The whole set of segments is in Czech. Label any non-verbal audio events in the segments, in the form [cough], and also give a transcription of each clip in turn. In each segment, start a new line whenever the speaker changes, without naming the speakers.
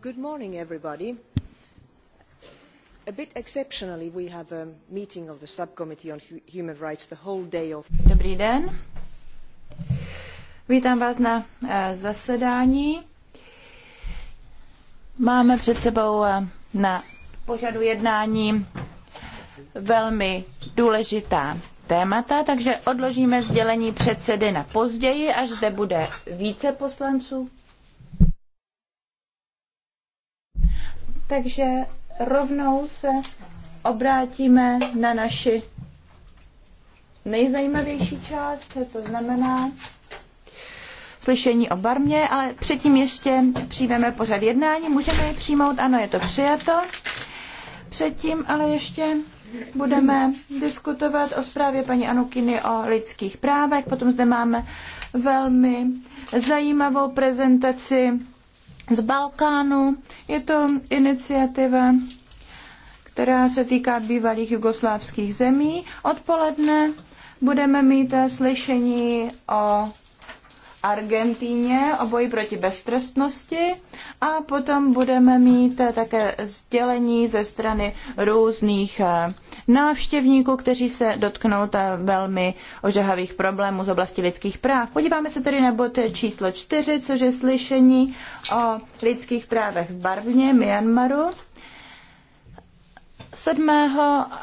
good morning, everybody. A bit exceptionally, we have a meeting of the subcommittee on human rights the whole day of.
Dobrý den. Vítám vás na eh, zasedání. Máme před sebou eh, na pořadu jednání velmi důležitá témata, takže odložíme sdělení předsedy na později, až zde bude více poslanců Takže rovnou se obrátíme na naši nejzajímavější část, to znamená slyšení o barmě, ale předtím ještě přijmeme pořad jednání. Můžeme je přijmout, ano, je to přijato. Předtím ale ještě budeme diskutovat o zprávě paní Anukiny o lidských právech. Potom zde máme velmi zajímavou prezentaci z Balkánu. Je to iniciativa, která se týká bývalých jugoslávských zemí. Odpoledne budeme mít slyšení o Argentíně obojí proti beztrestnosti a potom budeme mít také sdělení ze strany různých eh, návštěvníků, kteří se dotknou velmi ožahavých problémů z oblasti lidských práv. Podíváme se tedy na bod číslo čtyři, což je slyšení o lidských právech v Barvně, Myanmaru. 7.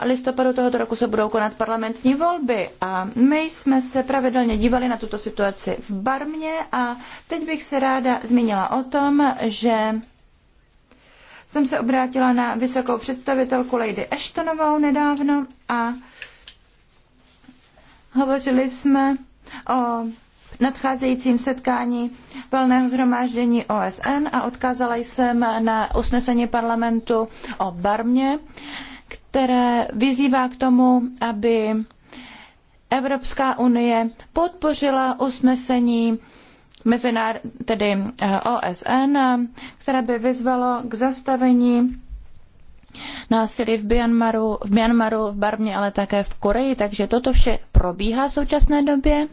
listopadu tohoto roku se budou konat parlamentní volby a my jsme se pravidelně dívali na tuto situaci v Barmě a teď bych se ráda zmínila o tom, že jsem se obrátila na vysokou představitelku Lady Ashtonovou nedávno a hovořili jsme o nadcházejícím setkání plného zhromáždění OSN a odkázala jsem na usnesení parlamentu o Barmě, které vyzývá k tomu, aby Evropská unie podpořila usnesení mezinár, tedy eh, OSN, které by vyzvalo k zastavení násilí v Myanmaru, v Myanmaru, v Barmě, ale také v Koreji. Takže toto vše probíhá v současné době.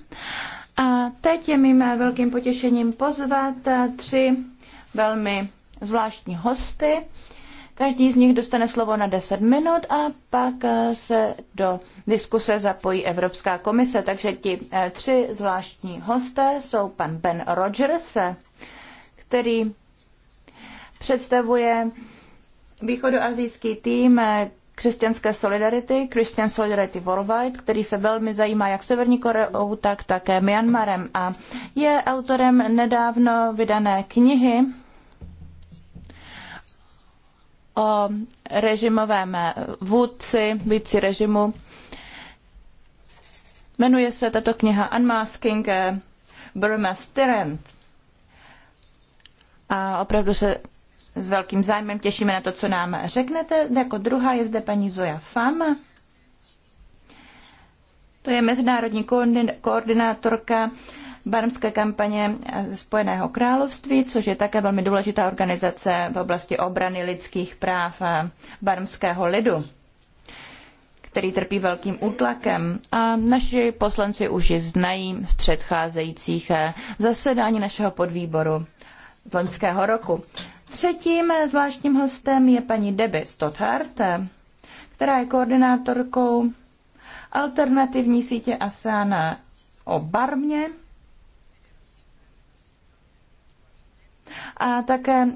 A teď je mým velkým potěšením pozvat tři velmi zvláštní hosty. Každý z nich dostane slovo na 10 minut a pak se do diskuse zapojí Evropská komise. Takže ti eh, tři zvláštní hosté jsou pan Ben Rogers, který představuje východoazijský tým eh, křesťanské solidarity, Christian Solidarity Worldwide, který se velmi zajímá jak Severní Koreou, tak také Myanmarem a je autorem nedávno vydané knihy o režimovém vůdci, vůdci režimu. Jmenuje se tato kniha Unmasking Burma's Tyrant. A opravdu se s velkým zájmem těšíme na to, co nám řeknete. Jako druhá je zde paní Zoja Fama. To je mezinárodní koordinátorka barmské kampaně Spojeného království, což je také velmi důležitá organizace v oblasti obrany lidských práv barmského lidu který trpí velkým útlakem a naši poslanci už ji znají z předcházejících eh, zasedání našeho podvýboru z loňského roku. Třetím zvláštním hostem je paní Debbie Stothart, která je koordinátorkou alternativní sítě ASEAN o Barmě a také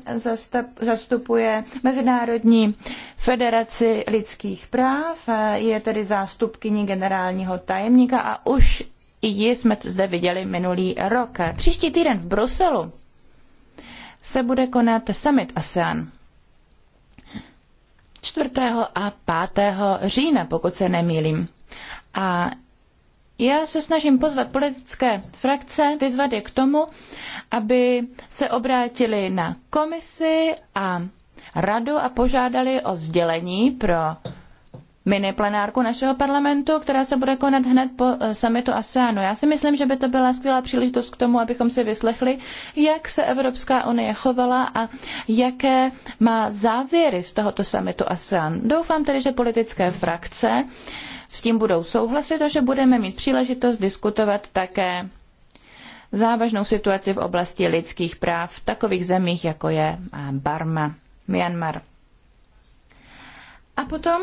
zastupuje Mezinárodní federaci lidských práv, je tedy zástupkyní generálního tajemníka a už ji jsme zde viděli minulý rok. Příští týden v Bruselu se bude konat summit ASEAN. 4. a 5. října, pokud se nemýlím. A já se snažím pozvat politické frakce, vyzvat je k tomu, aby se obrátili na komisi a radu a požádali o sdělení pro mini plenárku našeho parlamentu, která se bude konat hned po eh, summitu ASEANu. Já si myslím, že by to byla skvělá příležitost k tomu, abychom si vyslechli, jak se Evropská unie chovala a jaké má závěry z tohoto summitu ASEAN. Doufám tedy, že politické frakce s tím budou souhlasit a že budeme mít příležitost diskutovat také závažnou situaci v oblasti lidských práv v takových zemích, jako je eh, Barma, Myanmar. A potom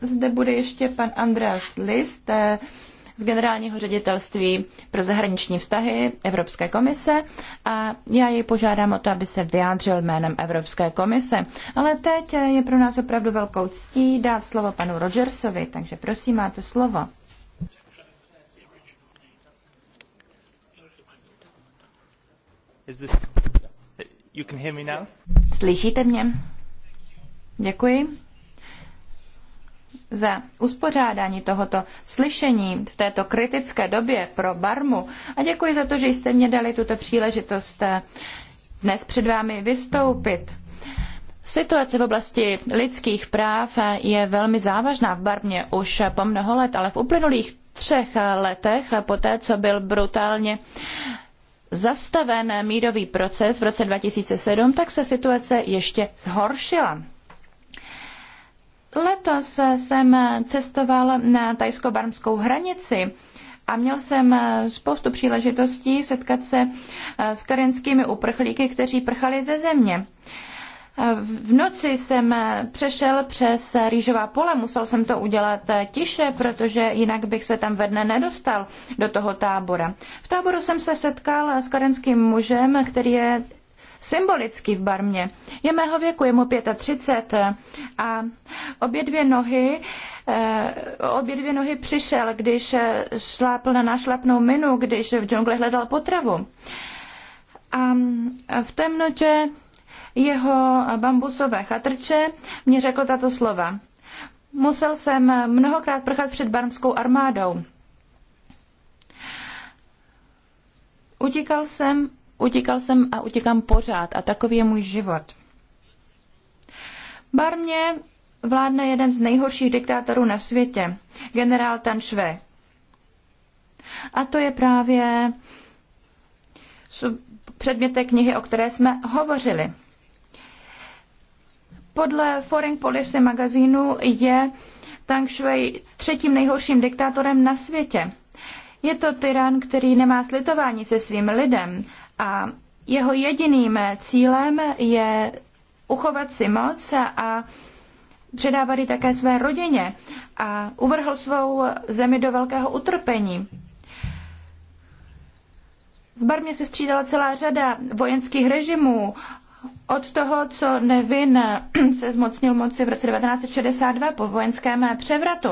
zde bude ještě pan Andreas List eh, z generálního ředitelství pro zahraniční vztahy Evropské komise a já jej požádám o to, aby se vyjádřil jménem Evropské komise. Ale teď je pro nás opravdu velkou ctí dát slovo panu Rogersovi, takže prosím, máte slovo.
Is this... You can hear me
now? Slyšíte mě? Děkuji za uspořádání tohoto slyšení v této kritické době pro Barmu a děkuji za to, že jste mě dali tuto příležitost eh, dnes před vámi vystoupit. Situace v oblasti lidských práv eh, je velmi závažná v Barmě už po mnoho let, ale v uplynulých třech letech, eh, po té, co byl brutálně zastaven mírový proces v roce 2007, tak se situace ještě zhoršila. Letos jsem cestoval na tajsko-barmskou hranici a měl jsem spoustu příležitostí setkat se eh, s karenskými uprchlíky, kteří prchali ze země. V noci jsem eh, přešel přes rýžová pole, musel jsem to udělat eh, tiše, protože jinak bych se tam ve dne nedostal do toho tábora. V táboru jsem se setkal s karenským mužem, který je symbolický v Barmě. Je mého věku, je mu 35 a obě dvě nohy eh, obě dvě nohy přišel, když eh, šlápl na nášlapnou minu, když v džungli hledal potravu. A v temnotě jeho bambusové chatrče mě řekl tato slova. Musel jsem mnohokrát prchat před barmskou armádou. Utíkal jsem Utíkal jsem a utíkám pořád a takový je můj život. Barmě vládne jeden z nejhorších diktátorů na světě, generál Tan Shui. A to je právě té knihy, o které jsme hovořili. Podle Foreign Policy magazínu je Tang Shui třetím nejhorším diktátorem na světě. Je to tyran, který nemá slitování se svým lidem a jeho jediným cílem je uchovat si moc a předávat ji také své rodině a uvrhl svou zemi do velkého utrpení. V Barmě se střídala celá řada vojenských režimů, od toho, co Nevin [clears throat] se zmocnil moci v roce 1962 po vojenském převratu.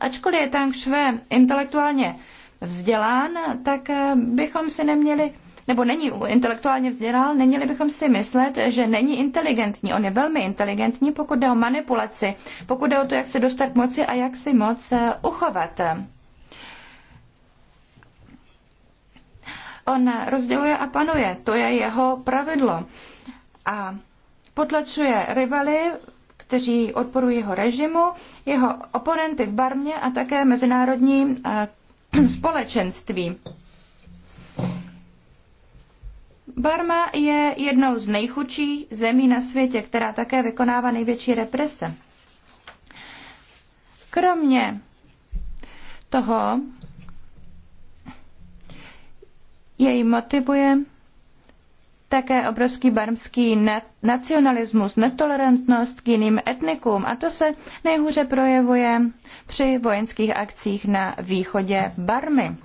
Ačkoliv je Tang Shui intelektuálně vzdělán, tak bychom si neměli nebo není intelektuálně vzdělán, neměli bychom si myslet, že není inteligentní. On je velmi inteligentní, pokud jde o manipulaci, pokud jde o to, jak se dostat k moci a jak si moc eh, uchovat. On rozděluje a panuje, to je jeho pravidlo. A potlačuje rivaly, kteří odporují jeho režimu, jeho oponenty v Barmě a také mezinárodní eh, [clears throat] společenství. Barma je jednou z nejchudších zemí na světě, která také vykonává největší represe. Kromě toho jej motivuje také obrovský barmský nacionalismus, netolerantnost k jiným etnikům a to se nejhůře projevuje při vojenských akcích na východě Barmy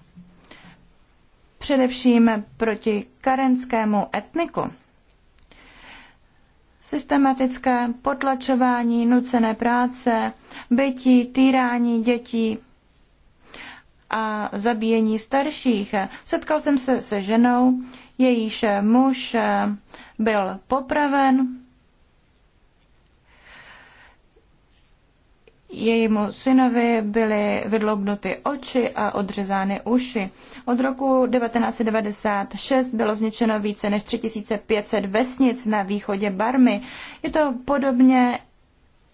především proti karenskému etniku. Systematické potlačování, nucené práce, bytí, týrání dětí a zabíjení starších. Setkal jsem se se ženou, jejíž muž byl popraven Jejímu synovi byly vydloubnuty oči a odřezány uši. Od roku 1996 bylo zničeno více než 3500 vesnic na východě Barmy. Je to podobně,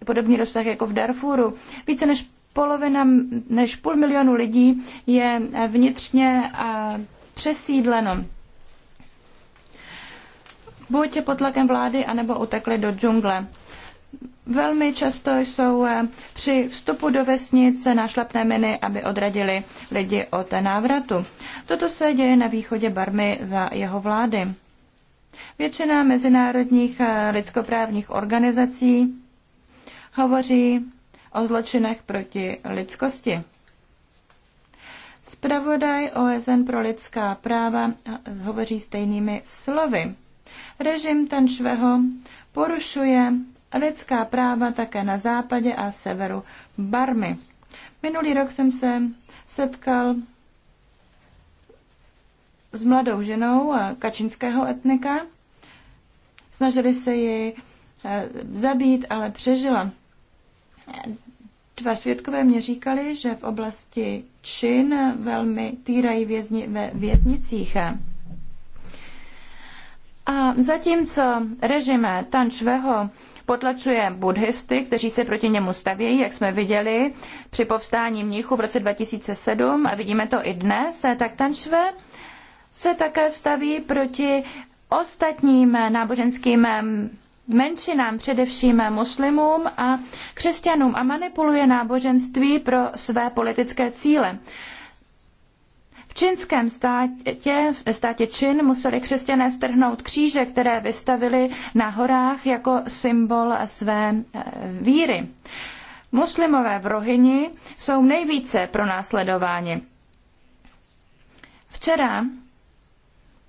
podobný rozsah jako v Darfuru. Více než polovina, než půl milionu lidí je vnitřně přesídleno buď pod tlakem vlády, anebo utekli do džungle. Velmi často jsou eh, při vstupu do vesnice nášlapné miny, aby odradili lidi od návratu. Toto se děje na východě Barmy za jeho vlády. Většina mezinárodních eh, lidskoprávních organizací hovoří o zločinech proti lidskosti. Spravodaj OSN pro lidská práva eh, hovoří stejnými slovy. Režim Tanšveho porušuje lidská práva také na západě a severu Barmy. Minulý rok jsem se setkal s mladou ženou kačinského etnika. Snažili se ji eh, zabít, ale přežila. Dva svědkové mě říkali, že v oblasti Čin velmi týrají vězni, ve věznicích. A zatímco režim Tančveho potlačuje buddhisty, kteří se proti němu stavějí, jak jsme viděli při povstání mnichu v roce 2007 a vidíme to i dnes, tak Tanšve se také staví proti ostatním náboženským menšinám, především muslimům a křesťanům a manipuluje náboženství pro své politické cíle čínském státě, v státě Čin, museli křesťané strhnout kříže, které vystavili na horách jako symbol své eh, víry. Muslimové v Rohini jsou nejvíce pronásledováni. Včera,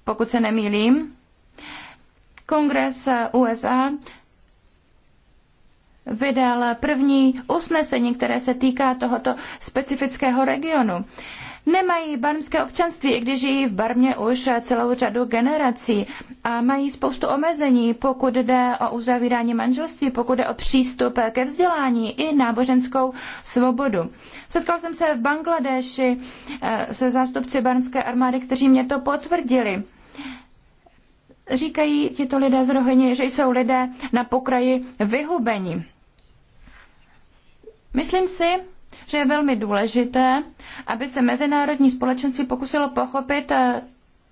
pokud se nemýlím, kongres USA vydal první usnesení, které se týká tohoto specifického regionu nemají barmské občanství, i když žijí v Barmě už celou řadu generací a mají spoustu omezení, pokud jde o uzavírání manželství, pokud jde o přístup ke vzdělání i náboženskou svobodu. Setkal jsem se v Bangladeši eh, se zástupci barmské armády, kteří mě to potvrdili. Říkají tito lidé z Rohyni, že jsou lidé na pokraji vyhubení. Myslím si, že je velmi důležité, aby se mezinárodní společenství pokusilo pochopit, eh,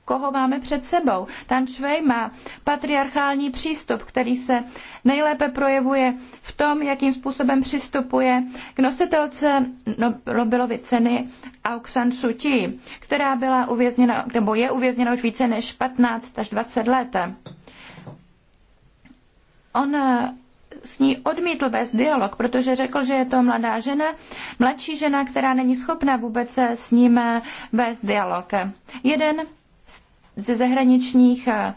koho máme před sebou. Tan Shui má patriarchální přístup, který se nejlépe projevuje v tom, jakým způsobem přistupuje k nositelce no- Nobelovy ceny Aung San Suu Kyi, která byla uvězněna, nebo je uvězněna už více než 15 až 20 let. On eh, s ní odmítl vést dialog, protože řekl, že je to mladá žena, mladší žena, která není schopna vůbec s ním vést dialog. Jeden ze zahraničních eh,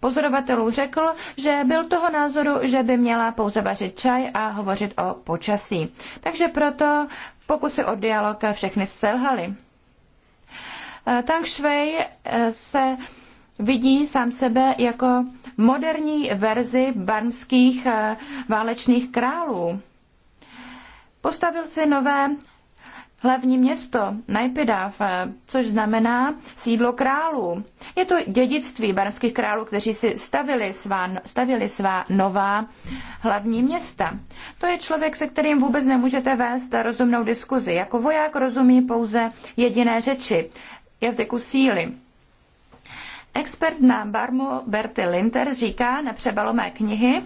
pozorovatelů řekl, že byl toho názoru, že by měla pouze vařit čaj a hovořit o počasí. Takže proto pokusy o dialog všechny selhaly. Eh, Tang Shui eh, se vidí sám sebe jako moderní verzi barmských eh, válečných králů. Postavil si nové hlavní město Najpidav, eh, což znamená sídlo králů. Je to dědictví barmských králů, kteří si stavili svá, stavili svá nová hlavní města. To je člověk, se kterým vůbec nemůžete vést rozumnou diskuzi. Jako voják rozumí pouze jediné řeči, jazyku síly. Expert na Barmu Berty Linter říká na přebalomé knihy,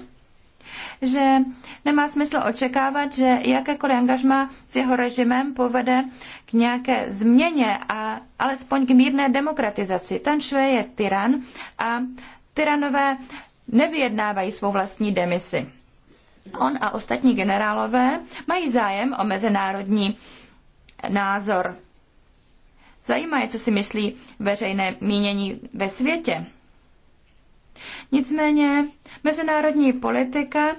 že nemá smysl očekávat, že jakékoliv angažma s jeho režimem povede k nějaké změně a alespoň k mírné demokratizaci. Ten Šve je tyran a tyranové nevyjednávají svou vlastní demisi. On a ostatní generálové mají zájem o mezinárodní názor zajímá je, co si myslí veřejné mínění ve světě. Nicméně mezinárodní politika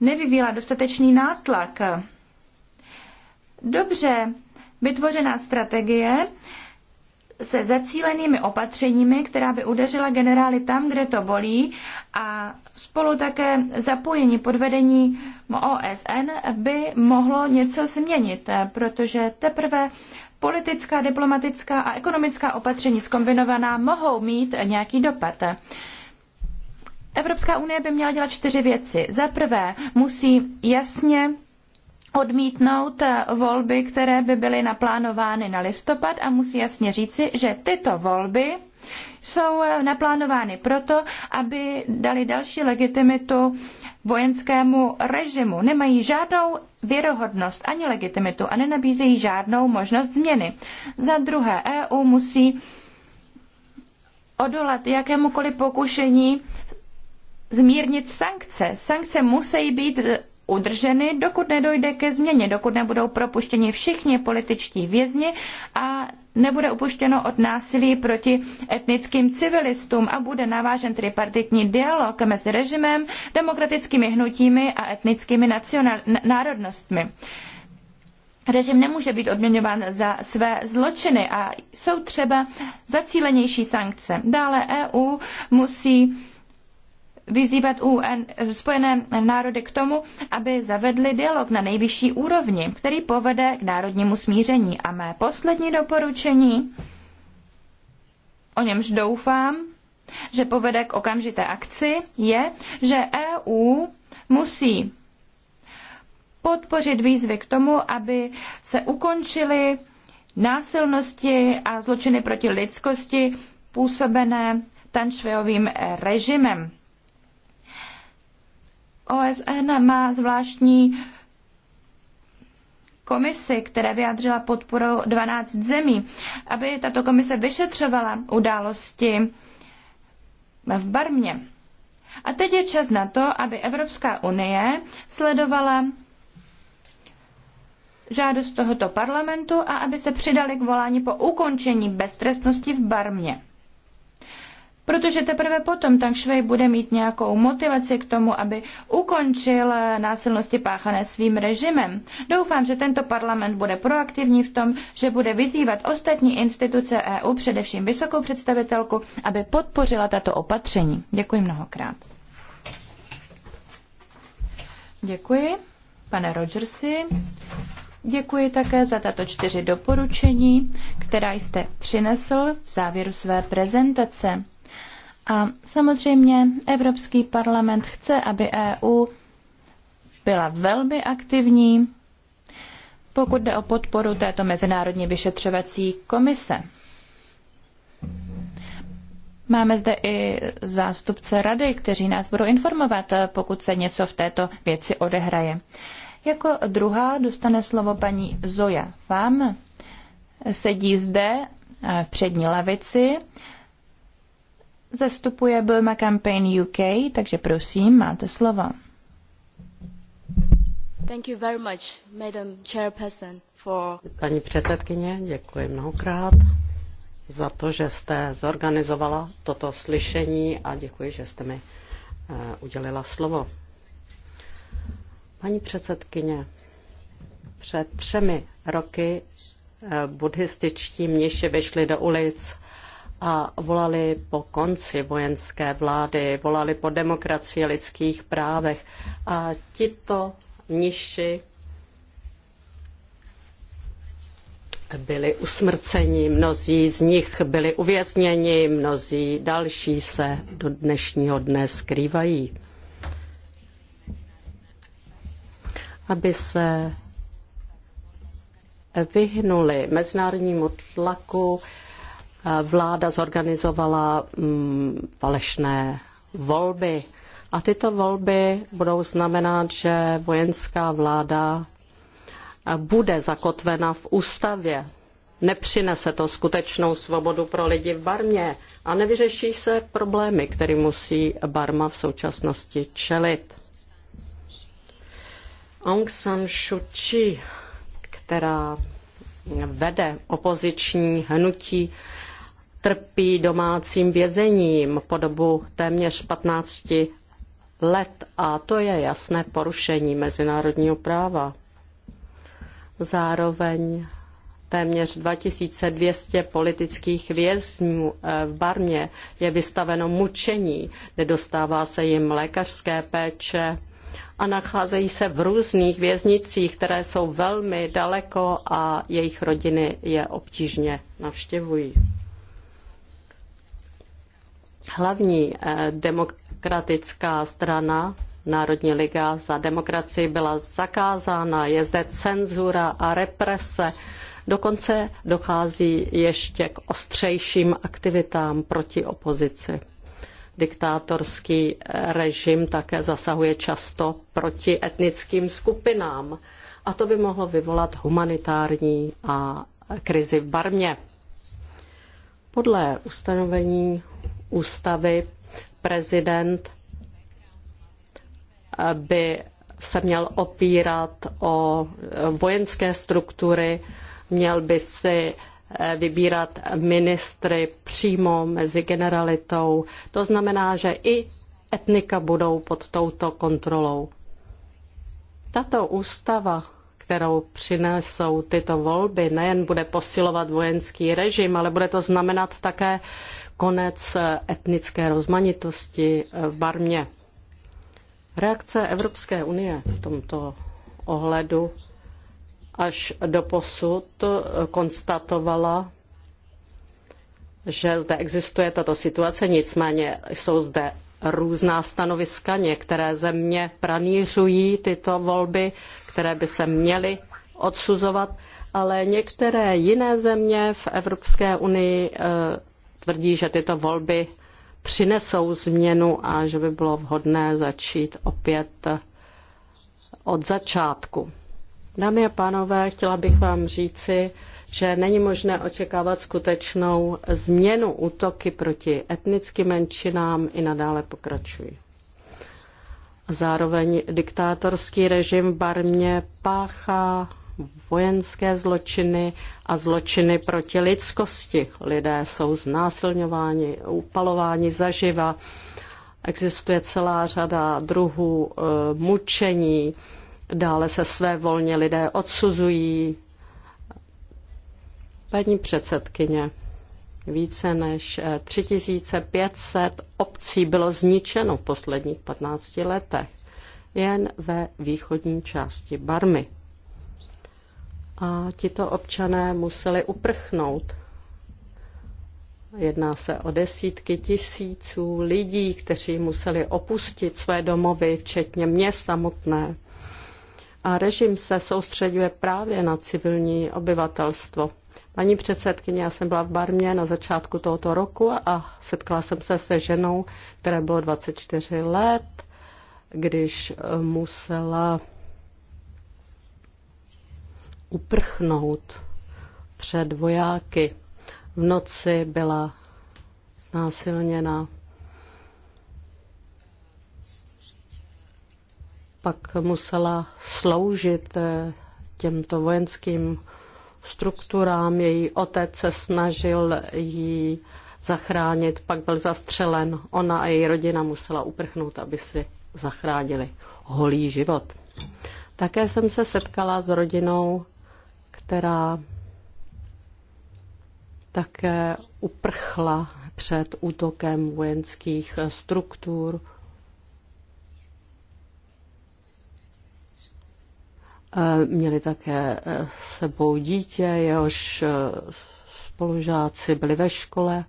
nevyvíjela dostatečný nátlak. Dobře vytvořená strategie se zacílenými opatřeními, která by udeřila generály tam, kde to bolí a spolu také zapojení pod vedení OSN by mohlo něco změnit, protože teprve politická, diplomatická a ekonomická opatření skombinovaná mohou mít nějaký dopad. Evropská unie by měla dělat čtyři věci. Za prvé musí jasně odmítnout volby, které by byly naplánovány na listopad a musí jasně říci, že tyto volby jsou naplánovány proto, aby dali další legitimitu vojenskému režimu. Nemají žádnou věrohodnost ani legitimitu a nenabízejí žádnou možnost změny. Za druhé, EU musí odolat jakémukoliv pokušení zmírnit sankce. Sankce musí být udrženy, dokud nedojde ke změně, dokud nebudou propuštěni všichni političtí vězni a nebude upuštěno od násilí proti etnickým civilistům a bude navážen tripartitní dialog mezi režimem, demokratickými hnutími a etnickými národnostmi. Režim nemůže být odměňován za své zločiny a jsou třeba zacílenější sankce. Dále EU musí vyzývat UN, Spojené národy k tomu, aby zavedli dialog na nejvyšší úrovni, který povede k národnímu smíření. A mé poslední doporučení, o němž doufám, že povede k okamžité akci, je, že EU musí podpořit výzvy k tomu, aby se ukončily násilnosti a zločiny proti lidskosti působené tančvejovým režimem. OSN má zvláštní komisi, která vyjádřila podporu 12 zemí, aby tato komise vyšetřovala události v Barmě. A teď je čas na to, aby Evropská unie sledovala žádost tohoto parlamentu a aby se přidali k volání po ukončení beztrestnosti v Barmě protože teprve potom tak Švej bude mít nějakou motivaci k tomu, aby ukončil násilnosti páchané svým režimem. Doufám, že tento parlament bude proaktivní v tom, že bude vyzývat ostatní instituce EU, především vysokou představitelku, aby podpořila tato opatření. Děkuji mnohokrát. Děkuji, pane Rogersi. Děkuji také za tato čtyři doporučení, která jste přinesl v závěru své prezentace. A samozřejmě Evropský parlament chce, aby EU byla velmi aktivní, pokud jde o podporu této mezinárodní vyšetřovací komise. Máme zde i zástupce rady, kteří nás budou informovat, pokud se něco v této věci odehraje. Jako druhá dostane slovo paní Zoja Fam. Sedí zde eh, v přední lavici zastupuje Burma Campaign UK, takže prosím, máte slovo.
Thank you very much, Madam Chairperson, for... Paní předsedkyně, děkuji mnohokrát za to, že jste zorganizovala toto slyšení a děkuji, že jste mi eh, udělila slovo. Paní předsedkyně, před třemi roky eh, buddhističtí mniši vyšli do ulic a volali po konci vojenské vlády, volali po demokracii, lidských právech. A tito mniši byli usmrceni, mnozí z nich byli uvězněni, mnozí další se do dnešního dne skrývají. Aby se vyhnuli mezinárodnímu tlaku, Eh, vláda zorganizovala mm, falešné volby. A tyto volby budou znamenat, že vojenská vláda eh, bude zakotvena v ústavě. Nepřinese to skutečnou svobodu pro lidi v Barmě a nevyřeší se problémy, které musí Barma v současnosti čelit. Aung San Suu Kyi, která vede opoziční hnutí, trpí domácím vězením po dobu téměř 15 let a to je jasné porušení mezinárodního práva. Zároveň téměř 2200 politických vězňů eh, v Barmě je vystaveno mučení, nedostává se jim lékařské péče a nacházejí se v různých věznicích, které jsou velmi daleko a jejich rodiny je obtížně navštěvují. Hlavní eh, demokratická strana Národní liga za demokracii byla zakázána, je zde cenzura a represe. Dokonce dochází ještě k ostřejším aktivitám proti opozici. Diktátorský eh, režim také zasahuje často proti etnickým skupinám a to by mohlo vyvolat humanitární a krizi v Barmě. Podle ustanovení ústavy prezident by se měl opírat o vojenské struktury, měl by si eh, vybírat ministry přímo mezi generalitou. To znamená, že i etnika budou pod touto kontrolou. Tato ústava, kterou přinesou tyto volby, nejen bude posilovat vojenský režim, ale bude to znamenat také konec etnické rozmanitosti v Barmě. Reakce Evropské unie v tomto ohledu až do posud konstatovala, že zde existuje tato situace, nicméně jsou zde různá stanoviska. Některé země pranířují tyto volby, které by se měly odsuzovat, ale některé jiné země v Evropské unii eh, tvrdí, že tyto volby přinesou změnu a že by bylo vhodné začít opět od začátku. Dámy a pánové, chtěla bych vám říci, že není možné očekávat skutečnou změnu útoky proti etnickým menšinám i nadále pokračují. Zároveň diktátorský režim v Barmě páchá vojenské zločiny a zločiny proti lidskosti. Lidé jsou znásilňováni, upalováni zaživa. Existuje celá řada druhů e, mučení, dále se své volně lidé odsuzují. Paní předsedkyně, více než 3500 e, obcí bylo zničeno v posledních 15 letech jen ve východní části Barmy a tito občané museli uprchnout. Jedná se o desítky tisíců lidí, kteří museli opustit své domovy, včetně mě samotné. A režim se soustředuje právě na civilní obyvatelstvo. Paní předsedkyně, já jsem byla v Barmě na začátku tohoto roku a setkala jsem se se ženou, které bylo 24 let, když musela uprchnout před vojáky. V noci byla znásilněna. Pak musela sloužit eh, těmto vojenským strukturám. Její otec se snažil ji zachránit, pak byl zastřelen. Ona a její rodina musela uprchnout, aby si zachránili holý život. Také jsem se setkala s rodinou která také uprchla před útokem vojenských struktur. Eh, měli také eh, sebou dítě, jehož eh, spolužáci byli ve škole.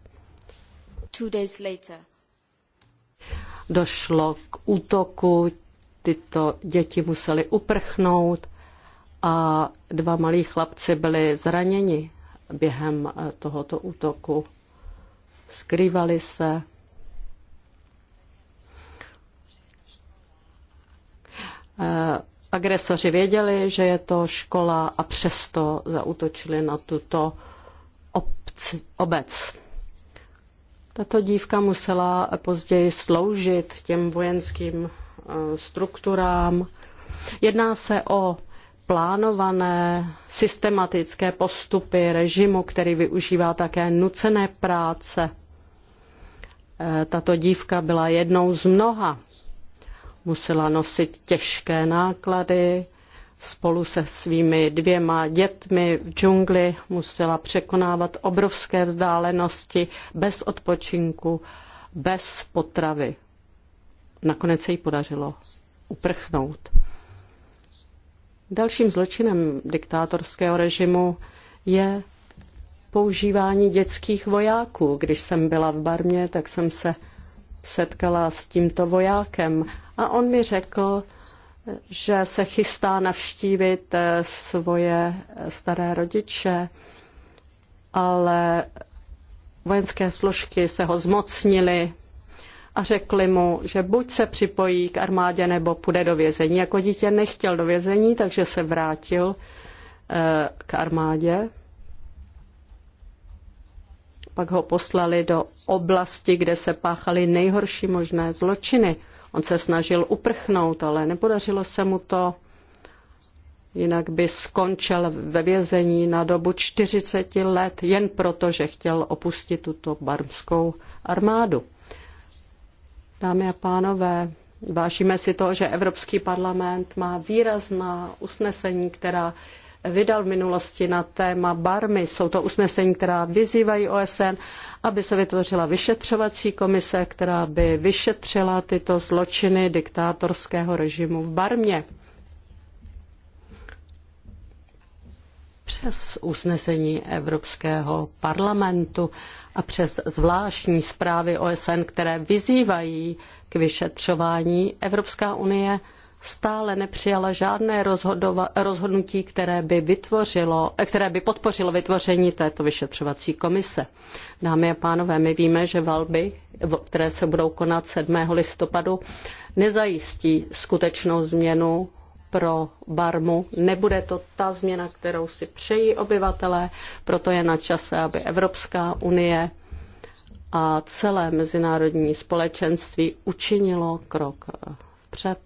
Two days later. Došlo k útoku, tyto děti musely uprchnout a dva malí chlapci byli zraněni během eh, tohoto útoku. Skrývali se. Eh, agresoři věděli, že je to škola a přesto zautočili na tuto obci, obec. Tato dívka musela později sloužit těm vojenským eh, strukturám. Jedná se o plánované systematické postupy režimu, který využívá také nucené práce. E, tato dívka byla jednou z mnoha. Musela nosit těžké náklady, spolu se svými dvěma dětmi v džungli musela překonávat obrovské vzdálenosti bez odpočinku, bez potravy. Nakonec se jí podařilo uprchnout. Dalším zločinem diktátorského režimu je používání dětských vojáků. Když jsem byla v Barmě, tak jsem se setkala s tímto vojákem a on mi řekl, že se chystá navštívit eh, svoje eh, staré rodiče, ale vojenské složky se ho zmocnily a řekli mu, že buď se připojí k armádě nebo půjde do vězení. Jako dítě nechtěl do vězení, takže se vrátil eh, k armádě. Pak ho poslali do oblasti, kde se páchaly nejhorší možné zločiny. On se snažil uprchnout, ale nepodařilo se mu to. Jinak by skončil ve vězení na dobu 40 let jen proto, že chtěl opustit tuto barmskou armádu. Dámy a pánové, vážíme si to, že Evropský parlament má výrazná usnesení, která vydal v minulosti na téma barmy. Jsou to usnesení, která vyzývají OSN, aby se vytvořila vyšetřovací komise, která by vyšetřila tyto zločiny diktátorského režimu v Barmě. Přes usnesení Evropského parlamentu a přes zvláštní zprávy OSN, které vyzývají k vyšetřování, Evropská unie stále nepřijala žádné rozhodnutí, které by, vytvořilo, které by podpořilo vytvoření této vyšetřovací komise. Dámy a pánové, my víme, že valby, které se budou konat 7. listopadu, nezajistí skutečnou změnu pro Barmu. Nebude to ta změna, kterou si přejí obyvatelé, proto je na čase, aby Evropská unie a celé mezinárodní společenství učinilo krok eh, vpřed.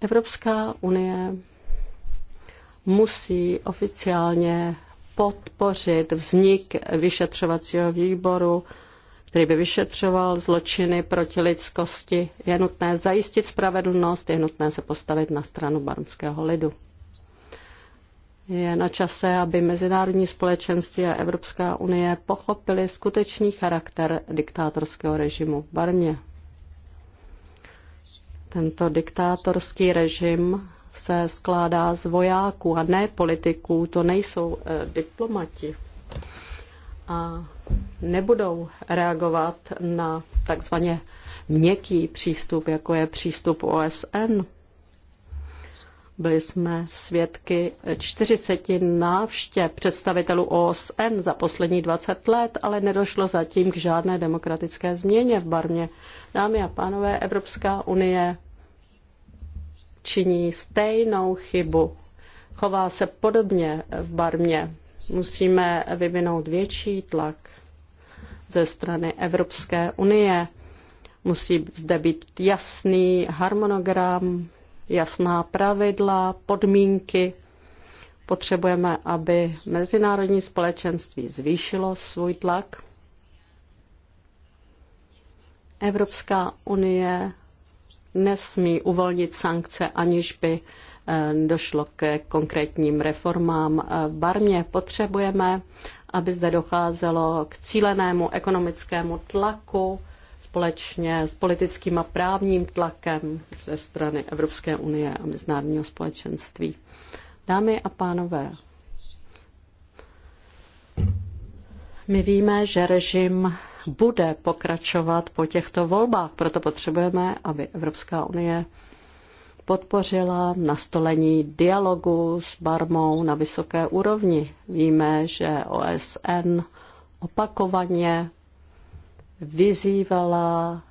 Evropská unie musí oficiálně podpořit vznik vyšetřovacího výboru který by vyšetřoval zločiny proti lidskosti. Je nutné zajistit spravedlnost, je nutné se postavit na stranu barmského lidu. Je na čase, aby mezinárodní společenství a Evropská unie pochopili skutečný charakter diktátorského režimu v Barmě. Tento diktátorský režim se skládá z vojáků a ne politiků, to nejsou eh, diplomati. A nebudou reagovat na takzvaně měkký přístup, jako je přístup OSN. Byli jsme svědky 40 návštěv představitelů OSN za poslední 20 let, ale nedošlo zatím k žádné demokratické změně v Barmě. Dámy a pánové, Evropská unie činí stejnou chybu. Chová se podobně v Barmě. Musíme vyvinout větší tlak ze strany Evropské unie. Musí zde být jasný harmonogram, jasná pravidla, podmínky. Potřebujeme, aby mezinárodní společenství zvýšilo svůj tlak. Evropská unie nesmí uvolnit sankce, aniž by eh, došlo ke konkrétním reformám eh, v Barmě. Potřebujeme, aby zde docházelo k cílenému ekonomickému tlaku společně s politickým a právním tlakem ze strany Evropské unie a mezinárodního společenství. Dámy a pánové, my víme, že režim bude pokračovat po těchto volbách, proto potřebujeme, aby Evropská unie podpořila nastolení dialogu s Barmou na vysoké úrovni. Víme, že OSN opakovaně vyzývala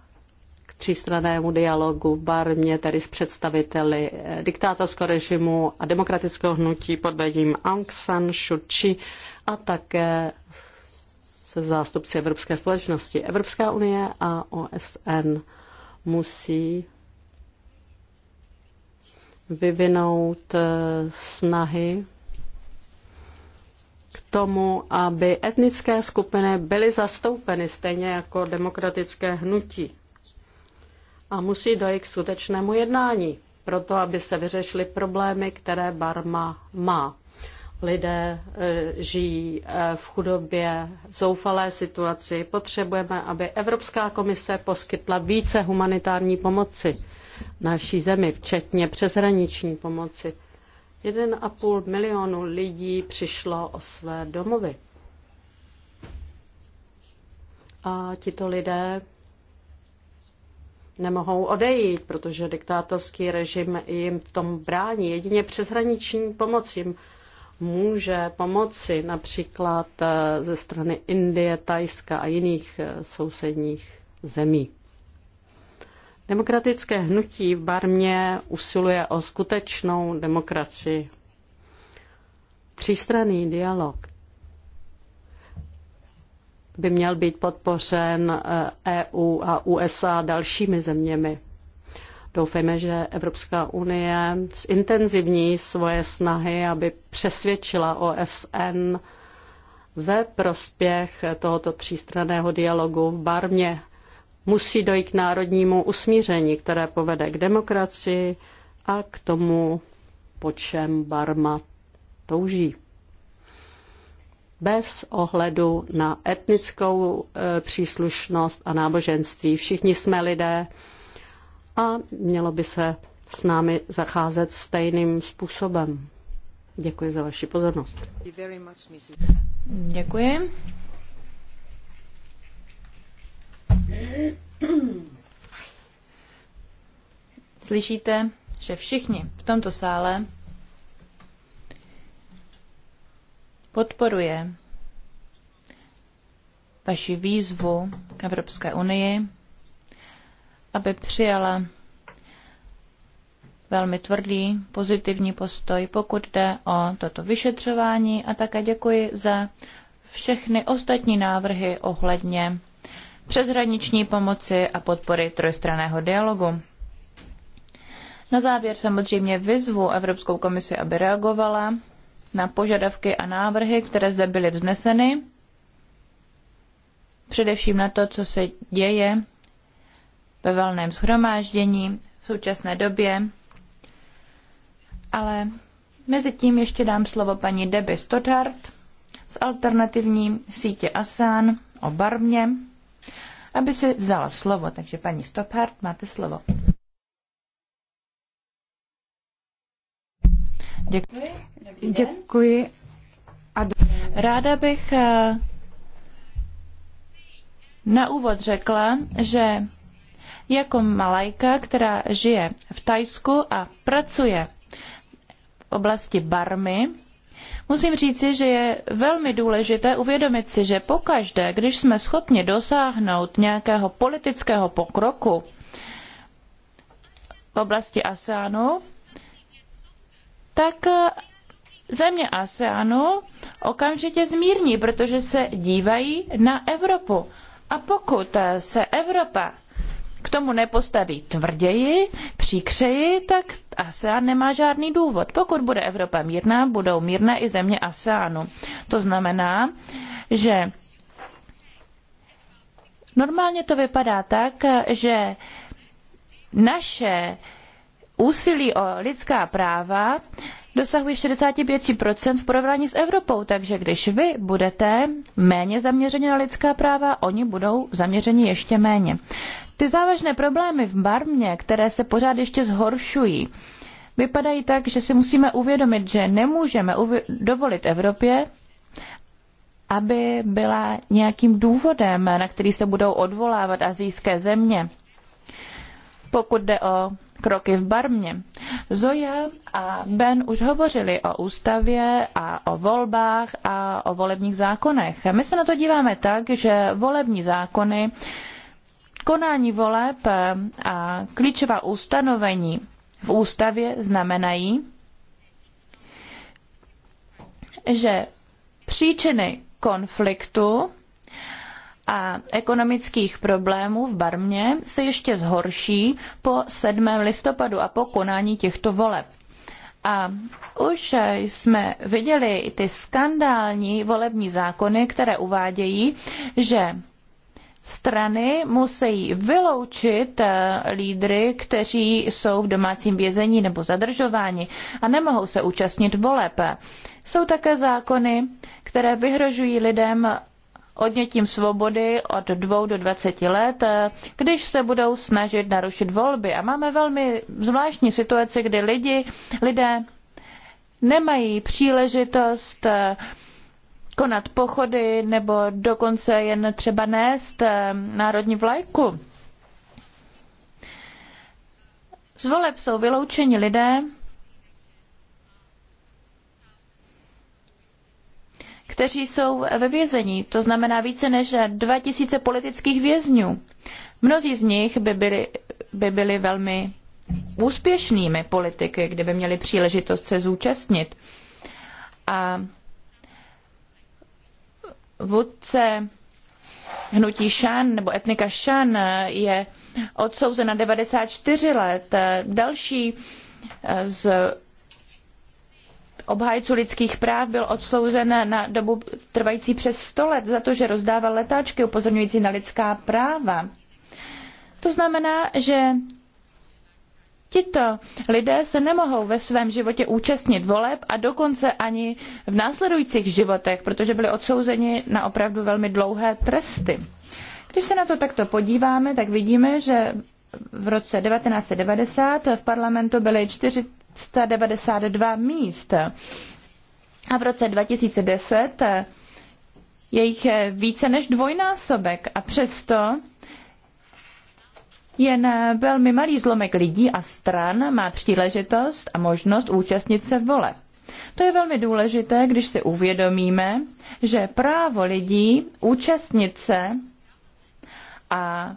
k přístranému dialogu v Barmě, tedy s představiteli eh, diktátorského režimu a demokratického hnutí pod vedením Aung San Suu Kyi a také se zástupci Evropské společnosti. Evropská unie a OSN musí vyvinout eh, snahy k tomu, aby etnické skupiny byly zastoupeny stejně jako demokratické hnutí. A musí dojít k skutečnému jednání, proto aby se vyřešily problémy, které Barma má. Lidé eh, žijí eh, v chudobě, v zoufalé situaci. Potřebujeme, aby Evropská komise poskytla více humanitární pomoci naší zemi, včetně přeshraniční pomoci. 1,5 milionu lidí přišlo o své domovy. A tito lidé nemohou odejít, protože diktátorský režim jim v tom brání. Jedině přeshraniční pomoc jim může pomoci například eh, ze strany Indie, Tajska a jiných eh, sousedních zemí. Demokratické hnutí v Barmě usiluje o skutečnou demokracii. Třístranný dialog by měl být podpořen EU eh, e a USA dalšími zeměmi. Doufejme, že Evropská unie zintenzivní svoje snahy, aby přesvědčila OSN ve prospěch tohoto třístraného dialogu v Barmě. Musí dojít k národnímu usmíření, které povede k demokracii a k tomu, po čem Barma touží. Bez ohledu na etnickou e, příslušnost a náboženství. Všichni jsme lidé a mělo by se s námi zacházet stejným způsobem. Děkuji za vaši pozornost.
Děkuji. Slyšíte, že všichni v tomto sále podporuje vaši výzvu k Evropské unii, aby přijala velmi tvrdý pozitivní postoj, pokud jde o toto vyšetřování a také děkuji za všechny ostatní návrhy ohledně přeshraniční pomoci a podpory trojstraného dialogu. Na závěr samozřejmě vyzvu Evropskou komisi, aby reagovala na požadavky a návrhy, které zde byly vzneseny, především na to, co se děje ve valném schromáždění v současné době. Ale mezi tím ještě dám slovo paní Debbie Stoddart z alternativní sítě ASAN o Barmě aby si vzala slovo. Takže paní Stophardt, máte slovo. Děkuji. Děkuji. A do... Ráda bych eh, na úvod řekla, že jako malajka, která žije v Tajsku a pracuje v oblasti Barmy, Musím říci, že je velmi důležité uvědomit si, že pokaždé, když jsme schopni dosáhnout nějakého politického pokroku v oblasti ASEANu, tak eh, země ASEANu okamžitě zmírní, protože se dívají na Evropu. A pokud eh, se Evropa k tomu nepostaví tvrději, příkřeji, tak ASEAN nemá žádný důvod. Pokud bude Evropa mírná, budou mírné i země ASEANu. To znamená, že normálně to vypadá tak, že naše úsilí o lidská práva dosahuje 65% v porovnání s Evropou, takže když vy budete méně zaměřeni na lidská práva, oni budou zaměřeni ještě méně. Ty závažné problémy v Barmě, které se pořád ještě zhoršují, vypadají tak, že si musíme uvědomit, že nemůžeme dovolit Evropě, aby byla nějakým důvodem, na který se budou odvolávat azijské země. Pokud jde o kroky v Barmě. Zoja a Ben už hovořili o ústavě a o volbách a o volebních zákonech. My se na to díváme tak, že volební zákony Konání voleb a klíčová ustanovení v ústavě znamenají, že příčiny konfliktu a ekonomických problémů v Barmě se ještě zhorší po 7. listopadu a po konání těchto voleb. A už jsme viděli ty skandální volební zákony, které uvádějí, že strany musí vyloučit eh, lídry, kteří jsou v domácím vězení nebo zadržováni a nemohou se účastnit voleb. Jsou také zákony, které vyhrožují lidem odnětím svobody od 2 do 20 let, eh, když se budou snažit narušit volby. A máme velmi zvláštní situaci, kdy lidi, lidé nemají příležitost uh, konat pochody nebo dokonce jen třeba nést eh, národní vlajku. Z voleb jsou vyloučeni lidé, kteří jsou ve vězení, to znamená více než 2000 politických vězňů. Mnozí z nich by byli, by byli velmi úspěšnými politiky, kdyby měli příležitost se zúčastnit. A vůdce hnutí Shan nebo etnika Shan je odsouzen na 94 let. Další eh, z obhájců lidských práv byl odsouzen na dobu trvající přes 100 let za to, že rozdával letáčky upozorňující na lidská práva. To znamená, že Tito lidé se nemohou ve svém životě účastnit voleb a dokonce ani v následujících životech, protože byli odsouzeni na opravdu velmi dlouhé tresty. Když se na to takto podíváme, tak vidíme, že v roce 1990 v parlamentu byly 492 míst a v roce 2010 jejich více než dvojnásobek a přesto jen velmi malý zlomek lidí a stran má příležitost a možnost účastnit se voleb. To je velmi důležité, když si uvědomíme, že právo lidí účastnit se a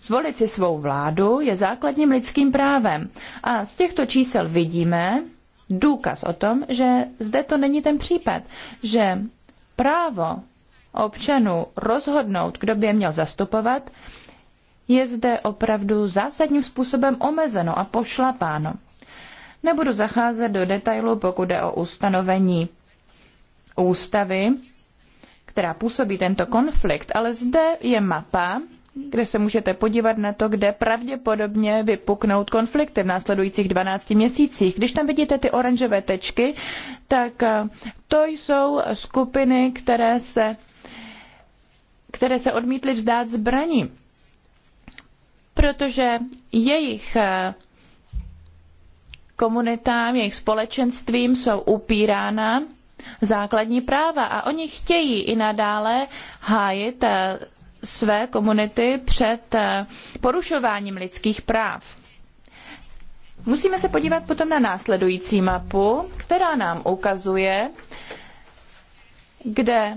zvolit si svou vládu je základním lidským právem. A z těchto čísel vidíme důkaz o tom, že zde to není ten případ, že právo občanů rozhodnout, kdo by je měl zastupovat, je zde opravdu zásadním způsobem omezeno a pošlapáno. Nebudu zacházet do detailu, pokud jde o ustanovení ústavy, která působí tento konflikt, ale zde je mapa, kde se můžete podívat na to, kde pravděpodobně vypuknout konflikty v následujících 12 měsících. Když tam vidíte ty oranžové tečky, tak eh, to jsou skupiny, které se, které se odmítly vzdát zbraní protože jejich eh, komunitám, jejich společenstvím jsou upírána základní práva a oni chtějí i nadále hájit eh, své komunity před eh, porušováním lidských práv. Musíme se podívat potom na následující mapu, která nám ukazuje, kde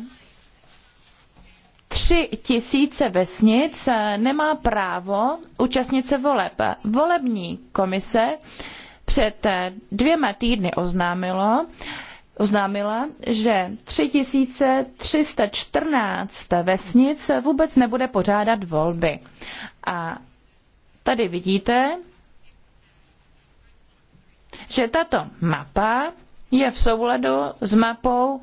tři tisíce vesnic eh, nemá právo účastnit se voleb. Volební komise před eh, dvěma týdny oznámilo, oznámila, že 3314 vesnic vůbec nebude pořádat volby. A tady vidíte, že tato mapa je v souladu s mapou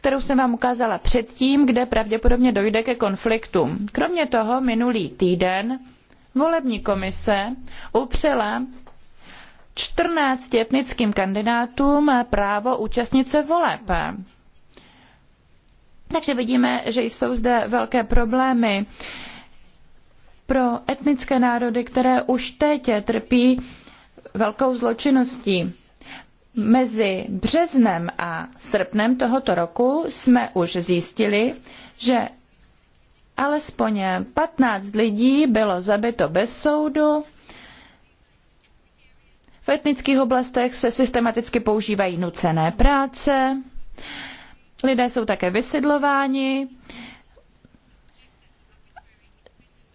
kterou jsem vám ukázala předtím, kde pravděpodobně dojde ke konfliktům. Kromě toho minulý týden volební komise upřela 14 etnickým kandidátům právo účastnit se voleb. Takže vidíme, že jsou zde velké problémy pro etnické národy, které už teď trpí velkou zločinností. Mezi březnem a srpnem tohoto roku jsme už zjistili, že alespoň 15 lidí bylo zabito bez soudu. V etnických oblastech se systematicky používají nucené práce. Lidé jsou také vysidlováni.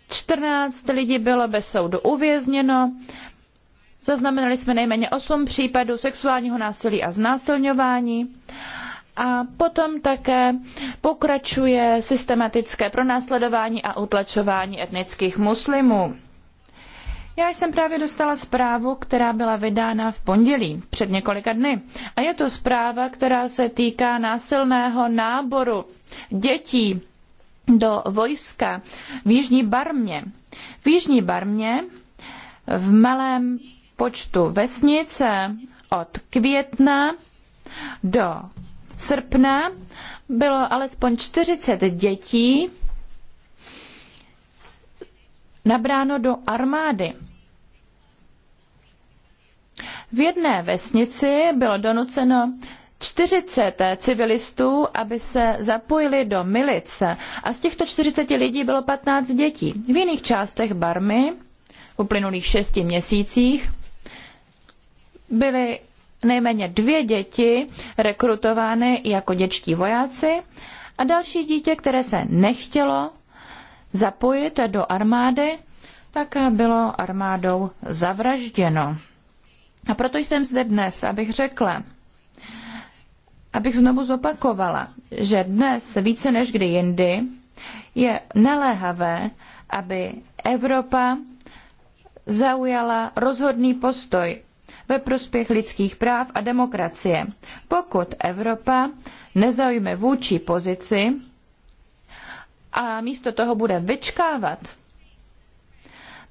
14 lidí bylo bez soudu uvězněno. Zaznamenali jsme nejméně 8 případů sexuálního násilí a znásilňování. A potom také pokračuje systematické pronásledování a utlačování etnických muslimů. Já jsem právě dostala zprávu, která byla vydána v pondělí, před několika dny. A je to zpráva, která se týká násilného náboru dětí do vojska v Jižní Barmě. V Jižní Barmě v malém počtu vesnice od května do srpna bylo alespoň 40 dětí nabráno do armády. V jedné vesnici bylo donuceno 40 civilistů, aby se zapojili do milice a z těchto 40 lidí bylo 15 dětí. V jiných částech Barmy v uplynulých šesti měsících byly nejméně dvě děti rekrutovány jako dětští vojáci a další dítě, které se nechtělo zapojit do armády, tak bylo armádou zavražděno. A proto jsem zde dnes, abych řekla, abych znovu zopakovala, že dnes více než kdy jindy je naléhavé, aby Evropa zaujala rozhodný postoj ve prospěch lidských práv a demokracie. Pokud Evropa nezaujme vůči pozici a místo toho bude vyčkávat,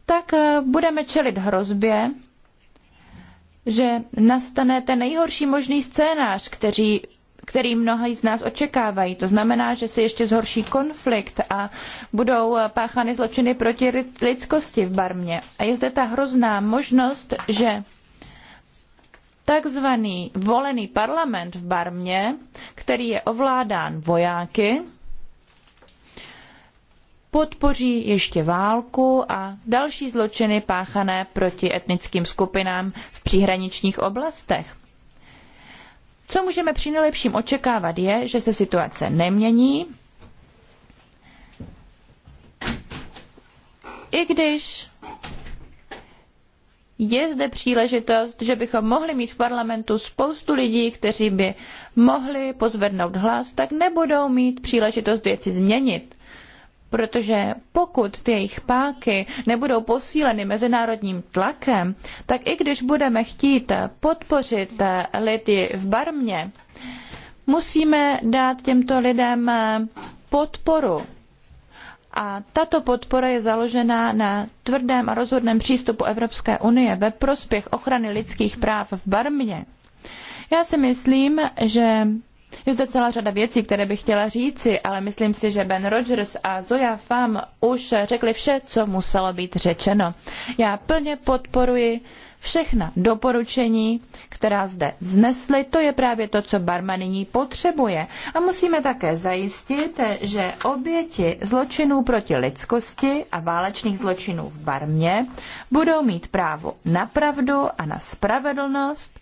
tak eh, budeme čelit hrozbě, že nastane ten nejhorší možný scénář, který, který mnohý z nás očekávají. To znamená, že se ještě zhorší konflikt a budou eh, páchány zločiny proti lidskosti v Barmě. A je zde ta hrozná možnost, že takzvaný volený parlament v Barmě, který je ovládán vojáky, podpoří ještě válku a další zločiny páchané proti etnickým skupinám v příhraničních oblastech. Co můžeme při nejlepším očekávat je, že se situace nemění, i když je zde příležitost, že bychom mohli mít v parlamentu spoustu lidí, kteří by mohli pozvednout hlas, tak nebudou mít příležitost věci změnit. Protože pokud ty jejich páky nebudou posíleny mezinárodním tlakem, tak i když budeme chtít podpořit lidi v Barmě, musíme dát těmto lidem podporu a tato podpora je založena na tvrdém a rozhodném přístupu Evropské unie ve prospěch ochrany lidských práv v Barmě. Já si myslím, že je zde celá řada věcí, které bych chtěla říci, ale myslím si, že Ben Rogers a Zoya Pham už řekli vše, co muselo být řečeno. Já plně podporuji Všechna doporučení, která zde vznesly, to je právě to, co barma nyní potřebuje. A musíme také zajistit, že oběti zločinů proti lidskosti a válečných zločinů v barmě budou mít právo na pravdu a na spravedlnost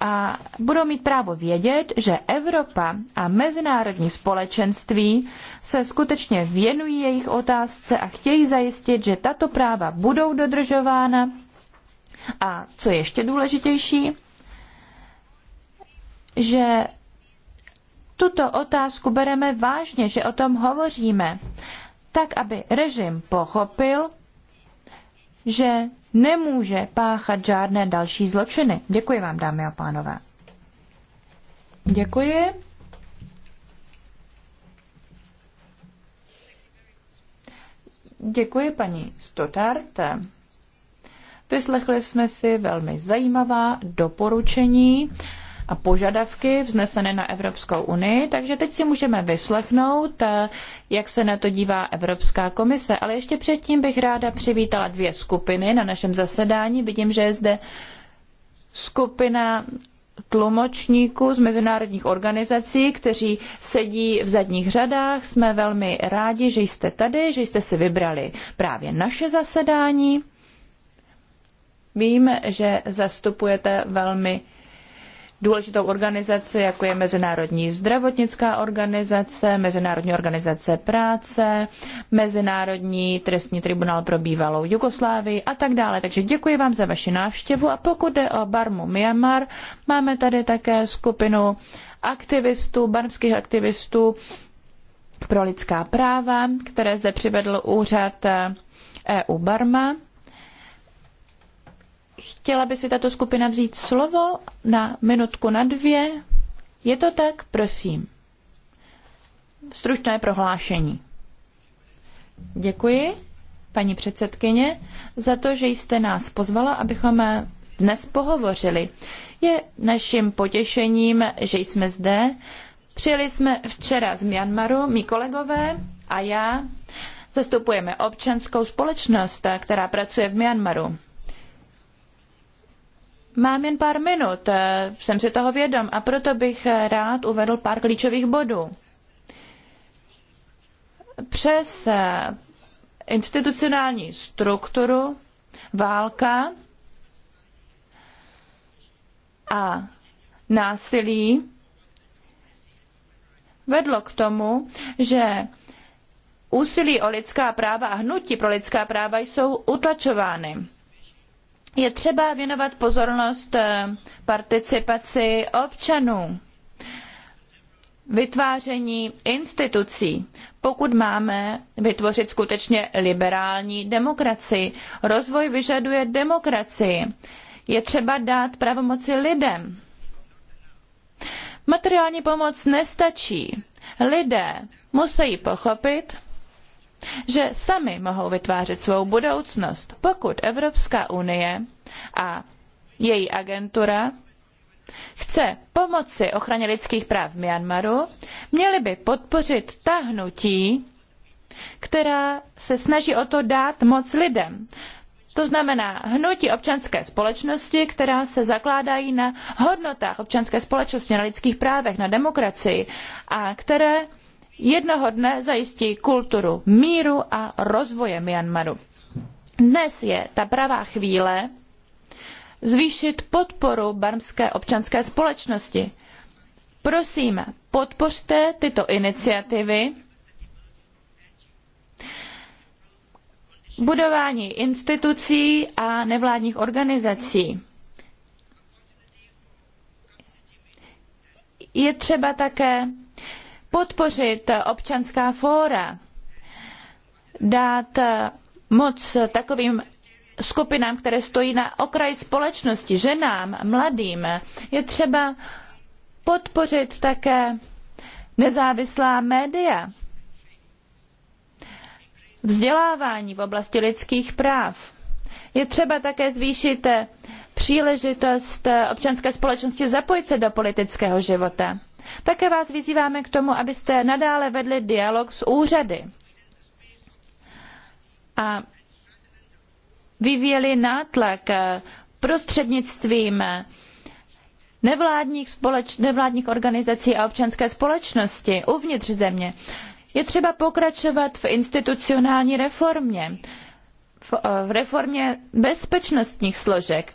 a budou mít právo vědět, že Evropa a mezinárodní společenství se skutečně věnují jejich otázce a chtějí zajistit, že tato práva budou dodržována a co je ještě důležitější, že tuto otázku bereme vážně, že o tom hovoříme, tak aby režim pochopil, že nemůže páchat žádné další zločiny. Děkuji vám, dámy a pánové. Děkuji. Děkuji paní Stotarte. Vyslechli jsme si velmi zajímavá doporučení a požadavky vznesené na Evropskou unii, takže teď si můžeme vyslechnout, eh, jak se na to dívá Evropská komise. Ale ještě předtím bych ráda přivítala dvě skupiny na našem zasedání. Vidím, že je zde skupina tlumočníků z mezinárodních organizací, kteří sedí v zadních řadách. Jsme velmi rádi, že jste tady, že jste si vybrali právě naše zasedání. Vím, že zastupujete velmi důležitou organizaci, jako je Mezinárodní zdravotnická organizace, Mezinárodní organizace práce, Mezinárodní trestní tribunál pro bývalou Jugoslávii a tak dále. Takže děkuji vám za vaši návštěvu a pokud jde o Barmu Myanmar, máme tady také skupinu aktivistů, barmských aktivistů pro lidská práva, které zde přivedl úřad EU eh, e Barma Chtěla by si tato skupina vzít slovo na minutku na dvě? Je to tak? Prosím. Stručné prohlášení. Děkuji, paní předsedkyně, za to, že jste nás pozvala, abychom dnes pohovořili. Je naším potěšením, že jsme zde. Přijeli jsme včera z Myanmaru, mý kolegové a já. Zastupujeme občanskou společnost, která pracuje v Myanmaru. Mám jen pár minut, eh, jsem si toho vědom a proto bych eh, rád uvedl pár klíčových bodů. Přes eh, institucionální strukturu válka a násilí vedlo k tomu, že úsilí o lidská práva a hnutí pro lidská práva jsou utlačovány je třeba věnovat pozornost eh, participaci občanů, vytváření institucí. Pokud máme vytvořit skutečně liberální demokracii, rozvoj vyžaduje demokracii. Je třeba dát pravomoci lidem. Materiální pomoc nestačí. Lidé musí pochopit, že sami mohou vytvářet svou budoucnost, pokud Evropská unie a její agentura chce pomoci ochraně lidských práv v Myanmaru, měli by podpořit ta hnutí, která se snaží o to dát moc lidem. To znamená hnutí občanské společnosti, která se zakládají na hodnotách občanské společnosti, na lidských právech, na demokracii a které jednoho dne zajistí kulturu míru a rozvoje Myanmaru. Dnes je ta pravá chvíle zvýšit podporu barmské občanské společnosti. Prosím, podpořte tyto iniciativy. budování institucí a nevládních organizací. Je třeba také podpořit občanská fóra, dát moc takovým skupinám, které stojí na okraji společnosti, ženám, mladým. Je třeba podpořit také nezávislá média, vzdělávání v oblasti lidských práv. Je třeba také zvýšit příležitost občanské společnosti zapojit se do politického života. Také vás vyzýváme k tomu, abyste nadále vedli dialog s úřady a vyvíjeli nátlak eh, prostřednictvím eh, nevládních, společ, nevládních organizací a občanské společnosti uvnitř země. Je třeba pokračovat v institucionální reformě, v, eh, v reformě bezpečnostních složek,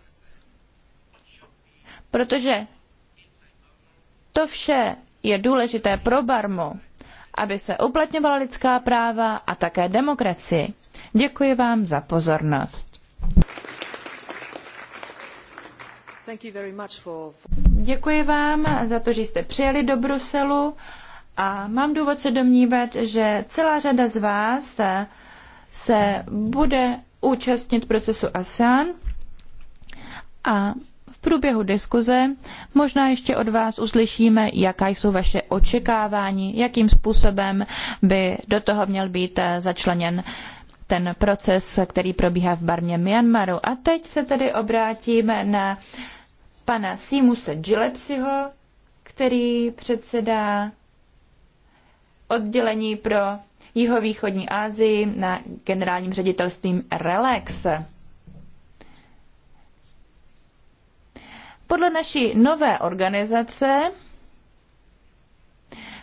protože to vše je důležité pro Barmu, aby se uplatňovala lidská práva a také demokracie. Děkuji vám za pozornost. Děkuji vám za to, že jste přijeli do Bruselu a mám důvod se domnívat, že celá řada z vás se bude účastnit procesu ASEAN a průběhu diskuze možná ještě od vás uslyšíme, jaká jsou vaše očekávání, jakým způsobem by do toho měl být eh, začleněn ten proces, který probíhá v barmě Myanmaru. A teď se tedy obrátíme na pana Simuse Gilepsiho, který předsedá oddělení pro jihovýchodní Asii na generálním ředitelstvím RELEX. Podle naší nové organizace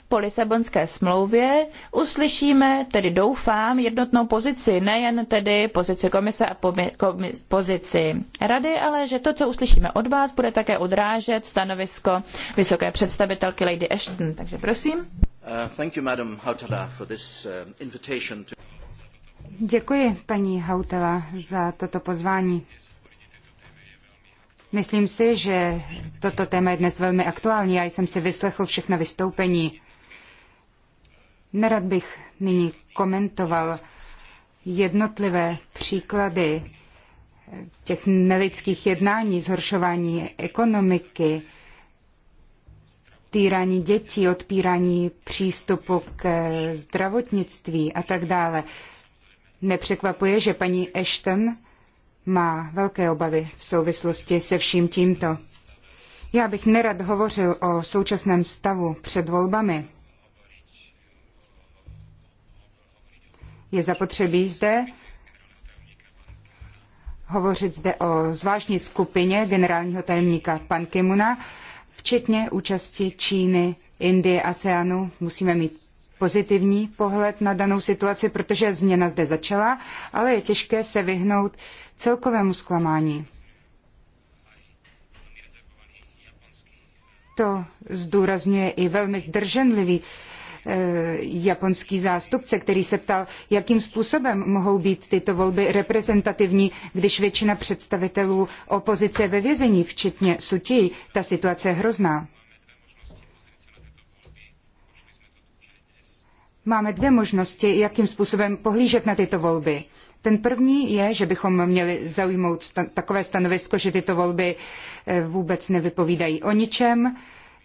po Lisabonské smlouvě uslyšíme, tedy doufám, jednotnou pozici, nejen tedy pozici komise a pozici rady, ale že to, co uslyšíme od vás, bude také odrážet stanovisko vysoké představitelky Lady Ashton. Takže prosím. Uh, uh,
Děkuji, paní Hautala, za toto pozvání. Myslím si, že toto téma je dnes velmi aktuální. Já jsem si vyslechl všechna vystoupení. Nerad bych nyní komentoval jednotlivé příklady těch nelidských jednání, zhoršování ekonomiky, týrání dětí, odpírání přístupu k zdravotnictví a tak dále. Nepřekvapuje, že paní Ashton má velké obavy v souvislosti se vším tímto. Já bych nerad hovořil o současném stavu před volbami. Je zapotřebí zde hovořit zde o zvláštní skupině generálního tajemníka Pan Kimuna, včetně účasti Číny, Indie, ASEANu. Musíme mít pozitivní pohled na danou situaci, protože změna zde začala, ale je těžké se vyhnout celkovému zklamání. To zdůrazňuje i velmi zdrženlivý eh, japonský zástupce, který se ptal, jakým způsobem mohou být tyto volby reprezentativní, když většina představitelů opozice ve vězení, včetně Sutí, ta situace je hrozná. Máme dvě možnosti, jakým způsobem pohlížet na tyto volby. Ten první je, že bychom měli zaujmout sta takové stanovisko, že tyto volby eh, vůbec nevypovídají o ničem,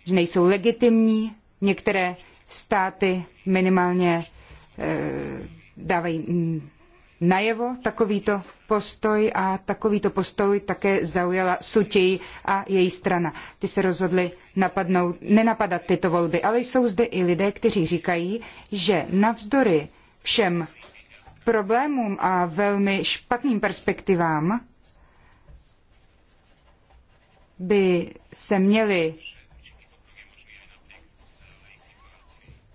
že nejsou legitimní. Některé státy minimálně e, dávají najevo takovýto postoj a takovýto postoj také zaujala Sutěj a její strana. Ty se rozhodli napadnout, nenapadat tyto volby, ale jsou zde i lidé, kteří říkají, že navzdory všem problémům a velmi špatným perspektivám by se měli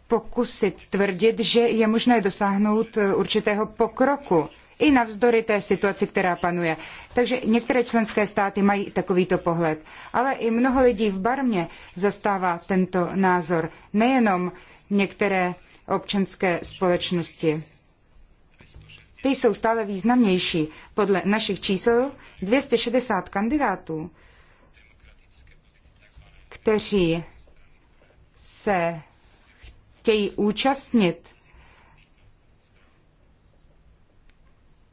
pokusit tvrdit, že je možné dosáhnout určitého pokroku i navzdory té situaci, která panuje. Takže některé členské státy mají takovýto pohled. Ale i mnoho lidí v Barmě zastává tento názor, nejenom některé občanské společnosti. Ty jsou stále významnější. Podle našich čísel 260 kandidátů, kteří se chtějí účastnit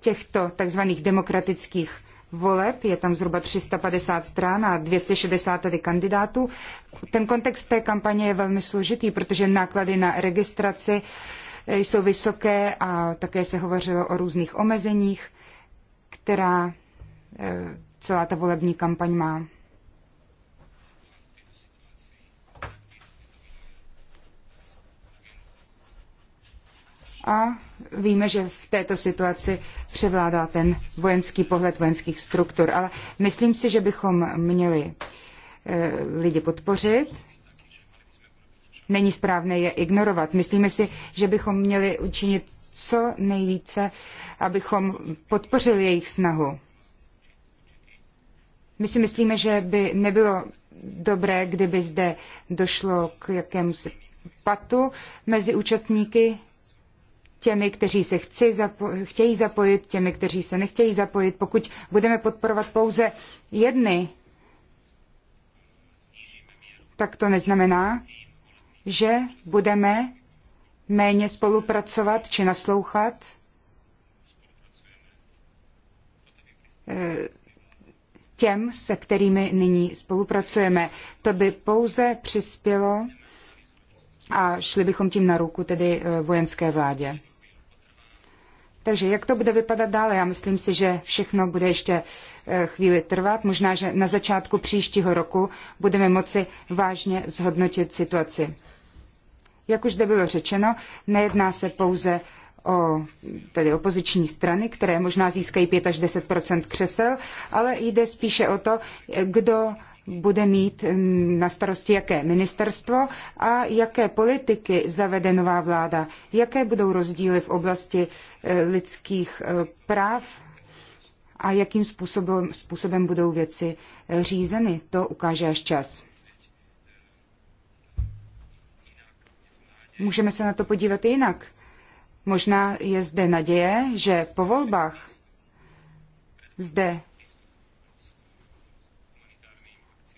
těchto tzv. demokratických voleb, je tam zhruba 350 stran a 260 tedy kandidátů. Ten kontext té kampaně je velmi složitý, protože náklady na registraci eh, jsou vysoké a také se hovořilo o různých omezeních, která eh, celá ta volební kampaň má. A Víme, že v této situaci převládá ten vojenský pohled vojenských struktur, ale myslím si, že bychom měli eh, lidi podpořit. Není správné je ignorovat. Myslíme si, že bychom měli učinit co nejvíce, abychom podpořili jejich snahu. My si myslíme, že by nebylo dobré, kdyby zde došlo k jakémusi patu mezi účastníky těmi, kteří se chci zapo- chtějí zapojit, těmi, kteří se nechtějí zapojit. Pokud budeme podporovat pouze jedny, tak to neznamená, že budeme méně spolupracovat či naslouchat eh, těm, se kterými nyní spolupracujeme. To by pouze přispělo a šli bychom tím na ruku tedy eh, vojenské vládě. Takže jak to bude vypadat dále? Já myslím si, že všechno bude ještě eh, chvíli trvat. Možná, že na začátku příštího roku budeme moci vážně zhodnotit situaci. Jak už zde bylo řečeno, nejedná se pouze o tedy opoziční strany, které možná získají 5 až 10 křesel, ale jde spíše o to, kdo bude mít na starosti jaké ministerstvo a jaké politiky zavede nová vláda, jaké budou rozdíly v oblasti eh, lidských eh, práv a jakým způsobem, způsobem budou věci eh, řízeny. To ukáže až čas. Můžeme se na to podívat i jinak. Možná je zde naděje, že po volbách zde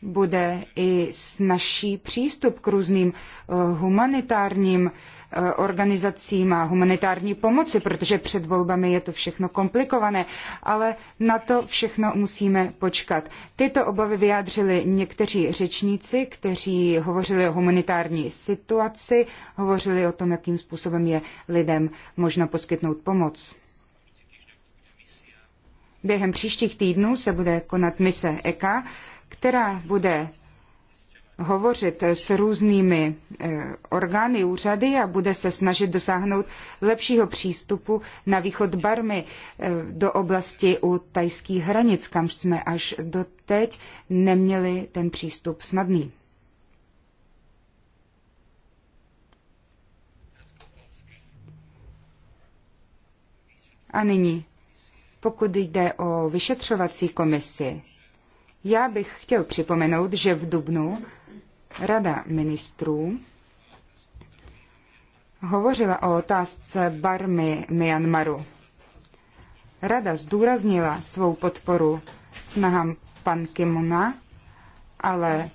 bude i snažší přístup k různým eh, humanitárním eh, organizacím a humanitární pomoci, protože před volbami je to všechno komplikované, ale na to všechno musíme počkat. Tyto obavy vyjádřili někteří řečníci, kteří hovořili o humanitární situaci, hovořili o tom, jakým způsobem je lidem možno poskytnout pomoc. Během příštích týdnů se bude konat mise EKA, která bude hovořit s různými eh, orgány, úřady a bude se snažit dosáhnout lepšího přístupu na východ Barmy eh, do oblasti u tajských hranic, kam jsme až doteď neměli ten přístup snadný. A nyní, pokud jde o vyšetřovací komisi, já bych chtěl připomenout, že v Dubnu Rada ministrů hovořila o otázce Barmy Myanmaru. Rada zdůraznila svou podporu snahám pan Kimuna, ale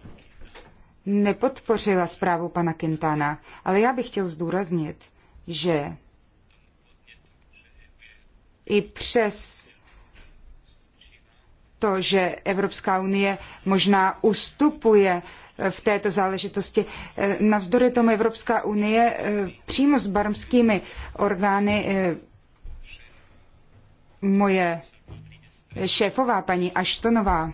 nepodpořila zprávu pana Quintana. Ale já bych chtěl zdůraznit, že i přes to, že Evropská unie možná ustupuje eh, v této záležitosti. Eh, navzdory tomu Evropská unie eh, přímo s barmskými orgány moje šéfová paní Aštonová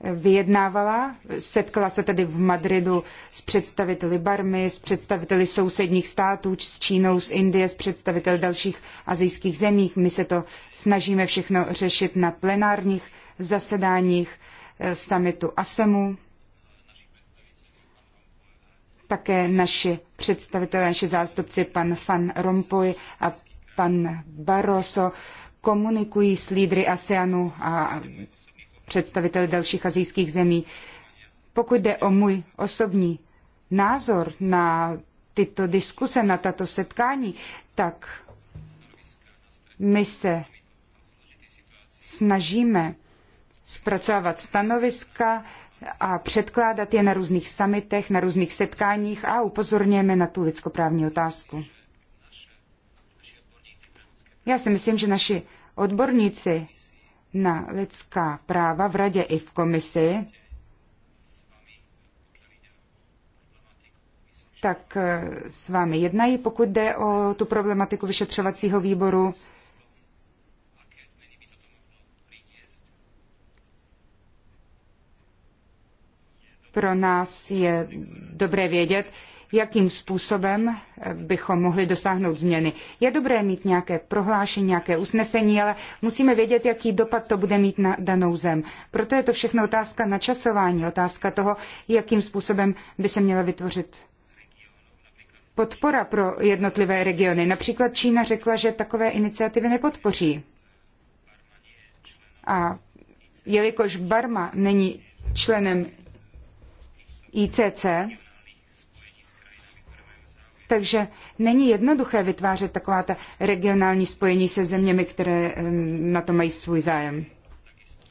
vyjednávala. Setkala se tedy v Madridu s představiteli Barmy, s představiteli sousedních států, s Čínou, s Indie, s představiteli dalších azijských zemí. My se to snažíme všechno řešit na plenárních zasedáních eh, summitu ASEMu. Také naši představitelé, naši zástupci, pan Van Rompuy a pan Barroso, komunikují s lídry ASEANu a představitel dalších azijských zemí. Pokud jde o můj osobní názor na tyto diskuse, na tato setkání, tak my se snažíme zpracovat stanoviska a předkládat je na různých samitech, na různých setkáních a upozorněme na tu lidskoprávní otázku. Já si myslím, že naši odborníci na lidská práva v radě i v komisi, tak eh, s vámi jednají, pokud jde o tu problematiku vyšetřovacího výboru. Pro nás je dobré vědět, jakým způsobem bychom mohli dosáhnout změny. Je dobré mít nějaké prohlášení, nějaké usnesení, ale musíme vědět, jaký dopad to bude mít na danou zem. Proto je to všechno otázka načasování, otázka toho, jakým způsobem by se měla vytvořit podpora pro jednotlivé regiony. Například Čína řekla, že takové iniciativy nepodpoří. A jelikož Barma není členem ICC, takže není jednoduché vytvářet taková ta regionální spojení se zeměmi, které na to mají svůj zájem.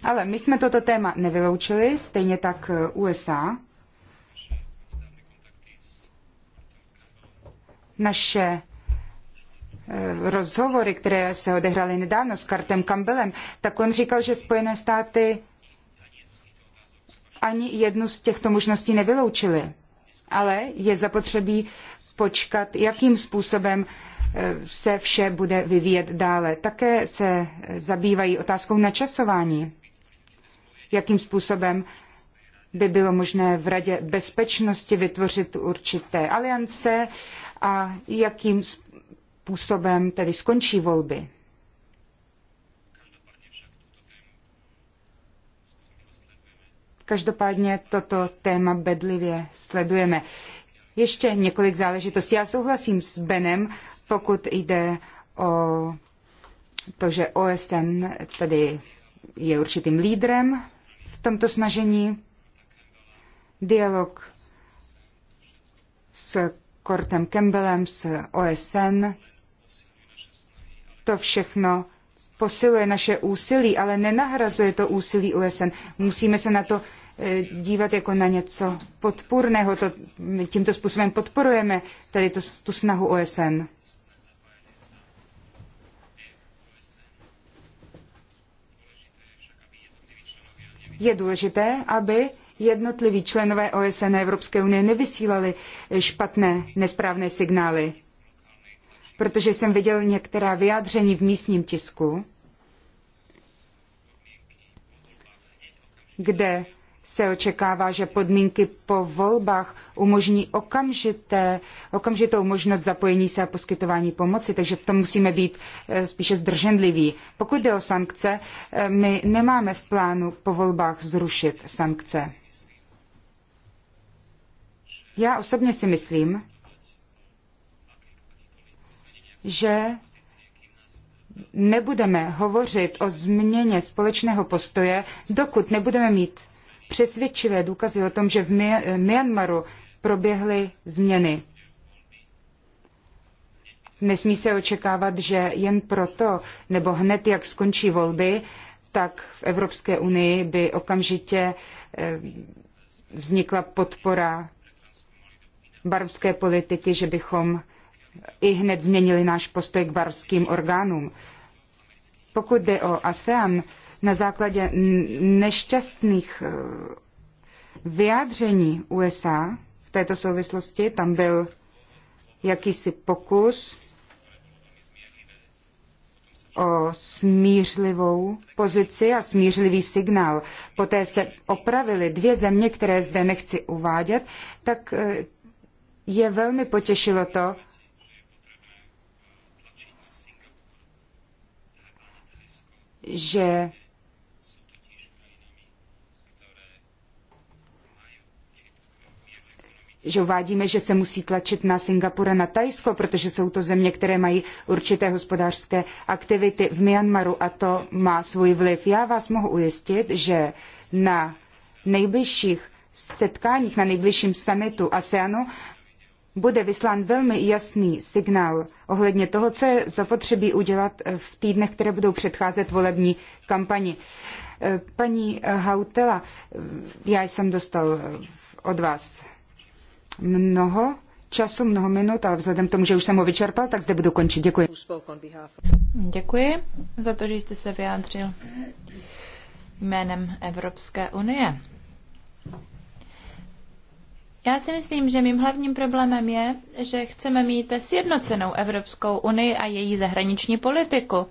Ale my jsme toto téma nevyloučili, stejně tak eh, USA. Naše eh, rozhovory, které se odehrály nedávno s Kartem Campbellem, tak on říkal, že Spojené státy ani jednu z těchto možností nevyloučily. Ale je zapotřebí počkat, jakým způsobem eh, se vše bude vyvíjet dále. Také se zabývají otázkou načasování. Jakým způsobem by bylo možné v Radě bezpečnosti vytvořit určité aliance a jakým způsobem tedy skončí volby. Každopádně toto téma bedlivě sledujeme ještě několik záležitostí. Já souhlasím s Benem, pokud jde o to, že OSN tedy je určitým lídrem v tomto snažení. Dialog s Kortem Campbellem, s OSN, to všechno posiluje naše úsilí, ale nenahrazuje to úsilí OSN. Musíme se na to dívat jako na něco podpůrného. To, tímto způsobem podporujeme tady to, tu snahu OSN. Je důležité, aby jednotliví členové OSN a Evropské unie nevysílali špatné, nesprávné signály. Protože jsem viděl některá vyjádření v místním tisku, kde se očekává, že podmínky po volbách umožní okamžité, okamžitou možnost zapojení se a poskytování pomoci, takže to musíme být eh, spíše zdrženliví. Pokud jde o sankce, eh, my nemáme v plánu po volbách zrušit sankce. Já osobně si myslím, že nebudeme hovořit o změně společného postoje, dokud nebudeme mít přesvědčivé důkazy o tom, že v Myanmaru proběhly změny. Nesmí se očekávat, že jen proto, nebo hned jak skončí volby, tak v Evropské unii by okamžitě eh, vznikla podpora barvské politiky, že bychom i hned změnili náš postoj k barvským orgánům. Pokud jde o ASEAN, na základě nešťastných eh, vyjádření USA v této souvislosti, tam byl jakýsi pokus o smířlivou pozici a smířlivý signál. Poté se opravily dvě země, které zde nechci uvádět, tak eh, je velmi potěšilo to, že že uvádíme, že se musí tlačit na Singapur a na Tajsko, protože jsou to země, které mají určité hospodářské aktivity v Myanmaru a to má svůj vliv. Já vás mohu ujistit, že na nejbližších setkáních, na nejbližším summitu ASEANu bude vyslán velmi jasný signál ohledně toho, co je zapotřebí udělat v týdnech, které budou předcházet volební kampani. Paní Hautela, já jsem dostal od vás mnoho času, mnoho minut ale vzhledem k tomu, že už jsem ho vyčerpal, tak zde budu končit. Děkuji.
Děkuji za to, že jste se vyjádřil jménem Evropské unie. Já si myslím, že mým hlavním problémem je, že chceme mít sjednocenou Evropskou unii a její zahraniční politiku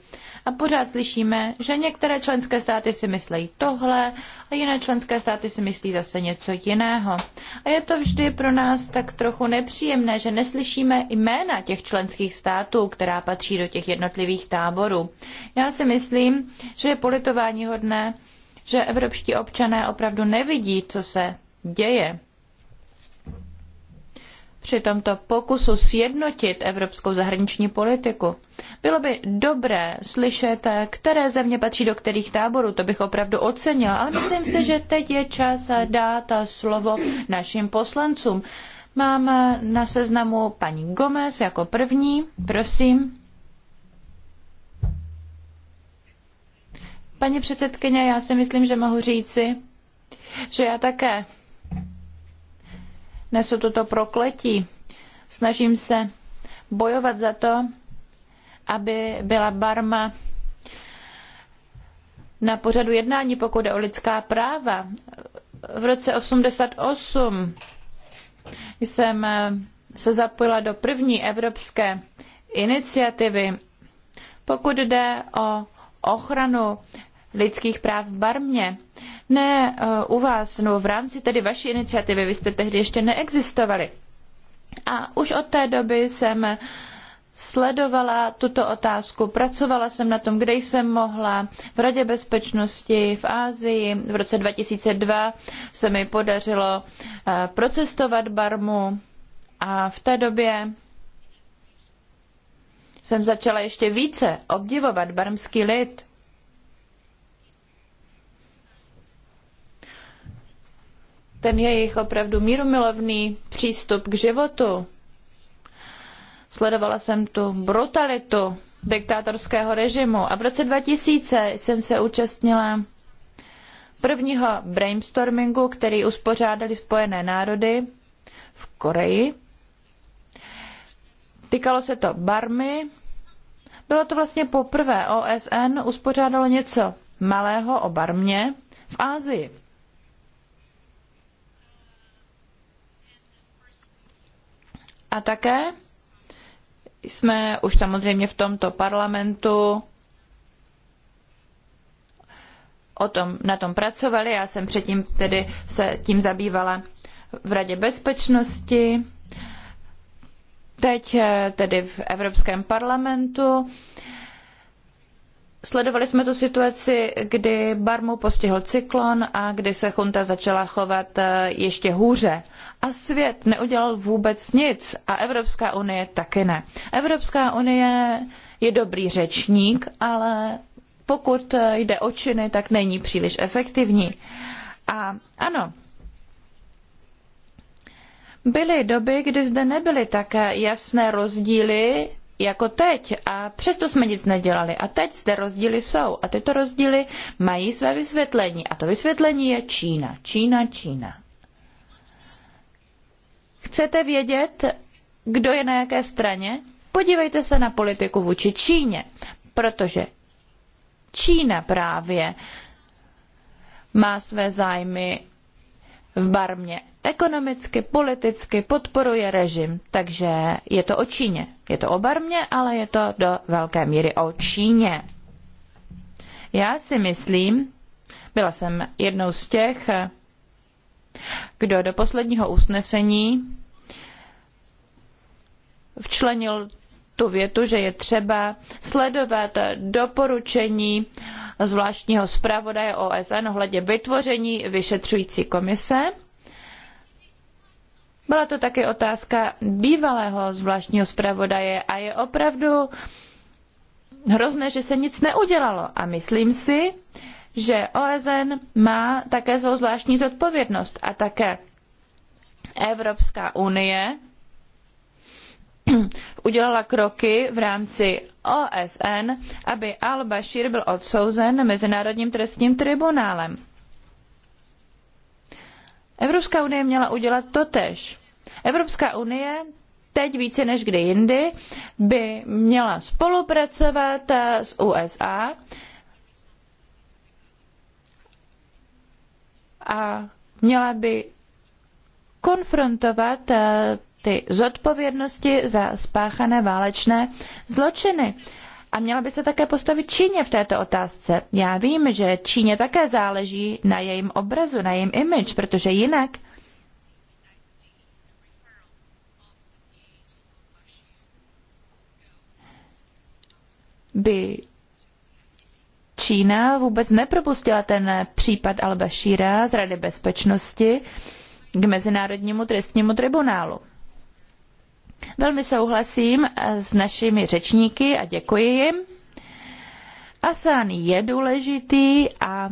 a pořád slyšíme, že některé členské státy si myslí tohle a jiné členské státy si myslí zase něco jiného. A je to vždy pro nás tak trochu nepříjemné, že neslyšíme jména těch členských států, která patří do těch jednotlivých táborů. Já si myslím, že je politování hodné, že evropští občané opravdu nevidí, co se děje při tomto pokusu sjednotit evropskou zahraniční politiku. Bylo by dobré slyšet, které země patří do kterých táborů, to bych opravdu ocenil, ale myslím si, že teď je čas dát slovo našim poslancům. Mám na seznamu paní Gomez jako první, prosím. Paní předsedkyně, já si myslím, že mohu říci, že já také nesu toto prokletí. Snažím se bojovat za to, aby byla Barma na pořadu jednání, pokud jde o lidská práva. V roce 88 jsem se zapojila do první evropské iniciativy, pokud jde o ochranu lidských práv v Barmě. Ne eh, u vás, no v rámci tedy vaší iniciativy, vy jste tehdy ještě neexistovali. A už od té doby jsem sledovala tuto otázku, pracovala jsem na tom, kde jsem mohla, v Radě bezpečnosti v Ázii. V roce 2002 se mi podařilo eh, procestovat Barmu a v té době jsem začala ještě více obdivovat barmský lid ten jejich opravdu mírumilovný přístup k životu. Sledovala jsem tu brutalitu diktátorského režimu a v roce 2000 jsem se účastnila prvního brainstormingu, který uspořádali Spojené národy v Koreji. Týkalo se to Barmy. Bylo to vlastně poprvé OSN uspořádalo něco malého o Barmě v Ázii. A také jsme už samozřejmě v tomto parlamentu o tom, na tom pracovali. Já jsem předtím tedy se tím zabývala v Radě bezpečnosti, teď eh, tedy v Evropském parlamentu. Sledovali jsme tu situaci, kdy Barmu postihl cyklon a kdy se junta začala chovat eh, ještě hůře. A svět neudělal vůbec nic a Evropská unie taky ne. Evropská unie je dobrý řečník, ale pokud eh, jde o činy, tak není příliš efektivní. A ano, byly doby, kdy zde nebyly také jasné rozdíly jako teď a přesto jsme nic nedělali. A teď zde rozdíly jsou a tyto rozdíly mají své vysvětlení. A to vysvětlení je Čína, Čína, Čína. Chcete vědět, kdo je na jaké straně? Podívejte se na politiku vůči Číně, protože Čína právě má své zájmy v Barmě ekonomicky, politicky podporuje režim, takže je to o Číně. Je to o Barmě, ale je to do velké míry o Číně. Já si myslím, byla jsem jednou z těch, kdo do posledního usnesení včlenil tu větu, že je třeba sledovat doporučení zvláštního zpravodaje OSN ohledně vytvoření vyšetřující komise byla to také otázka bývalého zvláštního zpravodaje a je opravdu hrozné, že se nic neudělalo. A myslím si, že OSN má také svou zvláštní zodpovědnost a také Evropská unie [clears throat] udělala kroky v rámci OSN, aby al-Bashir byl odsouzen Mezinárodním trestním tribunálem. Evropská unie měla udělat totež. Evropská unie teď více než kdy jindy by měla spolupracovat eh, s USA a měla by konfrontovat eh, ty zodpovědnosti za spáchané válečné zločiny. A měla by se také postavit Číně v této otázce. Já vím, že Číně také záleží na jejím obrazu, na jejím image, protože jinak by Čína vůbec nepropustila ten případ Al-Bashira z Rady bezpečnosti k Mezinárodnímu trestnímu tribunálu. Velmi souhlasím eh, s našimi řečníky a děkuji jim. ASEAN je důležitý a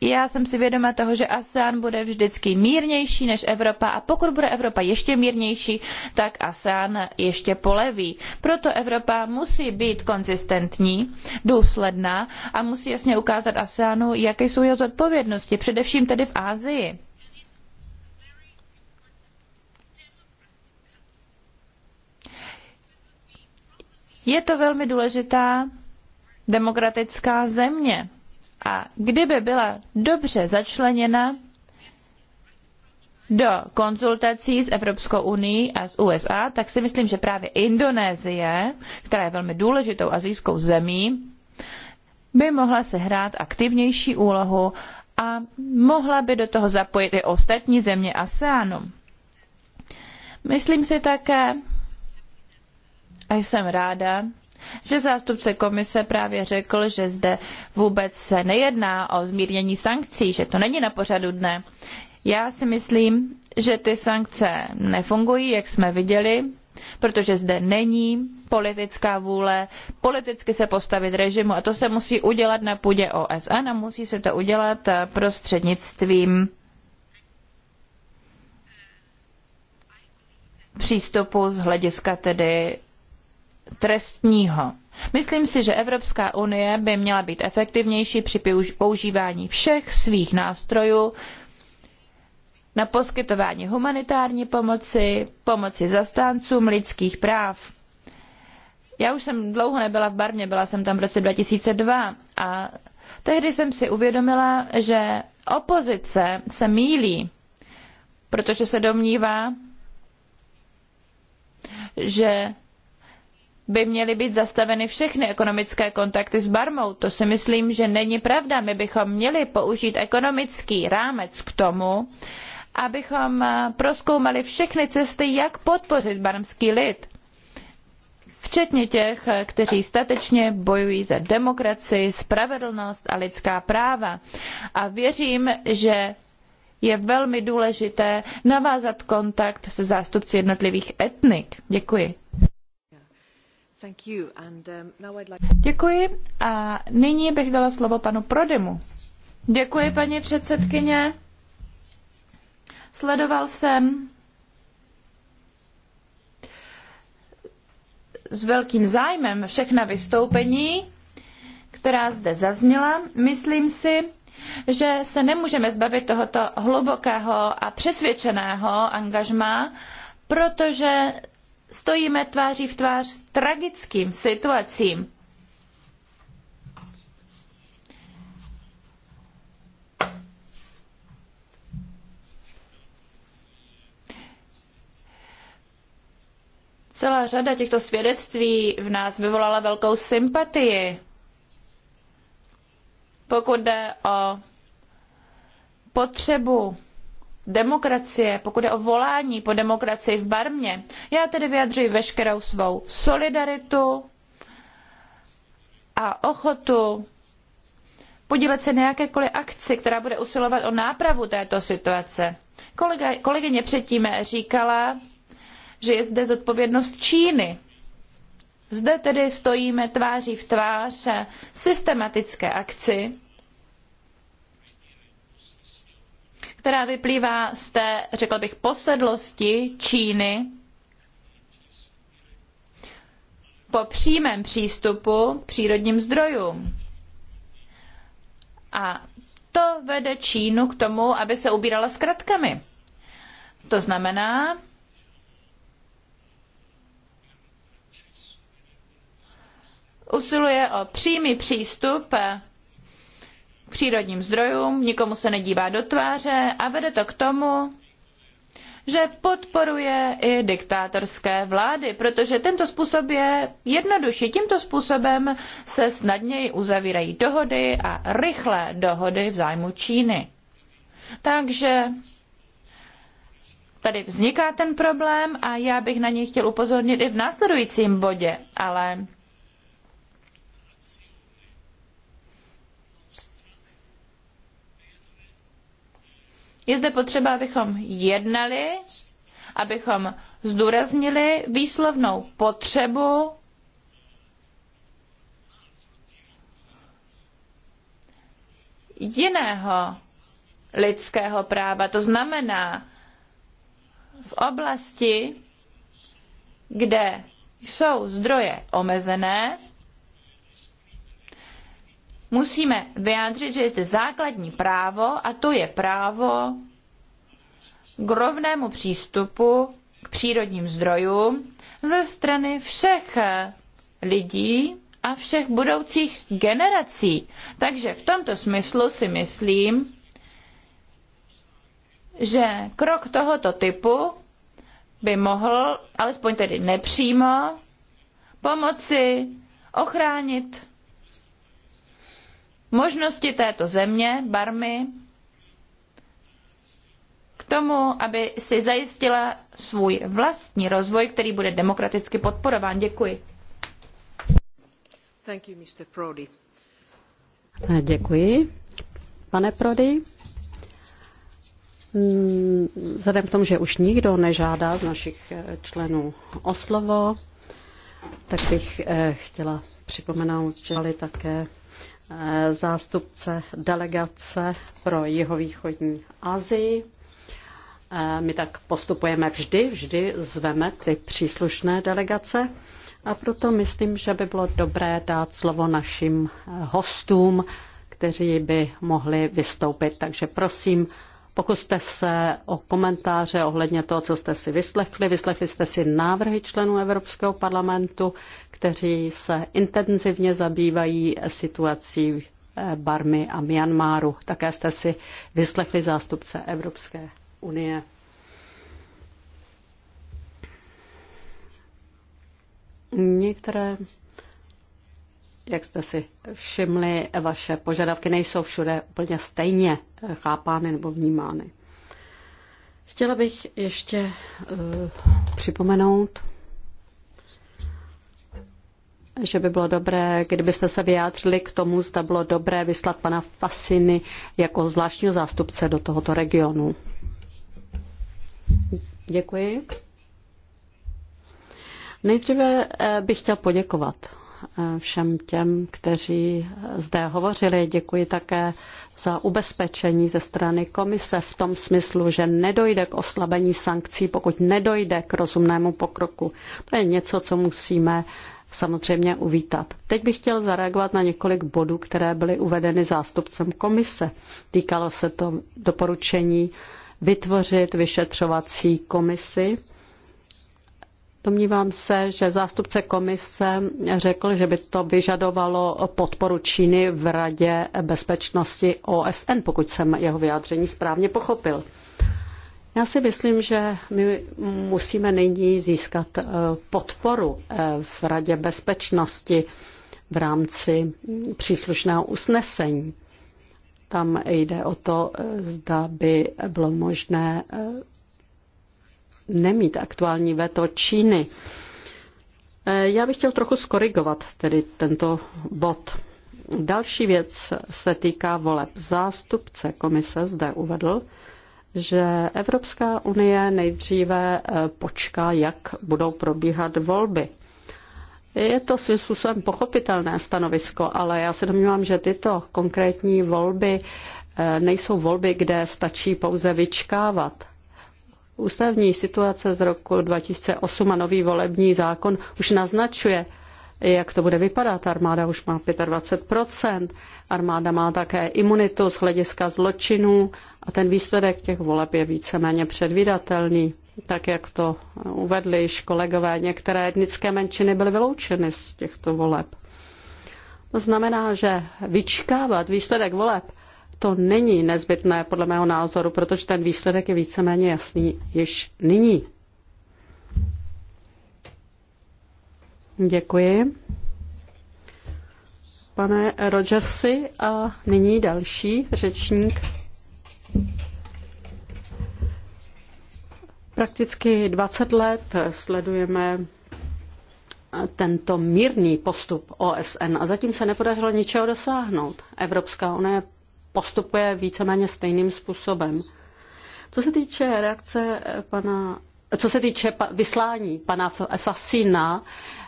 já jsem si vědoma toho, že ASEAN bude vždycky mírnější než Evropa a pokud bude Evropa ještě mírnější, tak ASEAN ještě poleví. Proto Evropa musí být konzistentní, důsledná a musí jasně ukázat ASEANu, jaké jsou jeho zodpovědnosti, především tedy v Asii. Je to velmi důležitá demokratická země. A kdyby byla dobře začleněna do konzultací s Evropskou unii a s USA, tak si myslím, že právě Indonésie, která je velmi důležitou azijskou zemí, by mohla sehrát aktivnější úlohu a mohla by do toho zapojit i ostatní země ASEANu. Myslím si také, a jsem ráda, že zástupce komise právě řekl, že zde vůbec se nejedná o zmírnění sankcí, že to není na pořadu dne. Já si myslím, že ty sankce nefungují, jak jsme viděli, protože zde není politická vůle politicky se postavit režimu a to se musí udělat na půdě OSN a musí se to udělat prostřednictvím přístupu z hlediska tedy trestního. Myslím si, že Evropská unie by měla být efektivnější při používání všech svých nástrojů na poskytování humanitární pomoci, pomoci zastáncům lidských práv. Já už jsem dlouho nebyla v Barmě, byla jsem tam v roce 2002 a tehdy jsem si uvědomila, že opozice se mílí, protože se domnívá, že by měly být zastaveny všechny ekonomické kontakty s Barmou. To si myslím, že není pravda. My bychom měli použít ekonomický rámec k tomu, abychom eh, prozkoumali všechny cesty, jak podpořit barmský lid. Včetně těch, eh, kteří statečně bojují za demokracii, spravedlnost a lidská práva. A věřím, že je velmi důležité navázat kontakt se zástupci jednotlivých etnik. Děkuji. Um, Děkuji a nyní bych dala slovo panu Prodemu. Děkuji, paní předsedkyně. Sledoval jsem s velkým zájmem všechna vystoupení, která zde zazněla. Myslím si, že se nemůžeme zbavit tohoto hlubokého a přesvědčeného angažmá, protože stojíme tváří v tvář tragickým situacím. Celá řada těchto svědectví v nás vyvolala velkou sympatii. Pokud jde o potřebu demokracie, pokud je o volání po demokracii v Barmě, já tedy vyjadřuji veškerou svou solidaritu a ochotu podílet se na jakékoliv akci, která bude usilovat o nápravu této situace. Kolega, kolegyně předtím říkala, že je zde zodpovědnost Číny. Zde tedy stojíme tváří v tvář systematické akci, která vyplývá z té, řekl bych, posedlosti Číny po přímém přístupu k přírodním zdrojům. A to vede Čínu k tomu, aby se ubírala zkratkami. To znamená, usiluje o přímý přístup přírodním zdrojům, nikomu se nedívá do tváře a vede to k tomu, že podporuje i diktátorské vlády, protože tento způsob je jednodušší. Tímto způsobem se snadněji uzavírají dohody a rychlé dohody v zájmu Číny. Takže tady vzniká ten problém a já bych na něj chtěl upozornit i v následujícím bodě, ale Je zde potřeba, abychom jednali, abychom zdůraznili výslovnou potřebu jiného lidského práva. To znamená, v oblasti, kde jsou zdroje omezené, musíme vyjádřit, že je zde základní právo a to je právo k rovnému přístupu k přírodním zdrojům ze strany všech lidí a všech budoucích generací. Takže v tomto smyslu si myslím, že krok tohoto typu by mohl, alespoň tedy nepřímo, pomoci ochránit možnosti této země, Barmy, k tomu, aby si zajistila svůj vlastní rozvoj, který bude demokraticky podporován. Děkuji.
Thank you, Mr. Děkuji. Pane Prody, mm, vzhledem k tomu, že už nikdo nežádá z našich eh, členů o slovo, tak bych eh, chtěla připomenout, že také Eh, zástupce delegace pro jihovýchodní Asii. Eh, my tak postupujeme vždy, vždy zveme ty příslušné delegace a proto myslím, že by bylo dobré dát slovo našim eh, hostům, kteří by mohli vystoupit. Takže prosím, Pokuste se o komentáře ohledně toho, co jste si vyslechli. Vyslechli jste si návrhy členů Evropského parlamentu kteří se intenzivně zabývají situací Barmy a Myanmaru. Také jste si vyslechli zástupce Evropské unie. Některé, jak jste si všimli, vaše požadavky nejsou všude úplně stejně chápány nebo vnímány. Chtěla bych ještě uh, připomenout, že by bylo dobré, kdybyste se vyjádřili k tomu, zda bylo dobré vyslat pana Fasiny jako zvláštního zástupce do tohoto regionu. Děkuji. Nejdříve eh, bych chtěl poděkovat eh, všem těm, kteří zde hovořili. Děkuji také za ubezpečení ze strany komise v tom smyslu, že nedojde k oslabení sankcí, pokud nedojde k rozumnému pokroku. To je něco, co musíme samozřejmě uvítat. Teď bych chtěl zareagovat na několik bodů, které byly uvedeny zástupcem komise. Týkalo se to doporučení vytvořit vyšetřovací komisi. Domnívám se, že zástupce komise řekl, že by to vyžadovalo podporu Číny v Radě bezpečnosti OSN, pokud jsem jeho vyjádření správně pochopil. Já si myslím, že my musíme nyní získat eh, podporu eh, v Radě bezpečnosti v rámci příslušného usnesení. Tam jde o to, eh, zda by bylo možné nemít aktuální veto Číny. Já bych chtěl trochu skorigovat tedy tento bod. Další věc se týká voleb. Zástupce komise zde uvedl, že Evropská unie nejdříve eh, počká, jak budou probíhat volby. Je to svým způsobem pochopitelné stanovisko, ale já se domnívám, že tyto konkrétní volby eh, nejsou volby, kde stačí pouze vyčkávat. Ústavní situace z roku 2008 a nový volební zákon už naznačuje, jak to bude vypadat. Armáda už má 25 Armáda má také imunitu z hlediska zločinů a ten výsledek těch voleb je víceméně předvídatelný. Tak, jak to uvedli již kolegové, některé etnické menšiny byly vyloučeny z těchto voleb. To znamená, že vyčkávat výsledek voleb to není nezbytné podle mého názoru, protože ten výsledek je víceméně jasný již nyní. Děkuji pane Rogersi. A nyní další řečník. Prakticky 20 let sledujeme tento mírný postup OSN a zatím se nepodařilo ničeho dosáhnout. Evropská unie postupuje víceméně stejným způsobem. Co se týče reakce pana, co se týče vyslání pana Fasina,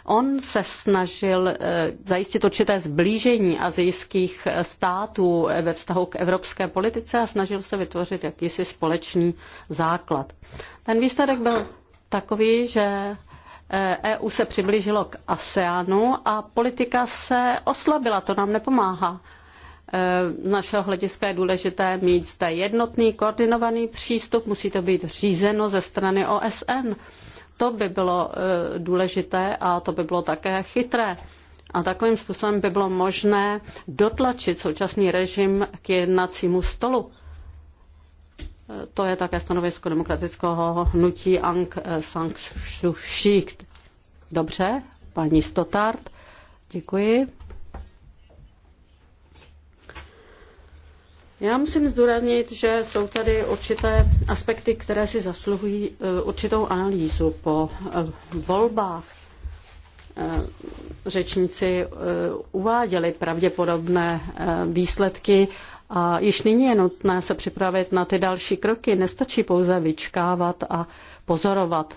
On se snažil eh, zajistit určité zblížení azijských států eh, ve vztahu k evropské politice a snažil se vytvořit jakýsi společný základ. Ten výsledek byl takový, že EU eh, e se přiblížilo k ASEANu a politika se oslabila, to nám nepomáhá. Z našeho hlediska je důležité mít zde jednotný, koordinovaný přístup, musí to být řízeno ze strany OSN. To by bylo e, důležité a to by bylo také chytré. A takovým způsobem by bylo možné dotlačit současný režim k jednacímu stolu. E, to je také stanovisko demokratického hnutí Ang San Suu Kyi. Dobře, paní Stotard, děkuji. Já musím zdůraznit, že jsou tady určité aspekty, které si zasluhují eh, určitou analýzu po eh, volbách. Eh, řečníci uváděli pravděpodobné výsledky a již nyní je nutné se připravit na ty další kroky. Nestačí pouze vyčkávat a pozorovat.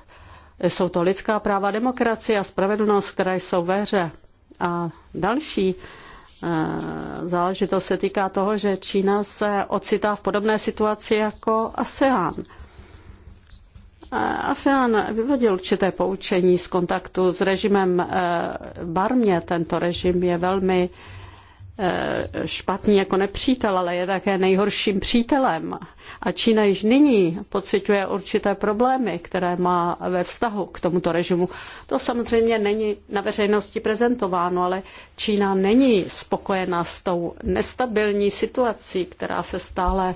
Jsou to lidská práva, demokracie a spravedlnost, které jsou ve hře. A další Eh, záležitost se týká toho, že Čína se ocitá v podobné situaci jako ASEAN. Eh, ASEAN vyvodil určité poučení z kontaktu s režimem eh, Barmě. Tento režim je velmi Eh, špatný jako nepřítel, ale je také nejhorším přítelem. A Čína již nyní pociťuje určité problémy, které má ve vztahu k tomuto režimu. To samozřejmě není na veřejnosti prezentováno, ale Čína není spokojená s tou nestabilní situací, která se stále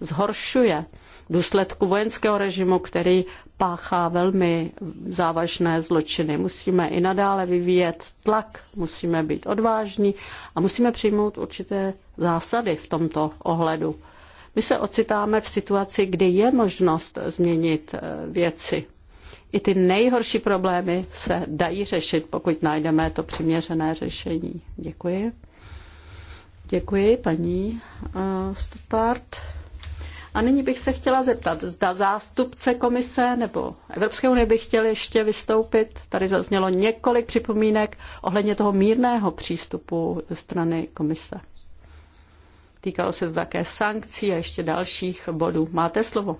zhoršuje v důsledku vojenského režimu, který páchá velmi závažné zločiny. Musíme i nadále vyvíjet tlak, musíme být odvážní a musíme přijmout určité zásady v tomto ohledu. My se ocitáme v situaci, kdy je možnost změnit eh, věci. I ty nejhorší problémy se dají řešit, pokud najdeme to přiměřené řešení. Děkuji. Děkuji, paní uh, eh, Stuttgart. A nyní bych se chtěla zeptat, zda zástupce komise nebo Evropské unie by chtěl ještě vystoupit. Tady zaznělo několik připomínek ohledně toho mírného přístupu ze strany komise. Týkalo se to také sankcí a ještě dalších bodů. Máte slovo.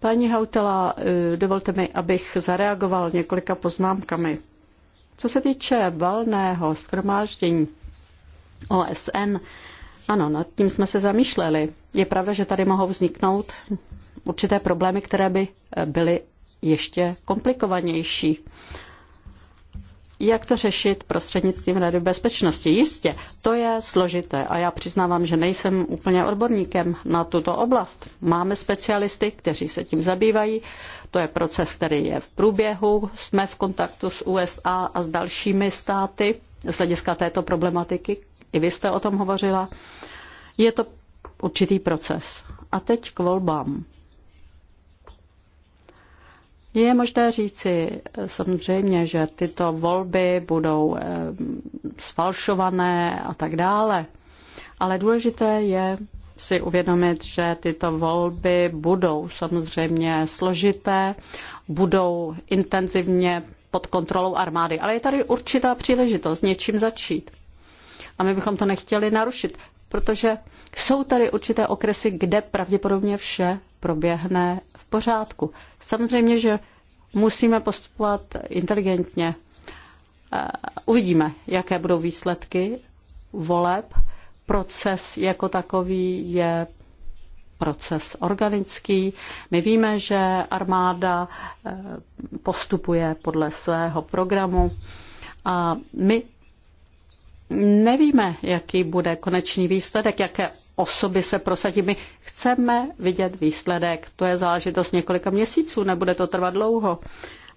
Paní Hautela, eh, dovolte mi, abych zareagoval několika poznámkami. Co se týče valného schromáždění OSN, ano, nad tím jsme se zamýšleli. Je pravda, že tady mohou vzniknout určité problémy, které by eh, byly ještě komplikovanější. Jak to řešit prostřednictvím Rady bezpečnosti? Jistě, to je složité a já přiznávám, že nejsem úplně odborníkem na tuto oblast. Máme specialisty, kteří se tím zabývají. To je proces, který je v průběhu. Jsme v kontaktu s USA a s dalšími státy z hlediska této problematiky. I vy jste o tom hovořila. Je to určitý proces. A teď k volbám. Je možné říci eh, samozřejmě, že tyto volby budou eh, sfalšované a tak dále, ale důležité je si uvědomit, že tyto volby budou samozřejmě složité, budou intenzivně pod kontrolou armády, ale je tady určitá příležitost něčím začít. A my bychom to nechtěli narušit protože jsou tady určité okresy, kde pravděpodobně vše proběhne v pořádku. Samozřejmě, že musíme postupovat inteligentně. Eh, uvidíme, jaké budou výsledky voleb. Proces jako takový je proces organický. My víme, že armáda eh, postupuje podle svého programu a my nevíme, jaký bude konečný výsledek, jaké osoby se prosadí. My chceme vidět výsledek. To je záležitost několika měsíců, nebude to trvat dlouho.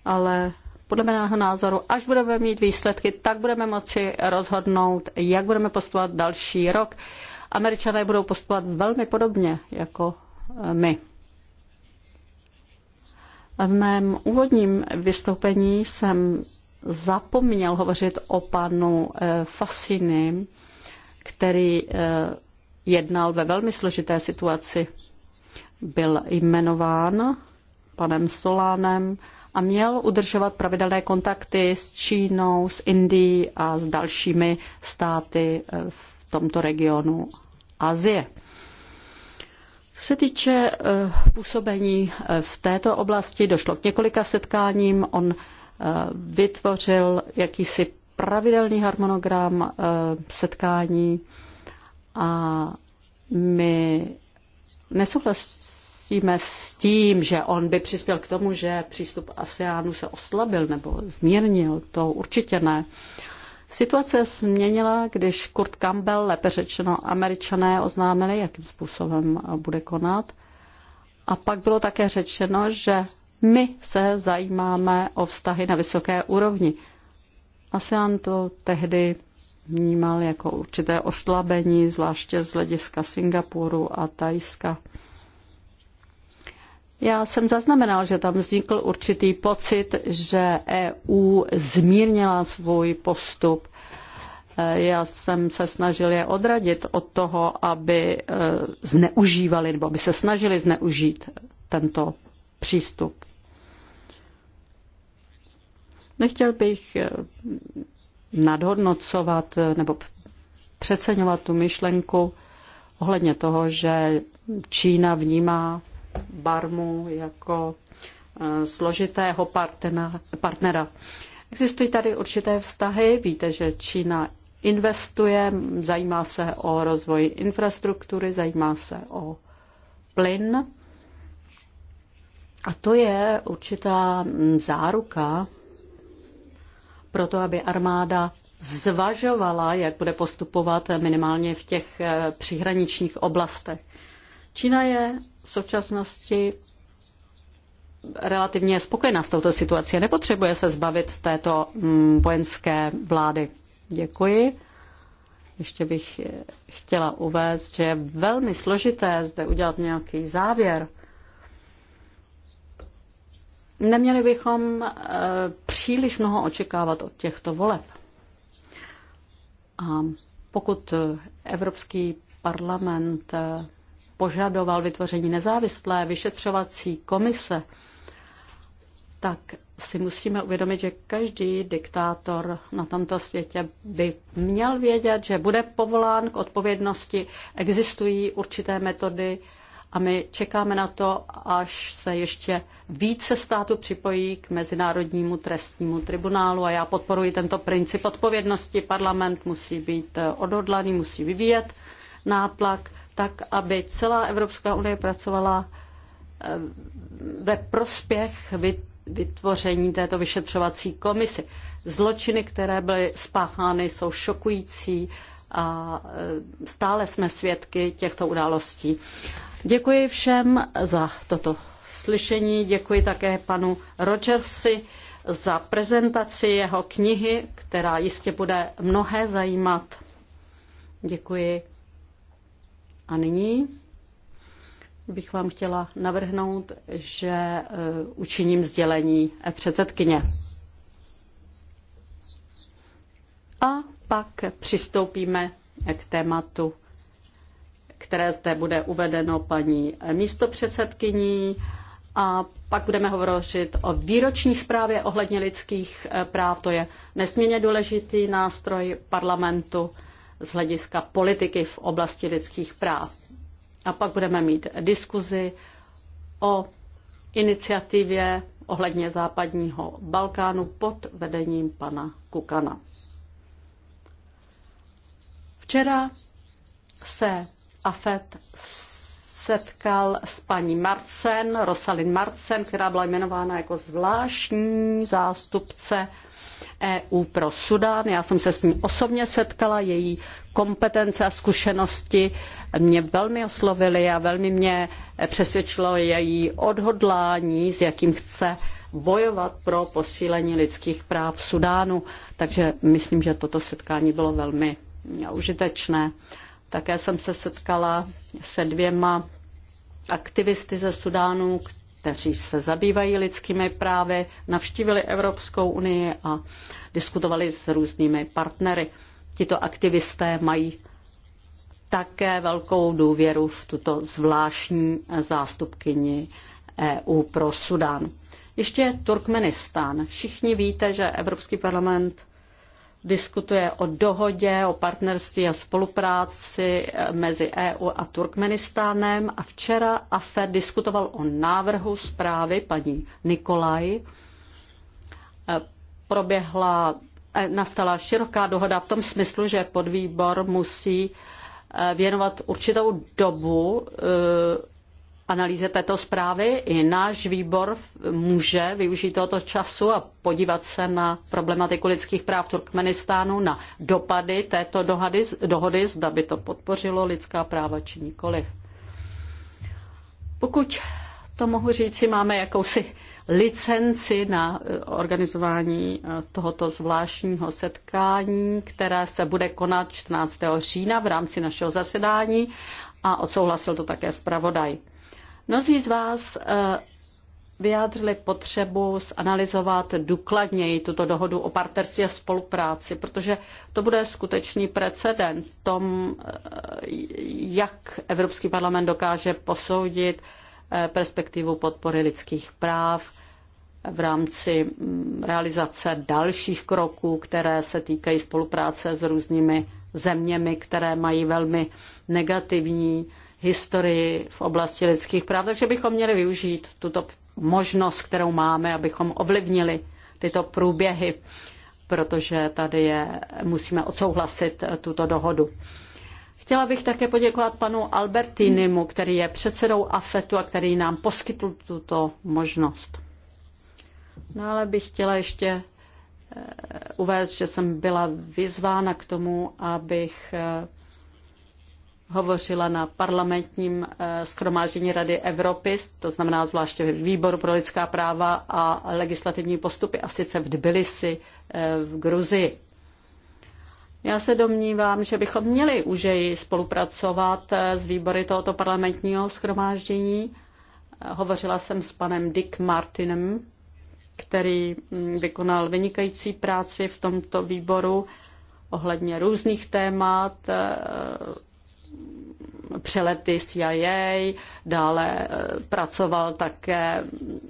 Ale podle mého názoru, až budeme mít výsledky, tak budeme moci rozhodnout, jak budeme postupovat další rok. Američané budou postupovat velmi podobně jako eh, my. V mém úvodním vystoupení jsem zapomněl hovořit o panu eh, Fasiny, který eh, jednal ve velmi složité situaci. Byl jmenován panem Solánem a měl udržovat pravidelné kontakty s Čínou, s Indií a s dalšími státy eh, v tomto regionu Asie. Co se týče působení v této oblasti, došlo k několika setkáním. On Eh, vytvořil jakýsi pravidelný harmonogram eh, setkání a my nesouhlasíme s tím, že on by přispěl k tomu, že přístup ASEANu se oslabil nebo zmírnil. To určitě ne. Situace změnila, když Kurt Campbell, lépe řečeno američané, oznámili, jakým způsobem bude konat. A pak bylo také řečeno, že my se zajímáme o vztahy na vysoké úrovni. ASEAN to tehdy vnímal jako určité oslabení, zvláště z hlediska Singapuru a Tajska. Já jsem zaznamenal, že tam vznikl určitý pocit, že EU zmírnila svůj postup. Eh, já jsem se snažil je odradit od toho, aby eh, zneužívali nebo aby se snažili zneužít tento přístup. Nechtěl bych eh, nadhodnocovat eh, nebo přeceňovat tu myšlenku ohledně toho, že Čína vnímá Barmu jako eh, složitého partnera. partnera. Existují tady určité vztahy. Víte, že Čína investuje, zajímá se o rozvoj infrastruktury, zajímá se o plyn. A to je určitá mm, záruka proto aby armáda zvažovala, jak bude postupovat minimálně v těch eh, příhraničních oblastech. Čína je v současnosti relativně spokojená s touto situací nepotřebuje se zbavit této mm, vojenské vlády. Děkuji. Ještě bych eh, chtěla uvést, že je velmi složité zde udělat nějaký závěr. Neměli bychom eh, příliš mnoho očekávat od těchto voleb. A pokud eh, Evropský parlament eh, požadoval vytvoření nezávislé vyšetřovací komise, tak si musíme uvědomit, že každý diktátor na tomto světě by měl vědět, že bude povolán k odpovědnosti. Existují určité metody a my čekáme na to, až se ještě více států připojí k Mezinárodnímu trestnímu tribunálu a já podporuji tento princip odpovědnosti. Parlament musí být eh, odhodlaný, musí vyvíjet nátlak tak, aby celá Evropská unie pracovala eh, ve prospěch vytvoření této vyšetřovací komisy. Zločiny, které byly spáchány, jsou šokující, a e, stále jsme svědky těchto událostí. Děkuji všem za toto slyšení, děkuji také panu Rogersi za prezentaci jeho knihy, která jistě bude mnohé zajímat. Děkuji. A nyní bych vám chtěla navrhnout, že e, učiním sdělení předsedkyně. A pak přistoupíme k tématu, které zde bude uvedeno paní místopředsedkyní a pak budeme hovořit o výroční zprávě ohledně lidských eh, práv. To je nesmírně důležitý nástroj parlamentu z hlediska politiky v oblasti lidských práv. A pak budeme mít diskuzi o iniciativě ohledně západního Balkánu pod vedením pana Kukana. Včera se AFET setkal s paní Marcen, Rosalin Marcen, která byla jmenována jako zvláštní zástupce EU pro Sudán. Já jsem se s ní osobně setkala, její kompetence a zkušenosti mě velmi oslovily a velmi mě přesvědčilo její odhodlání, s jakým chce bojovat pro posílení lidských práv v Sudánu. Takže myslím, že toto setkání bylo velmi užitečné. Také jsem se setkala se dvěma aktivisty ze Sudánu, kteří se zabývají lidskými právy, navštívili Evropskou unii a diskutovali s různými partnery. Tito aktivisté mají také velkou důvěru v tuto zvláštní zástupkyni EU pro Sudán. Ještě Turkmenistán. Všichni víte, že Evropský parlament diskutuje o dohodě, o partnerství a spolupráci eh, mezi EU a Turkmenistánem a včera AFED diskutoval o návrhu zprávy paní Nikolaj. Eh, proběhla, eh, nastala široká dohoda v tom smyslu, že podvýbor musí věnovat určitou dobu analýze této zprávy. I náš výbor může využít tohoto času a podívat se na problematiku lidských práv Turkmenistánu, na dopady této dohady, dohody, zda by to podpořilo lidská práva či nikoliv. Pokud to mohu říci, máme jakousi licenci na eh, organizování eh, tohoto zvláštního setkání, které se bude konat 14. října v rámci našeho zasedání a odsouhlasil to také zpravodaj. Mnozí z vás eh, vyjádřili potřebu zanalizovat důkladněji tuto dohodu o partnerství a spolupráci, protože to bude skutečný precedent v tom, eh, jak Evropský parlament dokáže posoudit eh, perspektivu podpory lidských práv v rámci mm, realizace dalších kroků, které se týkají spolupráce s různými zeměmi, které mají velmi negativní historii v oblasti lidských práv, takže bychom měli využít tuto možnost, kterou máme, abychom ovlivnili tyto průběhy, protože tady je, musíme odsouhlasit tuto dohodu. Chtěla bych také poděkovat panu Albertinimu, který je předsedou AFETu a který nám poskytl tuto možnost. No ale bych chtěla ještě eh, uvést, že jsem byla vyzvána k tomu, abych eh, hovořila na parlamentním eh, schromáždění Rady Evropy, to znamená zvláště výboru pro lidská práva a legislativní postupy, a sice v Tbilisi eh, v Gruzii. Já se domnívám, že bychom měli už jej spolupracovat eh, s výbory tohoto parlamentního schromáždění. Hovořila jsem s panem Dick Martinem, který hm, vykonal vynikající práci v tomto výboru ohledně různých témat, přelety CIA, dále eh, pracoval také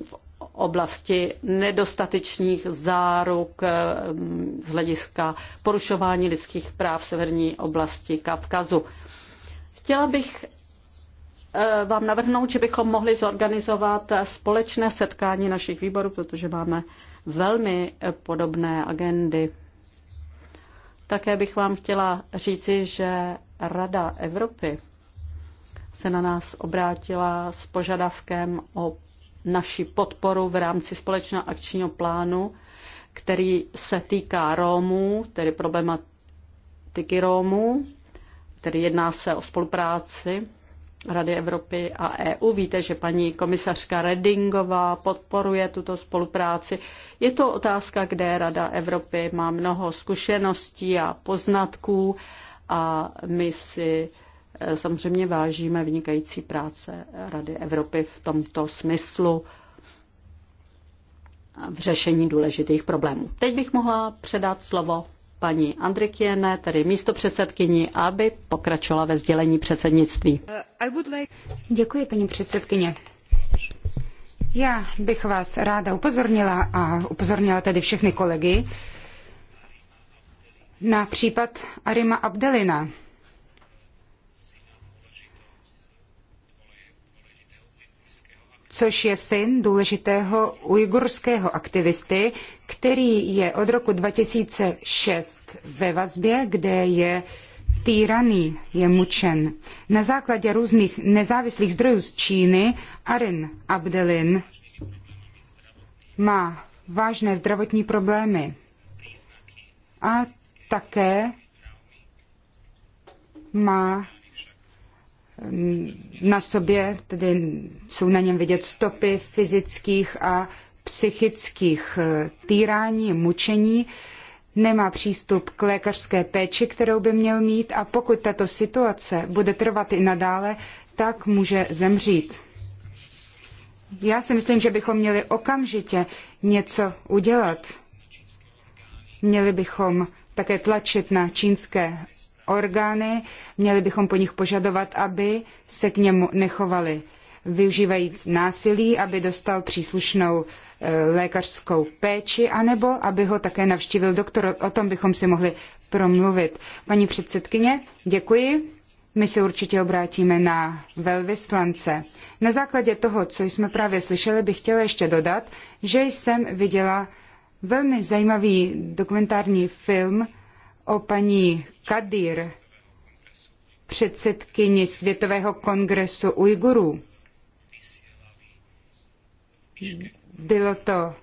v oblasti nedostatečných záruk eh, z hlediska porušování lidských práv v severní oblasti Kavkazu. Chtěla bych eh, vám navrhnout, že bychom mohli zorganizovat společné setkání našich výborů, protože máme velmi podobné agendy. Také bych vám chtěla říci, že Rada Evropy se na nás obrátila s požadavkem o naši podporu v rámci společného akčního plánu, který se týká Rómů, tedy problematiky Rómů, tedy jedná se o spolupráci Rady Evropy a EU. Víte, že paní komisařka Redingová podporuje tuto spolupráci. Je to otázka, kde Rada Evropy má mnoho zkušeností a poznatků a my si Eh, samozřejmě vážíme vynikající práce Rady Evropy v tomto smyslu v řešení důležitých problémů. Teď bych mohla předat slovo paní Andrikiene, tedy místo předsedkyni, aby pokračovala ve sdělení předsednictví.
Eh, Děkuji, paní předsedkyně. Já bych vás ráda upozornila a upozornila tedy všechny kolegy na případ Arima Abdelina, což je syn důležitého ujgurského aktivisty, který je od roku 2006 ve vazbě, kde je týraný, je mučen. Na základě různých nezávislých zdrojů z Číny Arin Abdelin má vážné zdravotní problémy a také má na sobě, tedy jsou na něm vidět stopy fyzických a psychických eh, týrání, mučení, nemá přístup k lékařské péči, kterou by měl mít a pokud tato situace bude trvat i nadále, tak může zemřít. Já si myslím, že bychom měli okamžitě něco udělat. Měli bychom také tlačit na čínské orgány, měli bychom po nich požadovat, aby se k němu nechovali využívajíc násilí, aby dostal příslušnou eh, lékařskou péči, anebo aby ho také navštívil doktor. O tom bychom si mohli promluvit. Paní předsedkyně, děkuji. My se určitě obrátíme na velvyslance. Na základě toho, co jsme právě slyšeli, bych chtěla ještě dodat, že jsem viděla velmi zajímavý dokumentární film o paní Kadir, předsedkyni Světového kongresu Ujgurů. Bylo to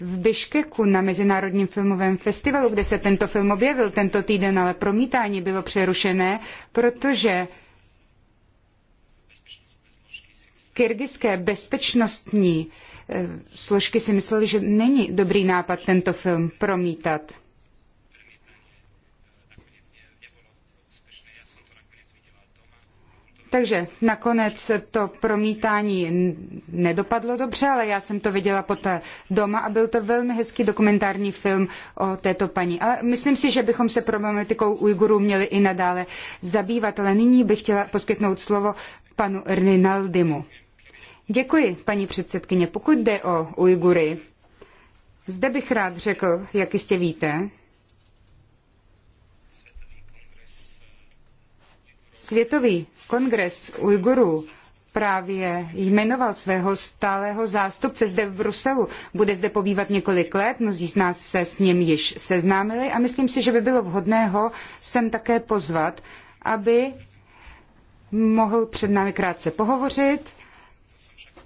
v Biškeku na Mezinárodním filmovém festivalu, kde se tento film objevil tento týden, ale promítání bylo přerušené, protože kyrgyzské bezpečnostní eh, složky si myslely, že není dobrý nápad tento film promítat. Takže nakonec to promítání nedopadlo dobře, ale já jsem to viděla poté doma a byl to velmi hezký dokumentární film o této paní. Ale myslím si, že bychom se problematikou Ujgurů měli i nadále zabývat, ale nyní bych chtěla poskytnout slovo panu Rinaldimu. Děkuji, paní předsedkyně. Pokud jde o Ujgury, zde bych rád řekl, jak jistě víte, Světový kongres Ujgurů právě jmenoval svého stálého zástupce zde v Bruselu. Bude zde pobývat několik let, mnozí z nás se s ním již seznámili a myslím si, že by bylo vhodné ho sem také pozvat, aby mohl před námi krátce pohovořit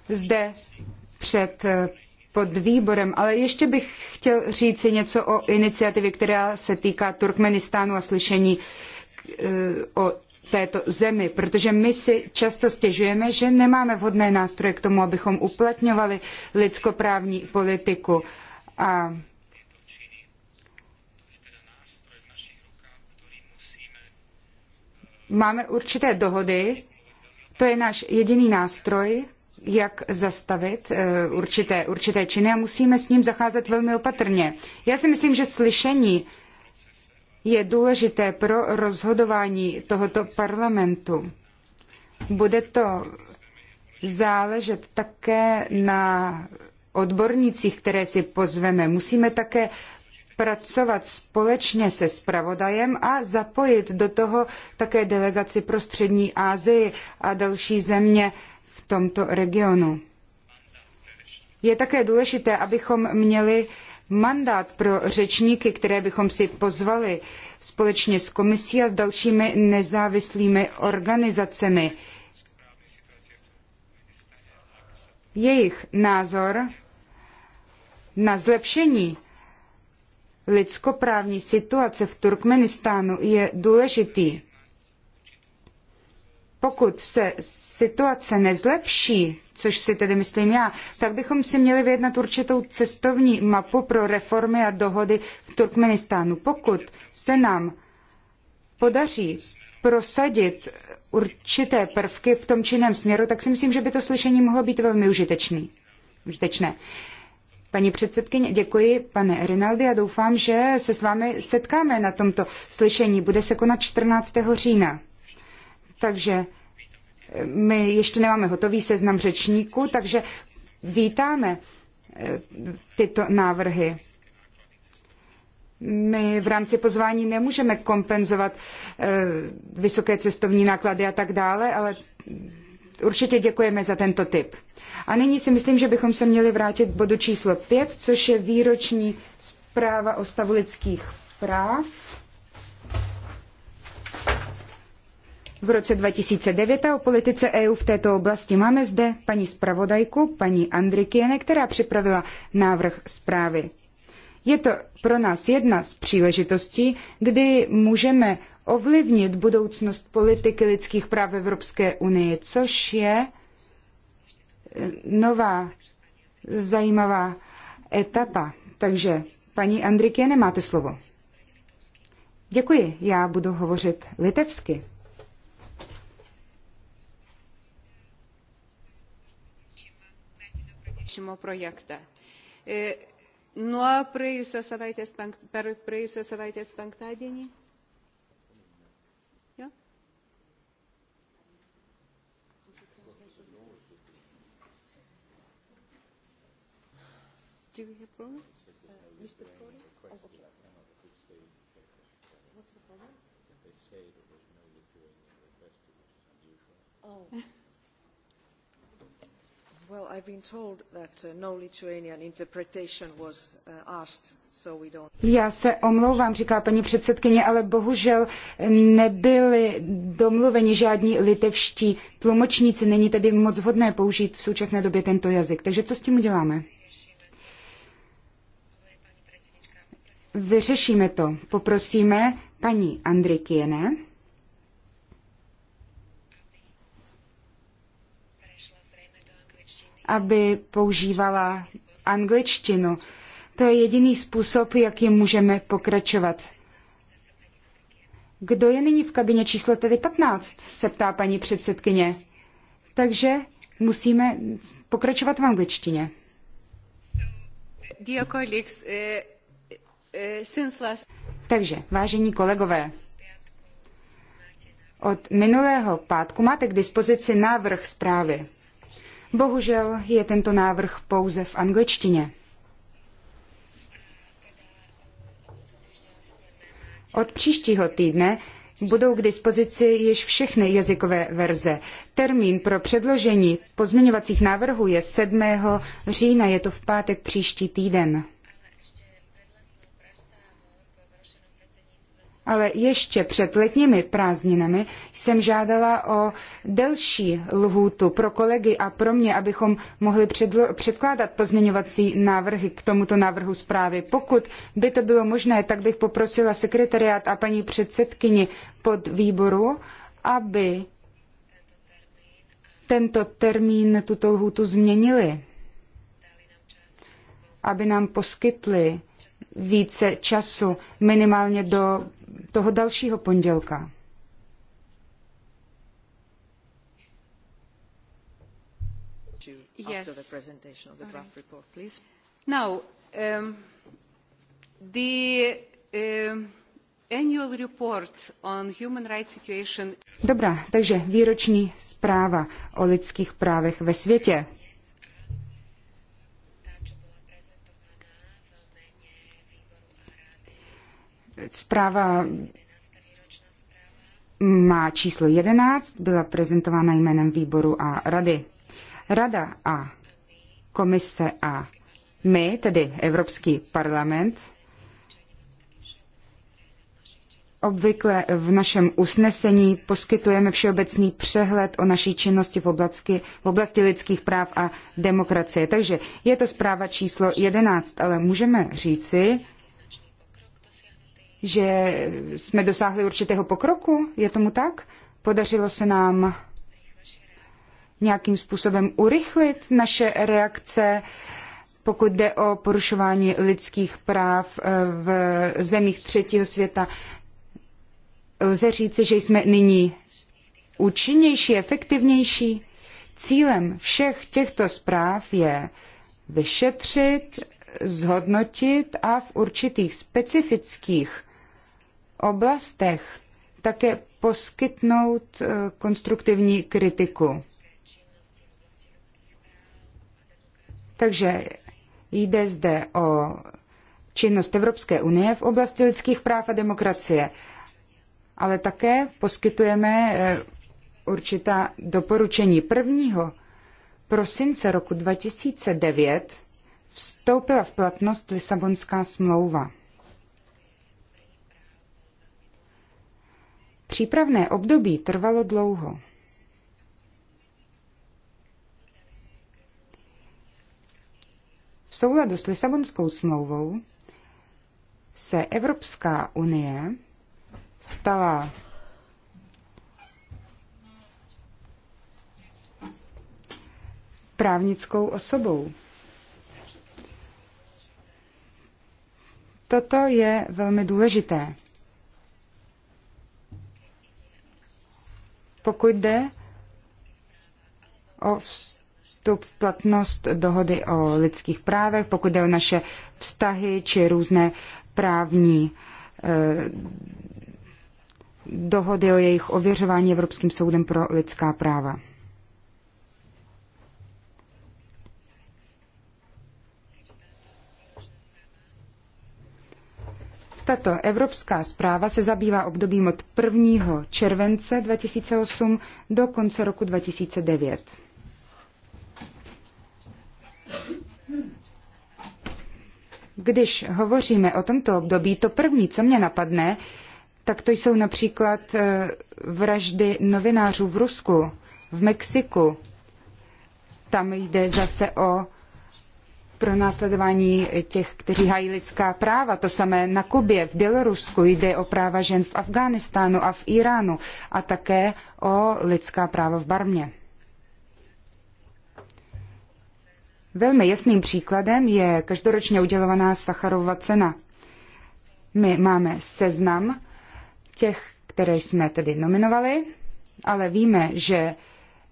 zde před eh, pod výborem, ale ještě bych chtěl říci něco o iniciativě, která se týká Turkmenistánu a slyšení eh, o této zemi, protože my si často stěžujeme, že nemáme vhodné nástroje k tomu, abychom uplatňovali lidskoprávní politiku. A máme určité dohody, to je náš jediný nástroj, jak zastavit eh, určité, určité činy a musíme s ním zacházet velmi opatrně. Já si myslím, že slyšení je důležité pro rozhodování tohoto parlamentu. Bude to záležet také na odbornících, které si pozveme. Musíme také pracovat společně se spravodajem a zapojit do toho také delegaci pro střední Asii a další země v tomto regionu. Je také důležité, abychom měli mandát pro řečníky, které bychom si pozvali společně s komisí a s dalšími nezávislými organizacemi. Jejich názor na zlepšení lidskoprávní situace v Turkmenistánu je důležitý. Pokud se situace nezlepší, což si tedy myslím já, tak bychom si měli vyjednat určitou cestovní mapu pro reformy a dohody v Turkmenistánu. Pokud se nám podaří prosadit určité prvky v tom činném směru, tak si myslím, že by to slyšení mohlo být velmi užitečný. užitečné. Paní předsedkyně, děkuji, pane Rinaldi, a doufám, že se s vámi setkáme na tomto slyšení. Bude se konat 14. října. Takže my ještě nemáme hotový seznam řečníků, takže vítáme eh, tyto návrhy. My v rámci pozvání nemůžeme kompenzovat eh, vysoké cestovní náklady a tak dále, ale určitě děkujeme za tento tip. A nyní si myslím, že bychom se měli vrátit k bodu číslo 5, což je výroční zpráva o stavu lidských práv. v roce 2009 o politice EU v této oblasti. Máme zde paní zpravodajku, paní Andrikiene, která připravila návrh zprávy. Je to pro nás jedna z příležitostí, kdy můžeme ovlivnit budoucnost politiky lidských práv Evropské unie, což je eh, nová zajímavá etapa. Takže, paní Andrikiene, máte slovo. Děkuji, já budu hovořit litevsky. pranešimo projektą. E, nuo praėjusios savaitės, per praėjusios savaitės penktadienį Oh. [laughs] Well, I've been told that uh, no Lithuanian interpretation was uh, asked, so we Já se omlouvám, říká paní předsedkyně, ale bohužel nebyli domluveni žádní litevští tlumočníci. Není tedy moc vhodné použít v současné době tento jazyk. Takže co s tím uděláme? Vyřešíme to. Poprosíme paní Andrikiene. aby používala angličtinu. To je jediný způsob, jakým můžeme pokračovat. Kdo je nyní v kabině číslo tedy 15? se ptá paní předsedkyně. Takže musíme pokračovat v angličtině. Eh, eh, Takže, vážení kolegové, od minulého pátku máte k dispozici návrh zprávy. Bohužel je tento návrh pouze v angličtině. Od příštího týdne budou k dispozici již všechny jazykové verze. Termín pro předložení pozměňovacích návrhů je 7. října, je to v pátek příští týden. ale ještě před letními prázdninami jsem žádala o delší lhůtu pro kolegy a pro mě, abychom mohli předkládat pozměňovací návrhy k tomuto návrhu zprávy. Pokud by to bylo možné, tak bych poprosila sekretariát a paní předsedkyni pod výboru, aby tento termín, tuto lhůtu změnili, aby nám poskytli více času, minimálně do toho dalšího pondělka. Yes. Now, um, the um, annual report on human rights situation. Dobrá, takže výroční zpráva o lidských právech ve světě. Zpráva má číslo 11, byla prezentována jménem výboru a rady. Rada a komise a my, tedy Evropský parlament, Obvykle v našem usnesení poskytujeme všeobecný přehled o naší činnosti v oblasti, v oblasti lidských práv a demokracie. Takže je to zpráva číslo 11, ale můžeme říci, že jsme dosáhli určitého pokroku? Je tomu tak? Podařilo se nám nějakým způsobem urychlit naše reakce, pokud jde o porušování lidských práv eh, v zemích třetího světa. Lze říci, že jsme nyní účinnější, efektivnější. Cílem všech těchto zpráv je vyšetřit, zhodnotit a v určitých specifických oblastech také poskytnout eh, konstruktivní kritiku. Takže jde zde o činnost Evropské unie v oblasti lidských práv a demokracie, ale také poskytujeme eh, určitá doporučení. 1. prosince roku 2009 vstoupila v platnost Lisabonská smlouva. Přípravné období trvalo dlouho. V souladu s Lisabonskou smlouvou se Evropská unie stala právnickou osobou. Toto je velmi důležité. pokud jde o vstup v platnost dohody o lidských právech, pokud jde o naše vztahy či různé právní eh, dohody o jejich ověřování Evropským soudem pro lidská práva. Tato evropská zpráva se zabývá obdobím od 1. července 2008 do konce roku 2009. Když hovoříme o tomto období, to první, co mě napadne, tak to jsou například eh, vraždy novinářů v Rusku, v Mexiku. Tam jde zase o pro následování těch, kteří hají lidská práva. To samé na Kubě, v Bělorusku jde o práva žen v Afghánistánu a v Iránu a také o lidská práva v Barmě. Velmi jasným příkladem je každoročně udělovaná Sacharova cena. My máme seznam těch, které jsme tedy nominovali, ale víme, že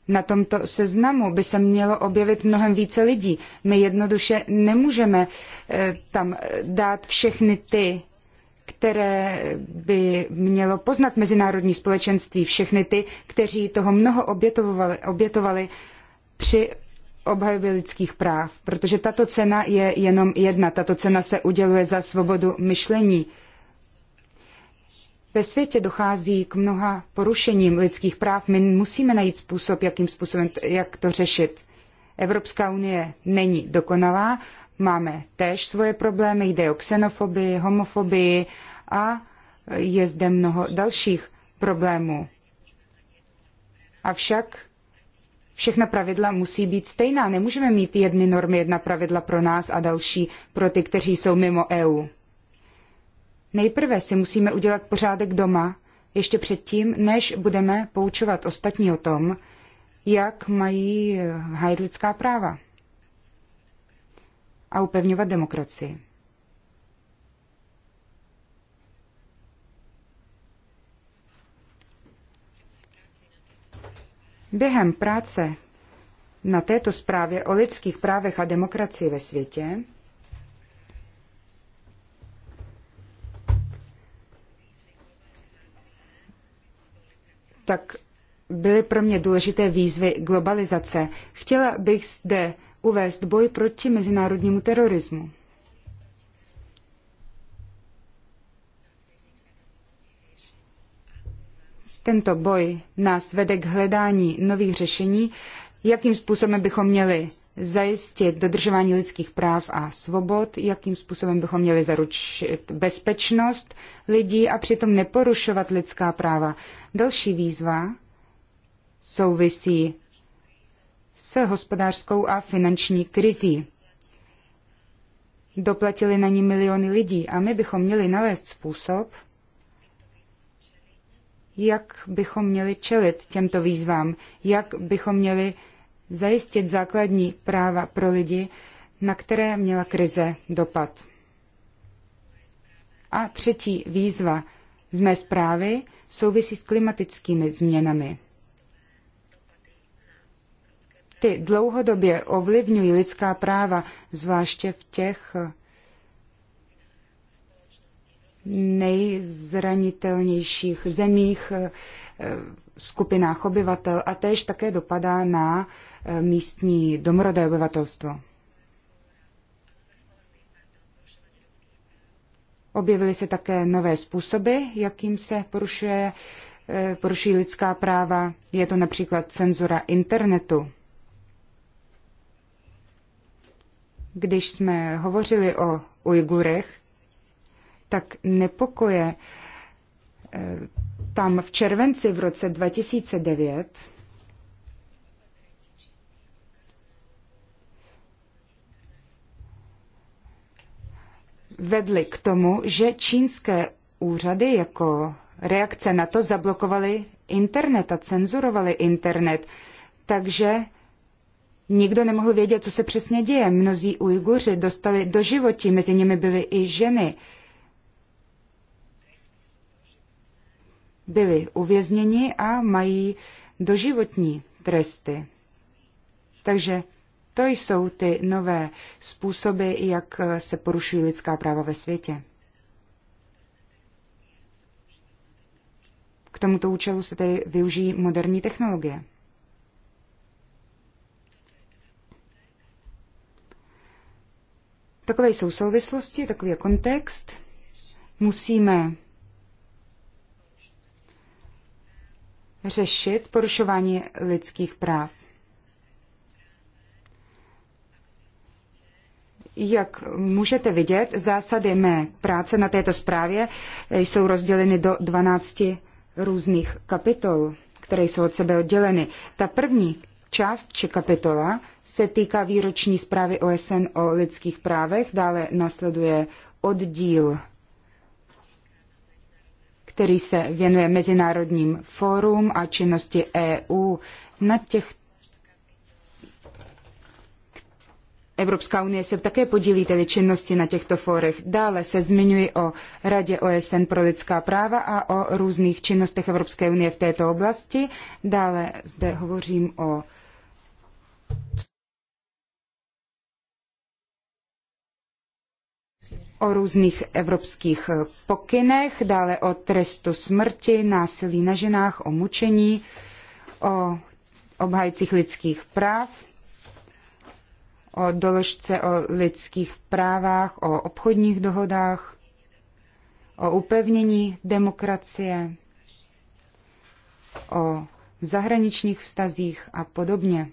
na tomto seznamu by se mělo objevit mnohem více lidí. My jednoduše nemůžeme eh, tam eh, dát všechny ty, které by mělo poznat mezinárodní společenství, všechny ty, kteří toho mnoho obětovali, obětovali při obhajobě lidských práv, protože tato cena je jenom jedna. Tato cena se uděluje za svobodu myšlení ve světě dochází k mnoha porušením lidských práv. My musíme najít způsob, jakým způsobem, jak to řešit. Evropská unie není dokonalá, máme též svoje problémy, jde o xenofobii, homofobii a je zde mnoho dalších problémů. Avšak všechna pravidla musí být stejná. Nemůžeme mít jedny normy, jedna pravidla pro nás a další pro ty, kteří jsou mimo EU. Nejprve si musíme udělat pořádek doma, ještě předtím, než budeme poučovat ostatní o tom, jak mají eh, hájit lidská práva a upevňovat demokracii. Během práce na této zprávě o lidských právech a demokracii ve světě tak byly pro mě důležité výzvy globalizace. Chtěla bych zde uvést boj proti mezinárodnímu terorismu. Tento boj nás vede k hledání nových řešení, jakým způsobem bychom měli zajistit dodržování lidských práv a svobod, jakým způsobem bychom měli zaručit bezpečnost lidí a přitom neporušovat lidská práva. Další výzva souvisí s hospodářskou a finanční krizí. Doplatili na ní miliony lidí a my bychom měli nalézt způsob, jak bychom měli čelit těmto výzvám, jak bychom měli zajistit základní práva pro lidi, na které měla krize dopad. A třetí výzva z mé zprávy souvisí s klimatickými změnami. Ty dlouhodobě ovlivňují lidská práva, zvláště v těch nejzranitelnějších zemích, eh, skupinách obyvatel a též také dopadá na eh, místní domorodé obyvatelstvo. Objevily se také nové způsoby, jakým se porušuje, eh, porušují lidská práva. Je to například cenzura internetu. Když jsme hovořili o Ujgurech, tak nepokoje. E, tam v červenci v roce 2009 vedly k tomu, že čínské úřady jako reakce na to zablokovaly internet a cenzurovaly internet. Takže nikdo nemohl vědět, co se přesně děje. Mnozí Ujguři dostali do životí, mezi nimi byly i ženy. byli uvězněni a mají doživotní tresty. Takže to jsou ty nové způsoby, jak se porušují lidská práva ve světě. K tomuto účelu se tedy využijí moderní technologie. Takové jsou souvislosti, takový je kontext. Musíme řešit porušování lidských práv. Jak můžete vidět, zásady mé práce na této zprávě jsou rozděleny do 12 různých kapitol, které jsou od sebe odděleny. Ta první část či kapitola se týká výroční zprávy OSN o lidských právech, dále nasleduje oddíl který se věnuje Mezinárodním fórům a činnosti EU. Na těch Evropská unie se také podílí tedy činnosti na těchto fórech. Dále se zmiňuji o Radě OSN pro lidská práva a o různých činnostech Evropské unie v této oblasti. Dále zde hovořím o o různých evropských pokynech, dále o trestu smrti, násilí na ženách, o mučení, o obhajcích lidských práv, o doložce o lidských právách, o obchodních dohodách, o upevnění demokracie, o zahraničních vztazích a podobně.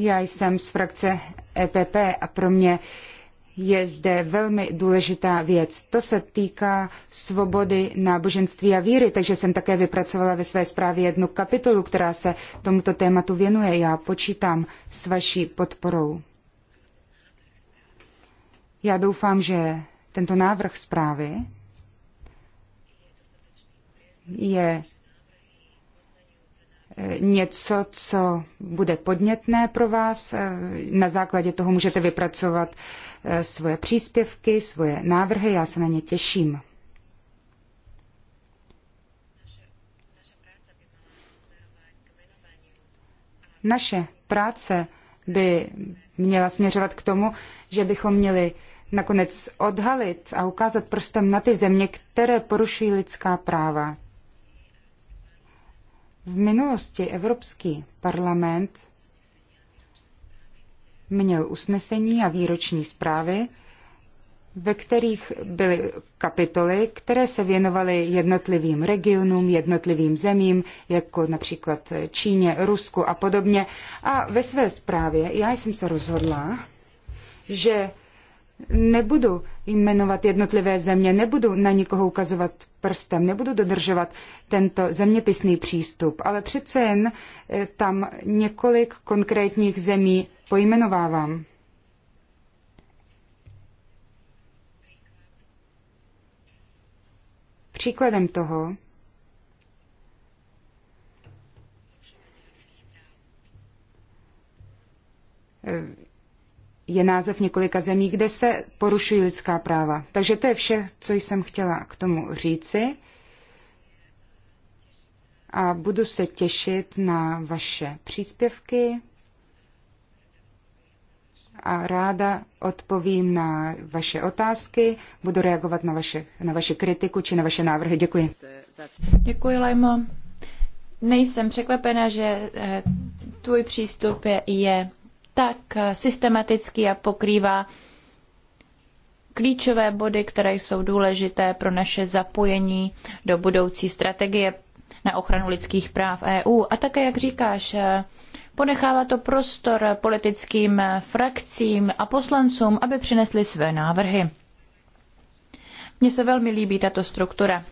Já jsem z frakce EPP a pro mě je zde velmi důležitá věc. To se týká svobody náboženství a víry, takže jsem také vypracovala ve své zprávě jednu kapitolu, která se tomuto tématu věnuje. Já počítám s vaší podporou. Já doufám, že tento návrh zprávy je něco, co bude podnětné pro vás. E, na základě toho můžete vypracovat e, svoje příspěvky, svoje návrhy. Já se na ně těším. Naše práce by měla směřovat k tomu, že bychom měli nakonec odhalit a ukázat prstem na ty země, které porušují lidská práva. V minulosti Evropský parlament měl usnesení a výroční zprávy, ve kterých byly kapitoly, které se věnovaly jednotlivým regionům, jednotlivým zemím, jako například Číně, Rusku a podobně. A ve své zprávě já jsem se rozhodla, že Nebudu jmenovat jednotlivé země, nebudu na nikoho ukazovat prstem, nebudu dodržovat tento zeměpisný přístup, ale přece jen eh, tam několik konkrétních zemí pojmenovávám. Příkladem toho e, je název několika zemí, kde se porušují lidská práva. Takže to je vše, co jsem chtěla k tomu říci. A budu se těšit na vaše příspěvky a ráda odpovím na vaše otázky, budu reagovat na vaše, na vaše kritiku či na vaše návrhy. Děkuji.
Děkuji, Lajmo. Nejsem překvapena, že eh, tvůj přístup je, je tak systematický a pokrývá klíčové body, které jsou důležité pro naše zapojení do budoucí strategie na ochranu lidských práv EU. A také, jak říkáš, ponechává to prostor politickým frakcím a poslancům, aby přinesli své návrhy. Mně se velmi líbí tato struktura.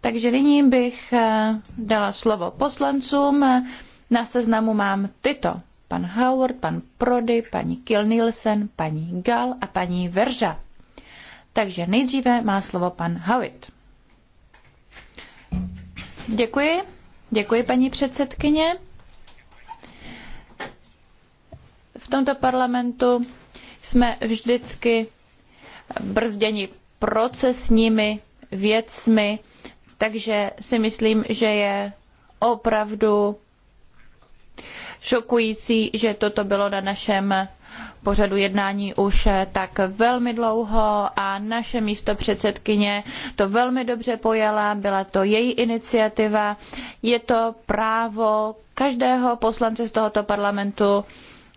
Takže nyní bych dala slovo poslancům. Na seznamu mám tyto pan Howard, pan Prody, paní Kill Nielsen, paní Gal a paní Verža. Takže nejdříve má slovo pan Howitt. Děkuji. Děkuji, paní předsedkyně. V tomto parlamentu jsme vždycky brzděni procesními věcmi, takže si myslím, že je opravdu šokující, že toto bylo na našem pořadu jednání už eh, tak velmi dlouho a naše místo předsedkyně to velmi dobře pojala, byla to její iniciativa. Je to právo každého poslance z tohoto parlamentu,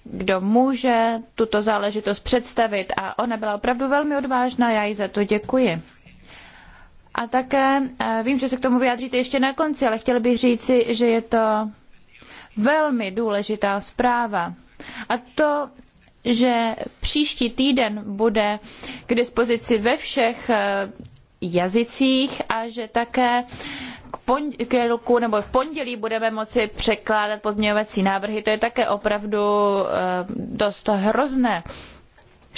kdo může tuto záležitost představit a ona byla opravdu velmi odvážná, já jí za to děkuji. A také eh, vím, že se k tomu vyjádříte ještě na konci, ale chtěl bych říci, že je to velmi důležitá zpráva. A to, že příští týden bude k dispozici ve všech eh, jazycích a že také k pondělku nebo v pondělí budeme moci překládat podměňovací návrhy. To je také opravdu eh, dost hrozné.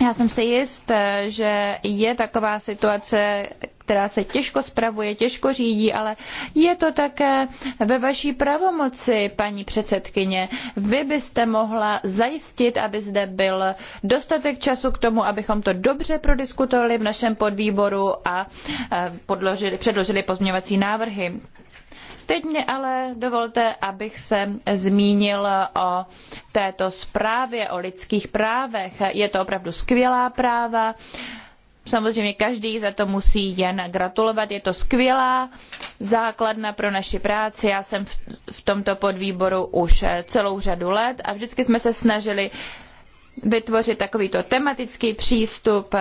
Já jsem si jist, eh, že je taková situace, která se těžko spravuje, těžko řídí, ale je to také ve vaší pravomoci, paní předsedkyně. Vy byste mohla zajistit, aby zde byl dostatek času k tomu, abychom to dobře prodiskutovali v našem podvýboru a eh, předložili pozměňovací návrhy. Teď mě ale dovolte, abych se zmínil o této zprávě o lidských právech. Je to opravdu skvělá práva. Samozřejmě každý za to musí jen gratulovat. Je to skvělá základna pro naši práci. Já jsem v tomto podvýboru už celou řadu let a vždycky jsme se snažili vytvořit takovýto tematický přístup.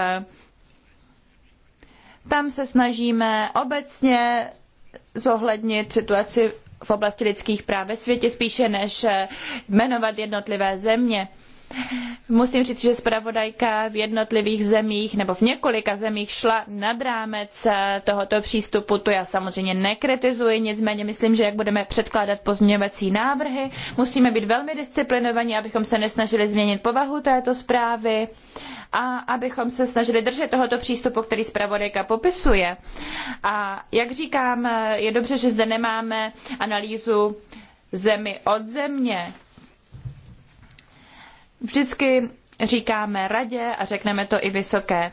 Tam se snažíme obecně zohlednit situaci v oblasti lidských práv ve světě spíše než jmenovat jednotlivé země. Musím říct, že zpravodajka v jednotlivých zemích nebo v několika zemích šla nad rámec tohoto přístupu. To já samozřejmě nekritizuji, nicméně myslím, že jak budeme předkládat pozměňovací návrhy, musíme být velmi disciplinovaní, abychom se nesnažili změnit povahu této zprávy a abychom se snažili držet tohoto přístupu, který zpravodajka popisuje. A jak říkám, je dobře, že zde nemáme analýzu zemi od země. Vždycky říkáme radě a řekneme to i vysoké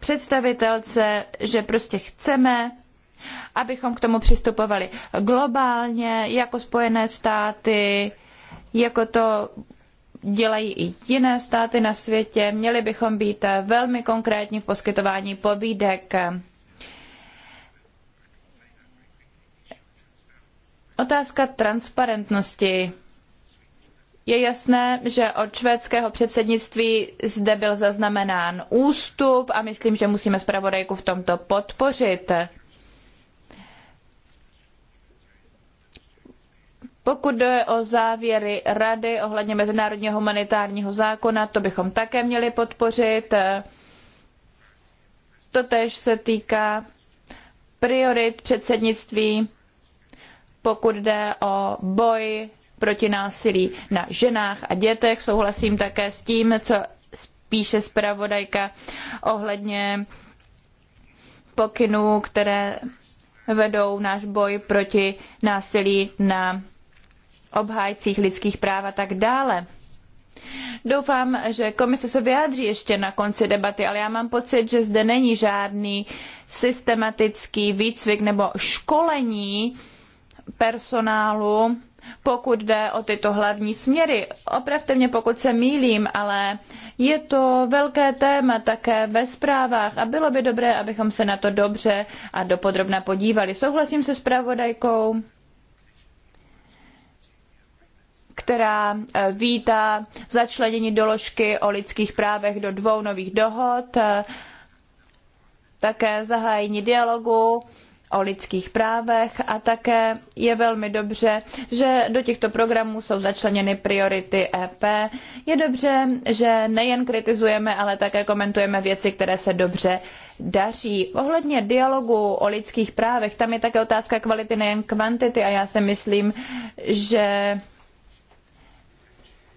představitelce, že prostě chceme, abychom k tomu přistupovali globálně, jako Spojené státy, jako to dělají i jiné státy na světě. Měli bychom být velmi konkrétní v poskytování pobídek. Otázka transparentnosti. Je jasné, že od švédského předsednictví zde byl zaznamenán ústup a myslím, že musíme zpravodajku v tomto podpořit. Pokud jde o závěry Rady ohledně mezinárodního humanitárního zákona, to bychom také měli podpořit. Totež se týká priorit předsednictví, pokud jde o boj proti násilí na ženách a dětech. Souhlasím také s tím, co píše zpravodajka ohledně pokynů, které vedou náš boj proti násilí na obhájcích lidských práv a tak dále. Doufám, že komise se vyjádří ještě na konci debaty, ale já mám pocit, že zde není žádný systematický výcvik nebo školení personálu, pokud jde o tyto hlavní směry. Opravte mě, pokud se mýlím, ale je to velké téma také ve zprávách a bylo by dobré, abychom se na to dobře a dopodrobna podívali. Souhlasím se s pravodajkou která eh, vítá začlenění doložky o lidských právech do dvou nových dohod, eh, také zahájení dialogu o lidských právech a také je velmi dobře, že do těchto programů jsou začleněny priority EP. Je dobře, že nejen kritizujeme, ale také komentujeme věci, které se dobře daří. Ohledně dialogu o lidských právech, tam je také otázka kvality, nejen kvantity a já si myslím, že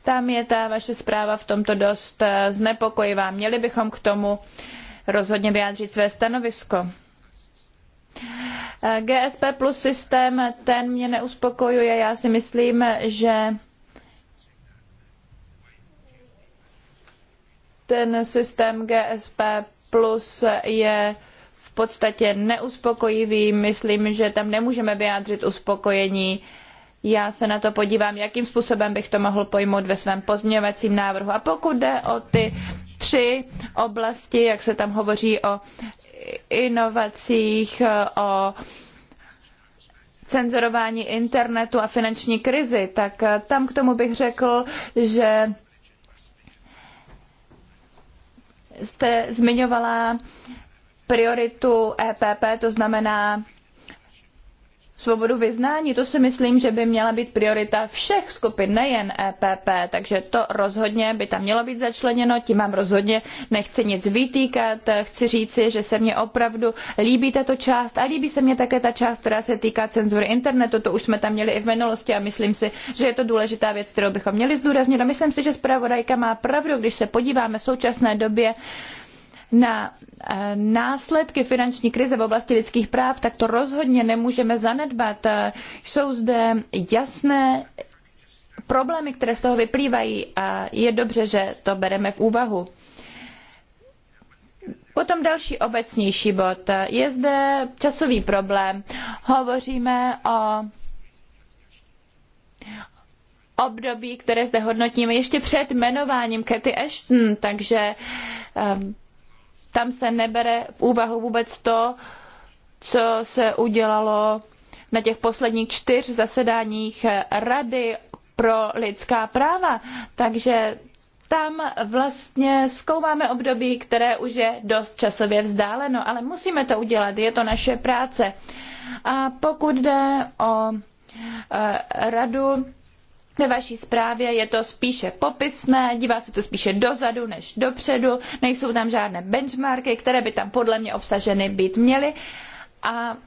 tam je ta vaše zpráva v tomto dost eh, znepokojivá. Měli bychom k tomu rozhodně vyjádřit své stanovisko. Eh, GSP plus systém, ten mě neuspokojuje. Já si myslím, že ten systém GSP plus je v podstatě neuspokojivý. Myslím, že tam nemůžeme vyjádřit uspokojení já se na to podívám, jakým způsobem bych to mohl pojmout ve svém pozměňovacím návrhu. A pokud jde o ty tři oblasti, jak se tam hovoří o inovacích, o cenzorování internetu a finanční krizi, tak tam k tomu bych řekl, že jste zmiňovala prioritu EPP, to znamená svobodu vyznání. To si myslím, že by měla být priorita všech skupin, nejen EPP, takže to rozhodně by tam mělo být začleněno, tím vám rozhodně nechci nic vytýkat, chci říci, že se mně opravdu líbí tato část a líbí se mně také ta část, která se týká cenzury internetu, to už jsme tam měli i v minulosti a myslím si, že je to důležitá věc, kterou bychom měli zdůraznit a myslím si, že zpravodajka má pravdu, když se podíváme v současné době, na eh, následky finanční krize v oblasti lidských práv, tak to rozhodně nemůžeme zanedbat. Eh, jsou zde jasné problémy, které z toho vyplývají a je dobře, že to bereme v úvahu. Potom další obecnější bod. Je zde časový problém. Hovoříme o období, které zde hodnotíme ještě před jmenováním Katy Ashton, takže ehm, tam se nebere v úvahu vůbec to, co se udělalo na těch posledních čtyř zasedáních Rady pro lidská práva. Takže tam vlastně zkoumáme období, které už je dost časově vzdáleno, ale musíme to udělat, je to naše práce. A pokud jde o eh, radu ve vaší zprávě je to spíše popisné, dívá se to spíše dozadu než dopředu, nejsou tam žádné benchmarky, které by tam podle mě obsaženy být měly. A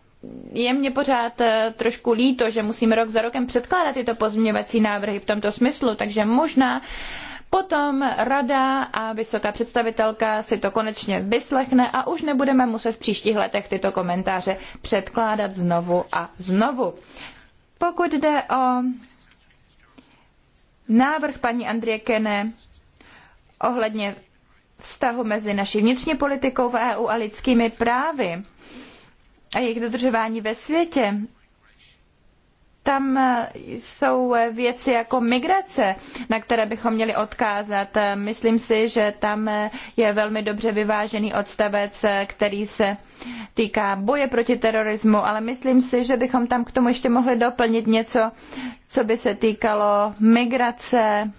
je mě pořád eh, trošku líto, že musíme rok za rokem předkládat tyto pozměňovací návrhy v tomto smyslu, takže možná potom rada a vysoká představitelka si to konečně vyslechne a už nebudeme muset v příštích letech tyto komentáře předkládat znovu a znovu. Pokud jde o návrh paní Andrie Kene ohledně vztahu mezi naší vnitřní politikou v EU a lidskými právy a jejich dodržování ve světě tam jsou věci jako migrace, na které bychom měli odkázat. Myslím si, že tam je velmi dobře vyvážený odstavec, který se týká boje proti terorismu, ale myslím si, že bychom tam k tomu ještě mohli doplnit něco, co by se týkalo migrace.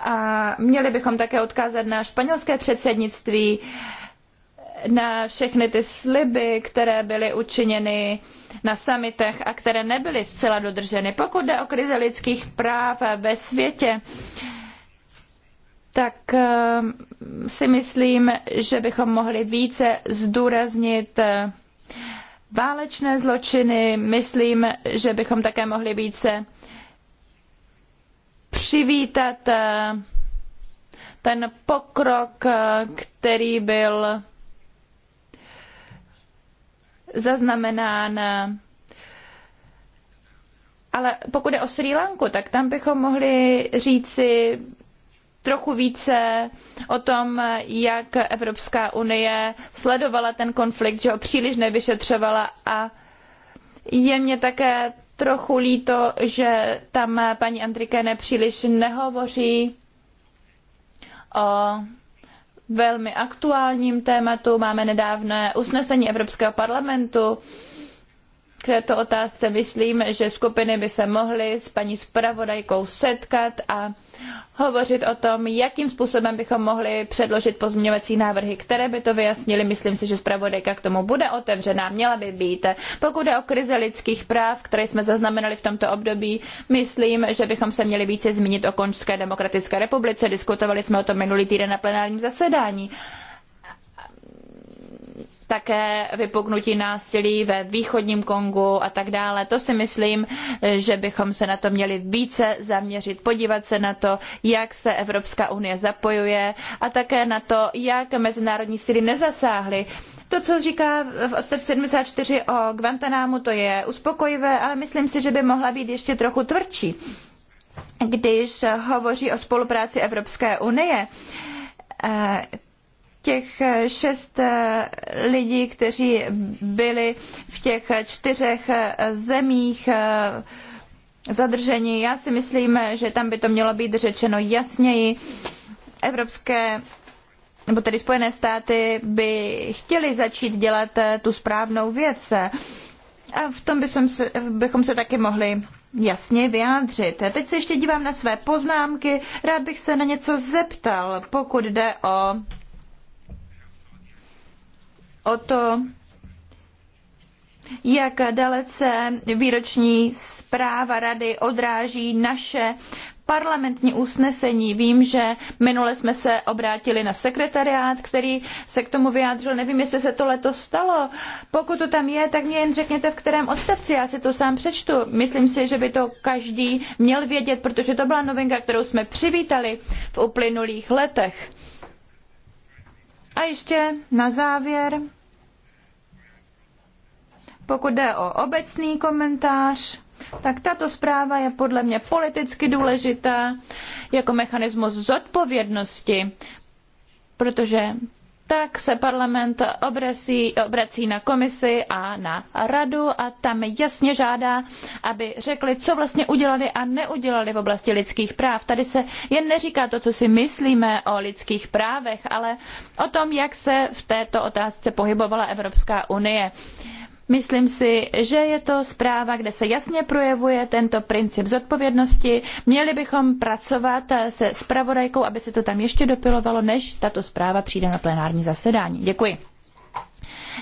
A měli bychom také odkázat na španělské předsednictví, na všechny ty sliby, které byly učiněny na samitech a které nebyly zcela dodrženy. Pokud jde o krize lidských práv ve světě, tak ehm, si myslím, že bychom mohli více zdůraznit eh, válečné zločiny. Myslím, že bychom také mohli více přivítat eh, ten pokrok, eh, který byl zaznamenán. Ale pokud je o Sri Lanku, tak tam bychom mohli říci trochu více o tom, jak Evropská unie sledovala ten konflikt, že ho příliš nevyšetřovala a je mě také trochu líto, že tam paní Andrike nepříliš nehovoří o velmi aktuálním tématu. Máme nedávné usnesení Evropského parlamentu, k této otázce myslím, že skupiny by se mohly s paní zpravodajkou setkat a hovořit o tom, jakým způsobem bychom mohli předložit pozměňovací návrhy, které by to vyjasnily. Myslím si, že zpravodajka k tomu bude otevřená, měla by být. Pokud je o krize lidských práv, které jsme zaznamenali v tomto období, myslím, že bychom se měli více zmínit o Končské demokratické republice. Diskutovali jsme o tom minulý týden na plenárním zasedání také vypuknutí násilí ve východním Kongu a tak dále. To si myslím, že bychom se na to měli více zaměřit, podívat se na to, jak se Evropská unie zapojuje a také na to, jak mezinárodní síly nezasáhly to, co říká v odstavci 74 o Guantanámu, to je uspokojivé, ale myslím si, že by mohla být ještě trochu tvrdší. Když hovoří o spolupráci Evropské unie, eh, těch eh, šest eh, lidí, kteří byli v těch čtyřech eh, zemích zadrženi. Já si myslím, že tam by to mělo být řečeno jasněji. Evropské nebo tedy Spojené státy by chtěli začít dělat tu správnou věc. A v tom bychom se, bychom se taky mohli jasně vyjádřit. Teď se ještě dívám na své poznámky. Rád bych se na něco zeptal, pokud jde o o to, jak dalece výroční zpráva rady odráží naše parlamentní usnesení. Vím, že minule jsme se obrátili na sekretariát, který se k tomu vyjádřil. Nevím, jestli se to letos stalo. Pokud to tam je, tak mě jen řekněte, v kterém odstavci. Já si to sám přečtu. Myslím si, že by to každý měl vědět, protože to byla novinka, kterou jsme přivítali v uplynulých letech. A ještě na závěr, pokud jde o obecný komentář, tak tato zpráva je podle mě politicky důležitá jako mechanismus zodpovědnosti, protože tak se parlament obrací, obrací na komisi a na radu a tam jasně žádá, aby řekli, co vlastně udělali a neudělali v oblasti lidských práv. Tady se jen neříká to, co si myslíme o lidských právech, ale o tom, jak se v této otázce pohybovala Evropská unie. Myslím si, že je to zpráva, kde se jasně projevuje tento princip zodpovědnosti. Měli bychom pracovat se spravodajkou, aby se to tam ještě dopilovalo, než tato zpráva přijde na plenární zasedání. Děkuji.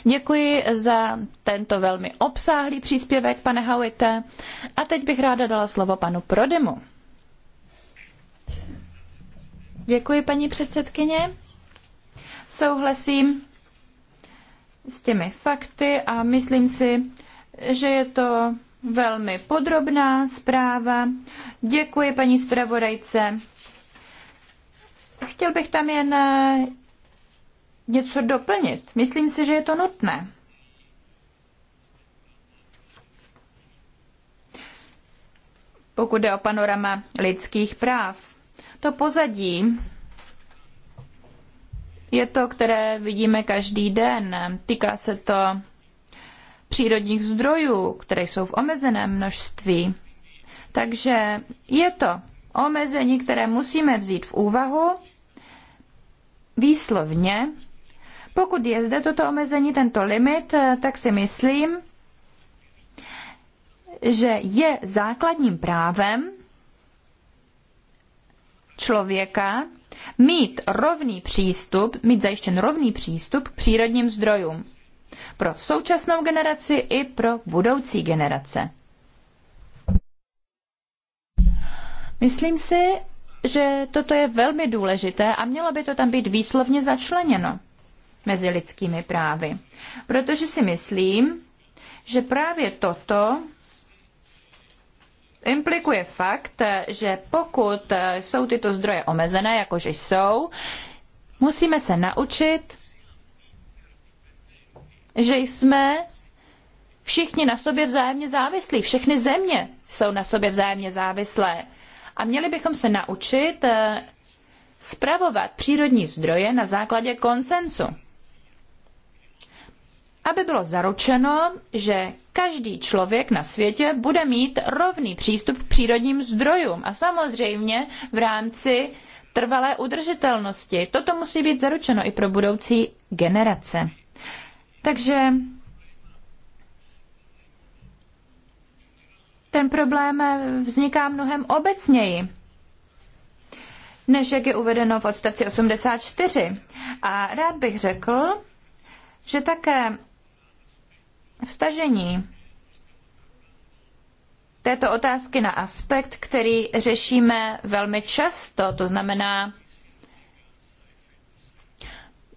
Děkuji za tento velmi obsáhlý příspěvek, pane Hawite. A teď bych ráda dala slovo panu Prodemu. Děkuji, paní předsedkyně. Souhlasím s těmi fakty a myslím si, že je to velmi podrobná zpráva. Děkuji paní zpravodajce. Chtěl bych tam jen eh, něco doplnit. Myslím si, že je to nutné. Pokud jde o panorama lidských práv, to pozadí je to, které vidíme každý den. Týká se to přírodních zdrojů, které jsou v omezeném množství. Takže je to omezení, které musíme vzít v úvahu výslovně. Pokud je zde toto omezení, tento limit, tak si myslím, že je základním právem člověka, mít rovný přístup, mít zajištěn rovný přístup k přírodním zdrojům pro současnou generaci i pro budoucí generace. Myslím si, že toto je velmi důležité a mělo by to tam být výslovně začleněno mezi lidskými právy. Protože si myslím, že právě toto implikuje fakt, že pokud jsou tyto zdroje omezené, jakože jsou, musíme se naučit, že jsme všichni na sobě vzájemně závislí. Všechny země jsou na sobě vzájemně závislé. A měli bychom se naučit eh, spravovat přírodní zdroje na základě konsensu. Aby bylo zaručeno, že každý člověk na světě bude mít rovný přístup k přírodním zdrojům a samozřejmě v rámci trvalé udržitelnosti. Toto musí být zaručeno i pro budoucí generace. Takže ten problém vzniká mnohem obecněji než jak je uvedeno v odstavci 84. A rád bych řekl, že také Vstažení této otázky na aspekt, který řešíme velmi často, to znamená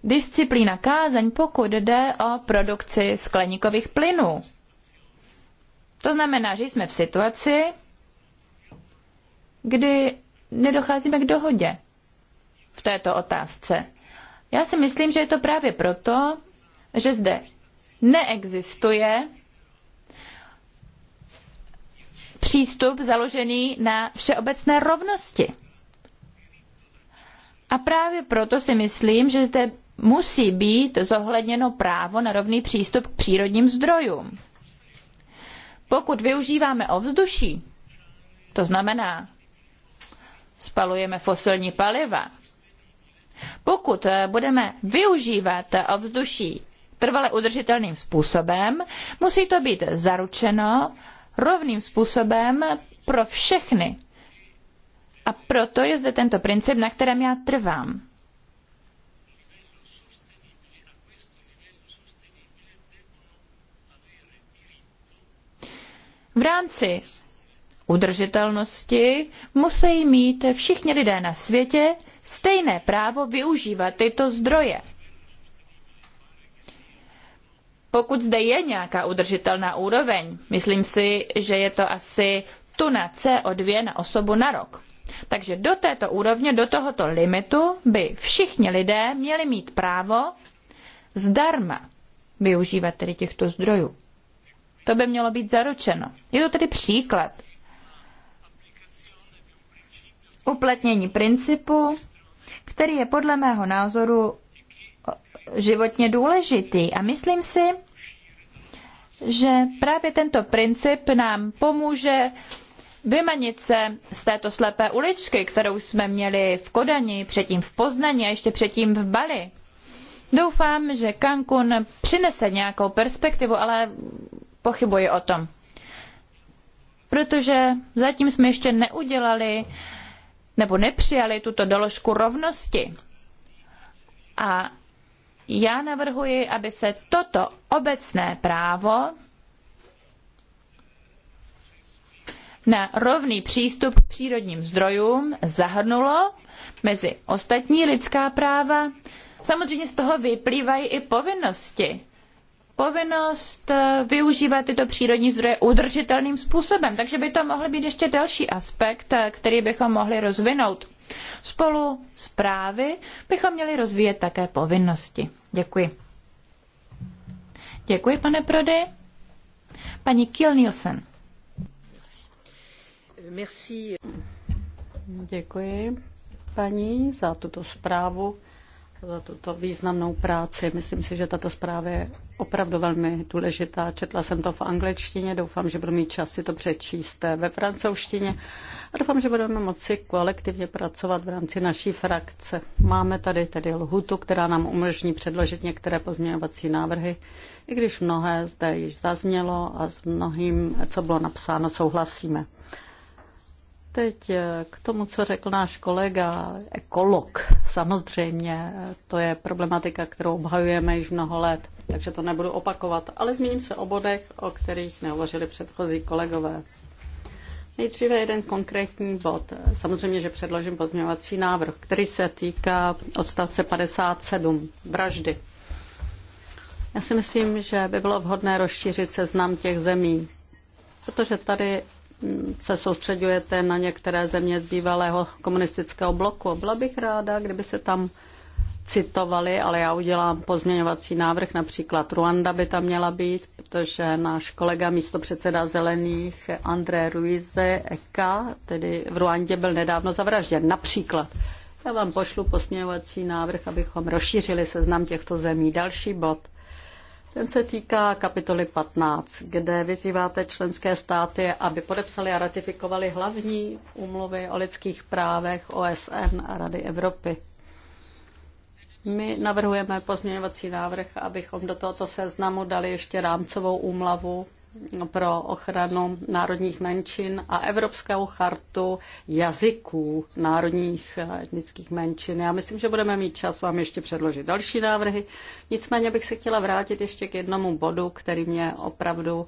disciplína kázeň, pokud jde o produkci skleníkových plynů. To znamená, že jsme v situaci, kdy nedocházíme k dohodě v této otázce. Já si myslím, že je to právě proto, že zde neexistuje přístup založený na všeobecné rovnosti. A právě proto si myslím, že zde musí být zohledněno právo na rovný přístup k přírodním zdrojům. Pokud využíváme ovzduší, to znamená, spalujeme fosilní paliva, pokud eh, budeme využívat ovzduší trvale udržitelným způsobem, musí to být zaručeno rovným způsobem pro všechny. A proto je zde tento princip, na kterém já trvám. V rámci udržitelnosti musí mít všichni lidé na světě stejné právo využívat tyto zdroje. Pokud zde je nějaká udržitelná úroveň, myslím si, že je to asi tuna CO2 na osobu na rok. Takže do této úrovně, do tohoto limitu by všichni lidé měli mít právo zdarma využívat tedy těchto zdrojů. To by mělo být zaručeno. Je to tedy příklad uplatnění principu, který je podle mého názoru životně důležitý. A myslím si, že právě tento princip nám pomůže vymanit se z této slepé uličky, kterou jsme měli v Kodani, předtím v Poznani a ještě předtím v Bali. Doufám, že Cancun přinese nějakou perspektivu, ale pochybuji o tom. Protože zatím jsme ještě neudělali nebo nepřijali tuto doložku rovnosti. A já navrhuji, aby se toto obecné právo na rovný přístup k přírodním zdrojům zahrnulo mezi ostatní lidská práva. Samozřejmě z toho vyplývají i povinnosti. Povinnost eh, využívat tyto přírodní zdroje udržitelným způsobem. Takže by to mohl být ještě další aspekt, eh, který bychom mohli rozvinout. Spolu s právy bychom měli rozvíjet také povinnosti. Děkuji. Děkuji, pane Prody. Paní Kiel Nielsen.
Merci. Děkuji paní za tuto zprávu, za tuto významnou práci. Myslím si, že tato zpráva je opravdu velmi důležitá. Četla jsem to v angličtině, doufám, že budu mít čas si to přečíst ve francouzštině a doufám, že budeme moci kolektivně pracovat v rámci naší frakce. Máme tady tedy lhutu, která nám umožní předložit některé pozměňovací návrhy, i když mnohé zde již zaznělo a s mnohým, co bylo napsáno, souhlasíme. Teď eh, k tomu, co řekl náš kolega, ekolog. Samozřejmě eh, to je problematika, kterou obhajujeme již mnoho let, takže to nebudu opakovat, ale zmíním se o bodech, o kterých nehovořili předchozí kolegové. Nejdříve jeden konkrétní bod. Samozřejmě, že předložím pozměňovací návrh, který se týká odstavce 57, vraždy. Já si myslím, že by bylo vhodné rozšířit seznam těch zemí, protože tady mm, se soustředujete na některé země z bývalého komunistického bloku. Byla bych ráda, kdyby se tam citovali, ale já udělám pozměňovací návrh, například Ruanda by tam měla být, protože náš kolega místo předseda Zelených André Ruize Eka, tedy v Ruandě byl nedávno zavražděn, například. Já vám pošlu pozměňovací návrh, abychom rozšířili seznam těchto zemí. Další bod. Ten se týká kapitoly 15, kde vyzýváte členské státy, aby podepsali a ratifikovali hlavní úmluvy o lidských právech OSN a Rady Evropy. My navrhujeme pozměňovací návrh, abychom do tohoto seznamu dali ještě rámcovou úmlavu pro ochranu národních menšin a Evropskou chartu jazyků národních eh, etnických menšin. Já myslím, že budeme mít čas vám ještě předložit další návrhy. Nicméně bych se chtěla vrátit ještě k jednomu bodu, který mě opravdu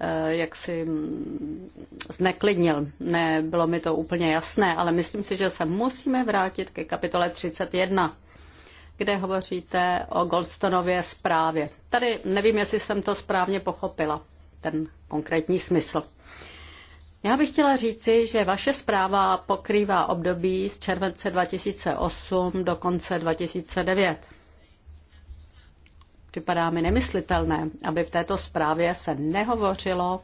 eh, jak si mm, zneklidnil. Nebylo mi to úplně jasné, ale myslím si, že se musíme vrátit ke kapitole 31 kde hovoříte o Goldstonově zprávě. Tady nevím, jestli jsem to správně pochopila, ten konkrétní smysl. Já bych chtěla říci, že vaše zpráva pokrývá období z července 2008 do konce 2009. Připadá mi nemyslitelné, aby v této zprávě se nehovořilo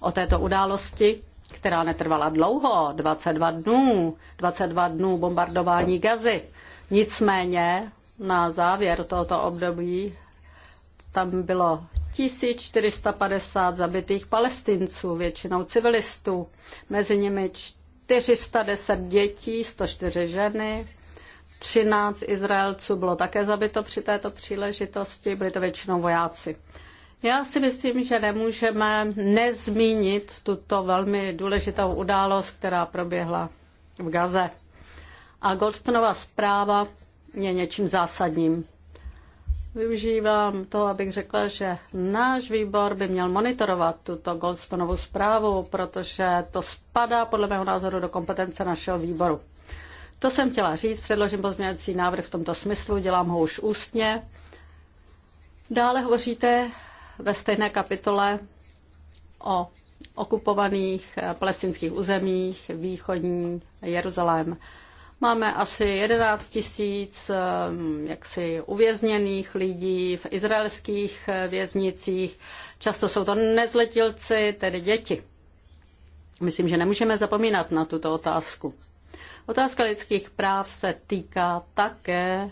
o této události, která netrvala dlouho, 22 dnů, 22 dnů bombardování gazy, Nicméně na závěr tohoto období tam bylo 1450 zabitých palestinců, většinou civilistů, mezi nimi 410 dětí, 104 ženy, 13 Izraelců bylo také zabito při této příležitosti, byli to většinou vojáci. Já si myslím, že nemůžeme nezmínit tuto velmi důležitou událost, která proběhla v Gaze a Goldstonova zpráva je něčím zásadním. Využívám to, abych řekla, že náš výbor by měl monitorovat tuto Goldstonovu zprávu, protože to spadá podle mého názoru do kompetence našeho výboru. To jsem chtěla říct, předložím pozměňovací návrh v tomto smyslu, dělám ho už ústně. Dále hovoříte ve stejné kapitole o okupovaných palestinských územích, východní Jeruzalém. Máme asi 11 tisíc ehm, jaksi uvězněných lidí v izraelských eh, věznicích. Často jsou to nezletilci, tedy děti. Myslím, že nemůžeme zapomínat na tuto otázku. Otázka lidských práv se týká také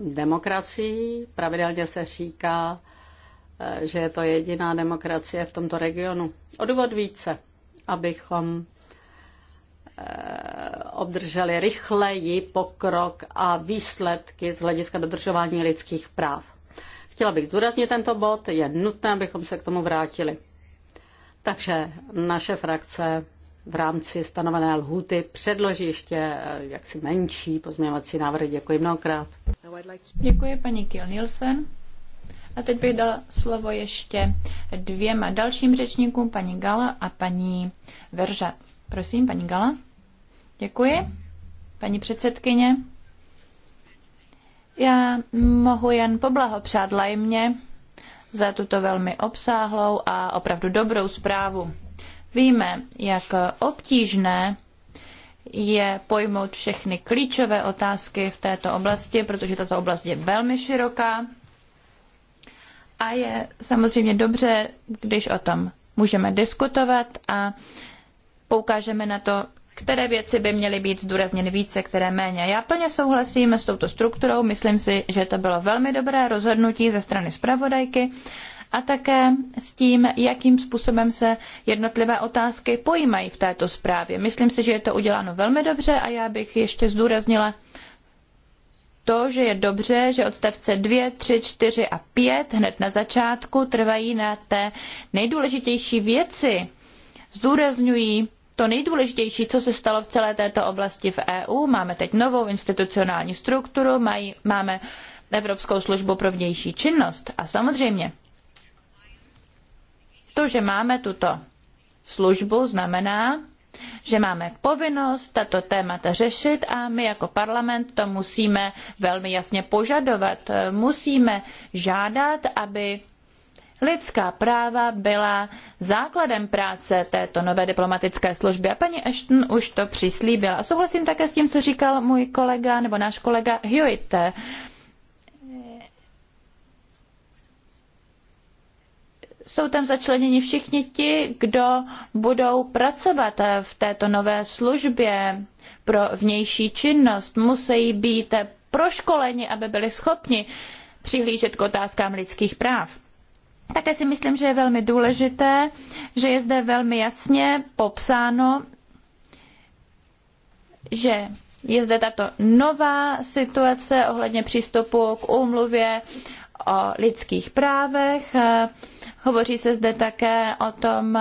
demokracií. Pravidelně se říká, eh, že je to jediná demokracie v tomto regionu. O důvod více, abychom Eh, obdrželi rychleji pokrok a výsledky z hlediska dodržování lidských práv. Chtěla bych zdůraznit tento bod, je nutné, abychom se k tomu vrátili. Takže naše frakce v rámci stanovené lhuty předloží ještě eh, jaksi menší pozměňovací návrhy. Děkuji mnohokrát.
Děkuji paní Kiel Nielsen. A teď bych dal slovo ještě dvěma dalším řečníkům, paní Gala a paní Veržat. Prosím, paní Gala. Děkuji. Paní předsedkyně, já mohu jen poblahopřát Lajmě za tuto velmi obsáhlou a opravdu dobrou zprávu. Víme, jak obtížné je pojmout všechny klíčové otázky v této oblasti, protože tato oblast je velmi široká a je samozřejmě dobře, když o tom můžeme diskutovat a poukážeme na to, které věci by měly být zdůrazněny více, které méně. Já plně souhlasím s touto strukturou, myslím si, že to bylo velmi dobré rozhodnutí ze strany zpravodajky a také s tím, jakým způsobem se jednotlivé otázky pojímají v této zprávě. Myslím si, že je to uděláno velmi dobře a já bych ještě zdůraznila to, že je dobře, že odstavce 2, 3, 4 a 5 hned na začátku trvají na té nejdůležitější věci. Zdůrazňují to nejdůležitější, co se stalo v celé této oblasti v EU. Máme teď novou institucionální strukturu, mají, máme Evropskou službu pro vnější činnost a samozřejmě to, že máme tuto službu, znamená, že máme povinnost tato témata řešit a my jako parlament to musíme velmi jasně požadovat. Musíme žádat, aby lidská práva byla základem práce této nové diplomatické služby a paní Ashton už to přislíbila. A souhlasím také s tím, co říkal můj kolega nebo náš kolega Hewitt. Jsou tam začleněni všichni ti, kdo budou pracovat v této nové službě pro vnější činnost. Musí být proškoleni, aby byli schopni přihlížet k otázkám lidských práv. Také si myslím, že je velmi důležité, že je zde velmi jasně popsáno, že je zde tato nová situace ohledně přístupu k úmluvě o lidských právech. Hovoří se zde také o tom,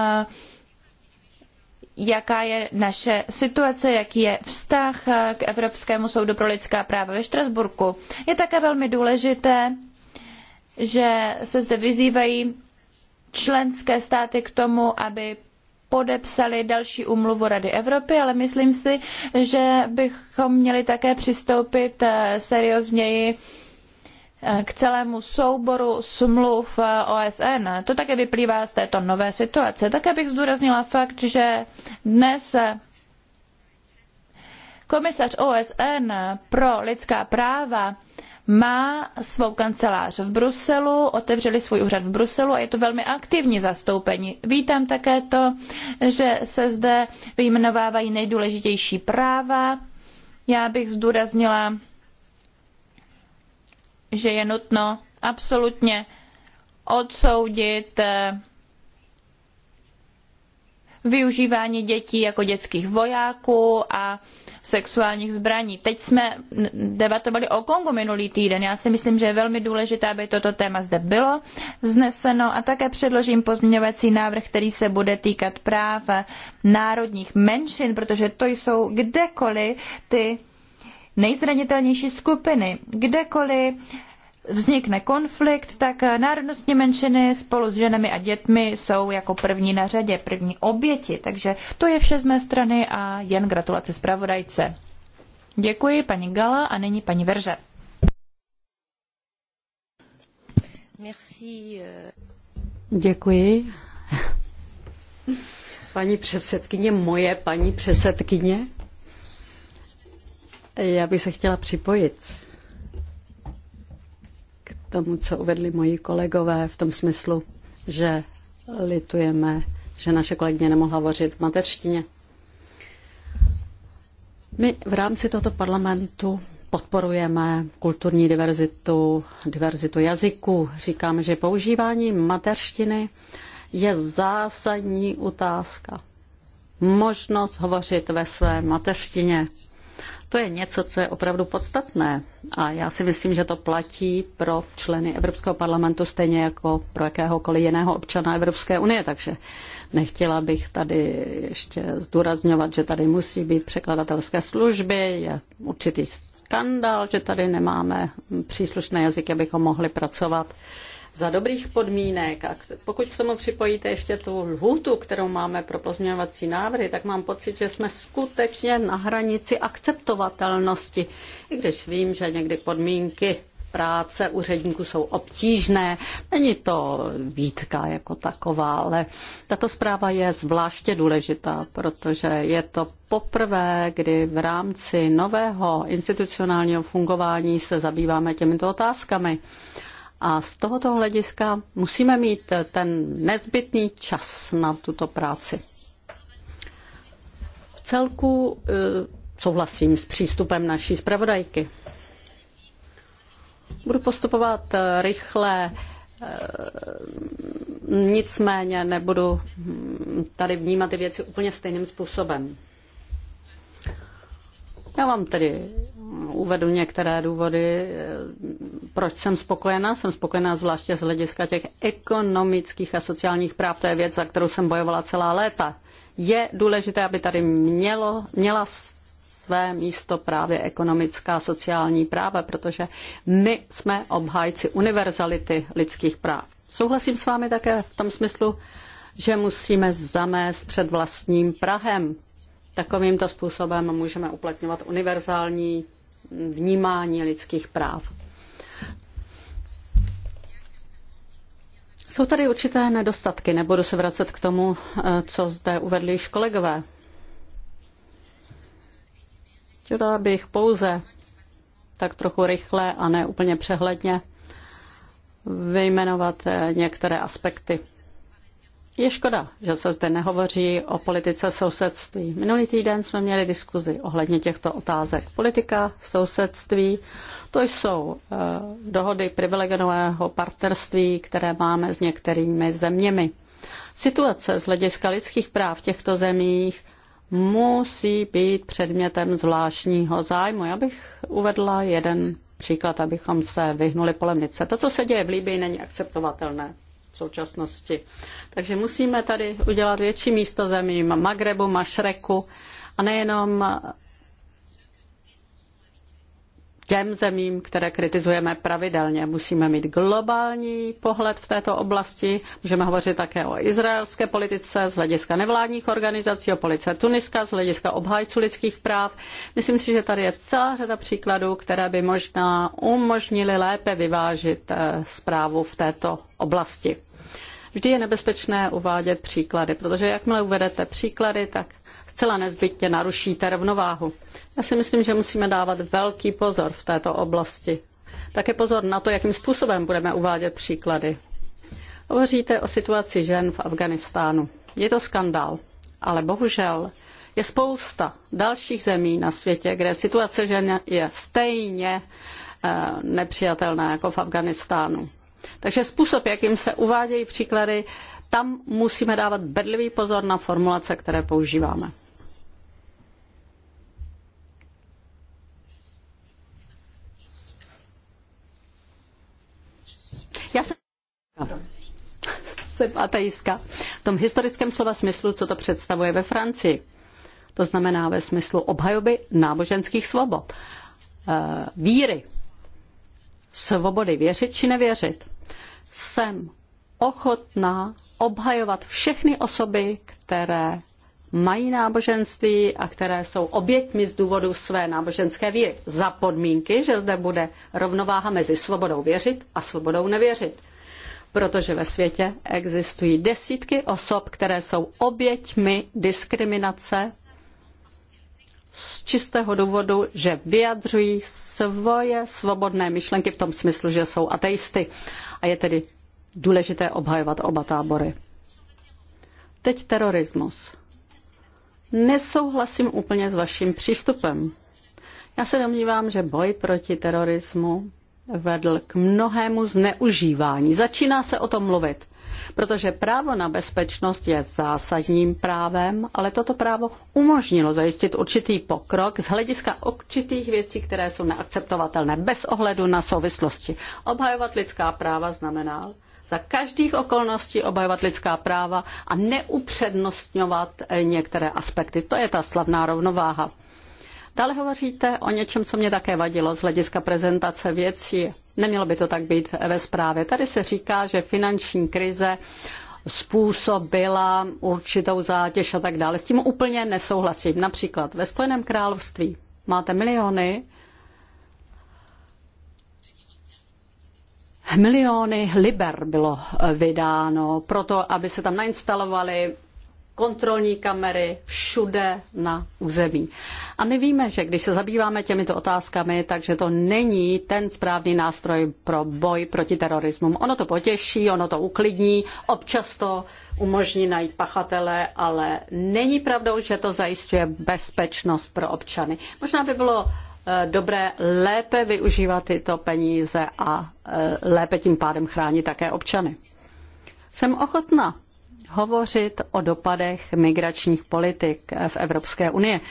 jaká je naše situace, jaký je vztah k Evropskému soudu pro lidská práva ve Štrasburku. Je také velmi důležité, že se zde vyzývají členské státy k tomu, aby podepsali další úmluvu Rady Evropy, ale myslím si, že bychom měli také přistoupit eh, seriózněji eh, k celému souboru smluv eh, OSN. To také vyplývá z této nové situace. Také bych zdůraznila fakt, že dnes komisař OSN pro lidská práva má svou kancelář v Bruselu, otevřeli svůj úřad v Bruselu a je to velmi aktivní zastoupení. Vítám také to, že se zde vyjmenovávají nejdůležitější práva. Já bych zdůraznila, že je nutno absolutně odsoudit eh, využívání dětí jako dětských vojáků a sexuálních zbraní. Teď jsme debatovali o Kongu minulý týden. Já si myslím, že je velmi důležité, aby toto téma zde bylo vzneseno a také předložím pozměňovací návrh, který se bude týkat práv národních menšin, protože to jsou kdekoliv ty nejzranitelnější skupiny, kdekoliv vznikne konflikt, tak eh, národnostní menšiny spolu s ženami a dětmi jsou jako první na řadě, první oběti. Takže to je vše z mé strany a jen gratulace zpravodajce. Děkuji paní Gala a nyní paní Verže. Merci. Eh. Děkuji. [laughs]
Paní předsedkyně, moje paní předsedkyně. Já bych se chtěla připojit tomu, co uvedli moji kolegové v tom smyslu, že litujeme, že naše kolegyně nemohla hovořit v mateřštině. My v rámci tohoto parlamentu podporujeme kulturní diverzitu, diverzitu jazyků. Říkáme, že používání mateřštiny je zásadní otázka. Možnost hovořit ve své mateřštině to je něco, co je opravdu podstatné a já si myslím, že to platí pro členy Evropského parlamentu stejně jako pro jakéhokoliv jiného občana Evropské unie, takže nechtěla bych tady ještě zdůrazňovat, že tady musí být překladatelské služby, je určitý skandál, že tady nemáme příslušné jazyky, abychom mohli pracovat za dobrých podmínek. A pokud k tomu připojíte ještě tu lhůtu, kterou máme pro pozměňovací návrhy, tak mám pocit, že jsme skutečně na hranici akceptovatelnosti. I když vím, že někdy podmínky práce úředníků jsou obtížné. Není to výtka jako taková, ale tato zpráva je zvláště důležitá, protože je to poprvé, kdy v rámci nového institucionálního fungování se zabýváme těmito otázkami. A z tohoto hlediska musíme mít ten nezbytný čas na tuto práci. V celku e, souhlasím s přístupem naší zpravodajky. Budu postupovat e, rychle, e, nicméně nebudu tady vnímat ty věci úplně stejným způsobem. Já vám tedy uvedu některé důvody, eh, proč jsem spokojená. Jsem spokojená zvláště z hlediska těch ekonomických a sociálních práv. To je věc, za kterou jsem bojovala celá léta. Je důležité, aby tady mělo, měla své místo právě ekonomická a sociální práva, protože my jsme obhájci univerzality lidských práv. Souhlasím s vámi také v tom smyslu, že musíme zamést před vlastním Prahem. Takovýmto způsobem můžeme uplatňovat univerzální vnímání lidských práv. Jsou tady určité nedostatky, nebudu se vracet k tomu, eh, co zde uvedli již kolegové. Chtěla bych pouze tak trochu rychle a ne úplně přehledně vyjmenovat eh, některé aspekty. Je škoda, že se zde nehovoří o politice sousedství. Minulý týden jsme měli diskuzi ohledně těchto otázek. Politika sousedství, to jsou eh, dohody privilegovaného partnerství, které máme s některými zeměmi. Situace z hlediska lidských práv v těchto zemích musí být předmětem zvláštního zájmu. Já bych uvedla jeden příklad, abychom se vyhnuli polemice. To, co se děje v Líbii, není akceptovatelné v současnosti. Takže musíme tady udělat větší místo zemím Magrebu, Mašreku a nejenom těm zemím, které kritizujeme pravidelně. Musíme mít globální pohled v této oblasti. Můžeme hovořit také o izraelské politice z hlediska nevládních organizací, o politice Tuniska z hlediska obhájců lidských práv. Myslím si, že tady je celá řada příkladů, které by možná umožnily lépe vyvážit eh, zprávu v této oblasti. Vždy je nebezpečné uvádět příklady, protože jakmile uvedete příklady, tak zcela nezbytně narušíte rovnováhu. Já si myslím, že musíme dávat velký pozor v této oblasti. Také pozor na to, jakým způsobem budeme uvádět příklady. Hovoříte o situaci žen v Afganistánu. Je to skandál, ale bohužel je spousta dalších zemí na světě, kde situace žen je stejně eh, nepřijatelná jako v Afganistánu. Takže způsob, jakým se uvádějí příklady, tam musíme dávat bedlivý pozor na formulace, které používáme. Já jsem... jsem ateistka. V tom historickém slova smyslu, co to představuje ve Francii. To znamená ve smyslu obhajoby náboženských svobod, eh, víry, svobody věřit či nevěřit. Jsem ochotná obhajovat všechny osoby, které mají náboženství a které jsou oběťmi z důvodu své náboženské víry. Za podmínky, že zde bude rovnováha mezi svobodou věřit a svobodou nevěřit. Protože ve světě existují desítky osob, které jsou oběťmi diskriminace z čistého důvodu, že vyjadřují svoje svobodné myšlenky v tom smyslu, že jsou ateisty. A je tedy důležité obhajovat oba tábory. Teď terorismus nesouhlasím úplně s vaším přístupem. Já se domnívám, že boj proti terorismu vedl k mnohému zneužívání. Začíná se o tom mluvit, protože právo na bezpečnost je zásadním právem, ale toto právo umožnilo zajistit určitý pokrok z hlediska určitých věcí, které jsou neakceptovatelné bez ohledu na souvislosti. Obhajovat lidská práva znamená, za každých okolností obhajovat lidská práva a neupřednostňovat eh, některé aspekty. To je ta slavná rovnováha. Dále hovoříte o něčem, co mě také vadilo z hlediska prezentace věcí. Nemělo by to tak být ve zprávě. Tady se říká, že finanční krize způsobila určitou zátěž a tak dále. S tím úplně nesouhlasím. Například ve Spojeném království máte miliony Miliony liber bylo eh, vydáno proto, aby se tam nainstalovaly kontrolní kamery všude na území. A my víme, že když se zabýváme těmito otázkami, takže to není ten správný nástroj pro boj proti terorismu. Ono to potěší, ono to uklidní, občas to umožní najít pachatele, ale není pravdou, že to zajišťuje bezpečnost pro občany. Možná by bylo Eh, dobré lépe využívat tyto peníze a eh, lépe tím pádem chránit také občany. Jsem ochotna hovořit o dopadech migračních politik v Evropské unii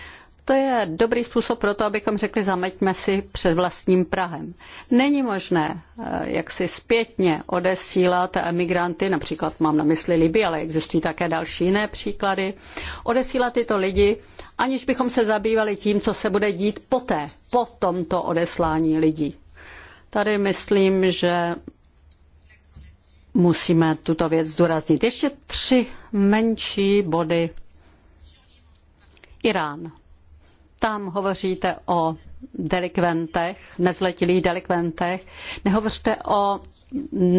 to je dobrý způsob pro to, abychom řekli, zameťme si před vlastním Prahem. Není možné, eh, jak si zpětně odesílat emigranty, například mám na mysli Liby, ale existují také další jiné příklady, odesílat tyto lidi, aniž bychom se zabývali tím, co se bude dít poté, po tomto odeslání lidí. Tady myslím, že musíme tuto věc zdůraznit. Ještě tři menší body. Irán. Tam hovoříte o delikventech, nezletilých delikventech. Nehovořte o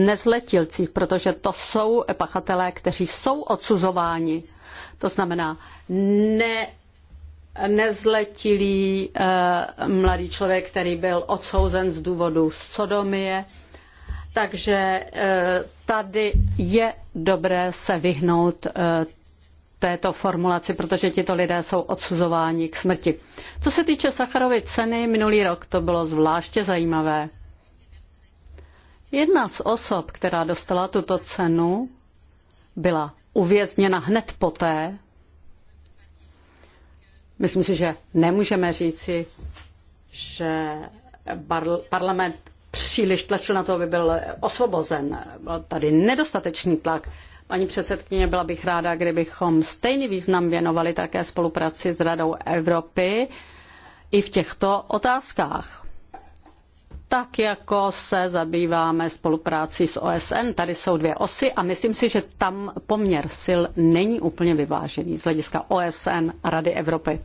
nezletilcích, protože to jsou pachatelé, kteří jsou odsuzováni. To znamená, ne, nezletilý e, mladý člověk, který byl odsouzen z důvodu sodomie. Takže e, tady je dobré se vyhnout e, této formulaci, protože tito lidé jsou odsuzováni k smrti. Co se týče Sacharovy ceny, minulý rok to bylo zvláště zajímavé. Jedna z osob, která dostala tuto cenu, byla uvězněna hned poté. Myslím si, že nemůžeme říci, že parlament příliš tlačil na to, aby byl osvobozen. Byl tady nedostatečný tlak. Paní předsedkyně, byla bych ráda, kdybychom stejný význam věnovali také spolupráci s Radou Evropy i v těchto otázkách. Tak jako se zabýváme spolupráci s OSN, tady jsou dvě osy a myslím si, že tam poměr sil není úplně vyvážený z hlediska OSN a Rady Evropy.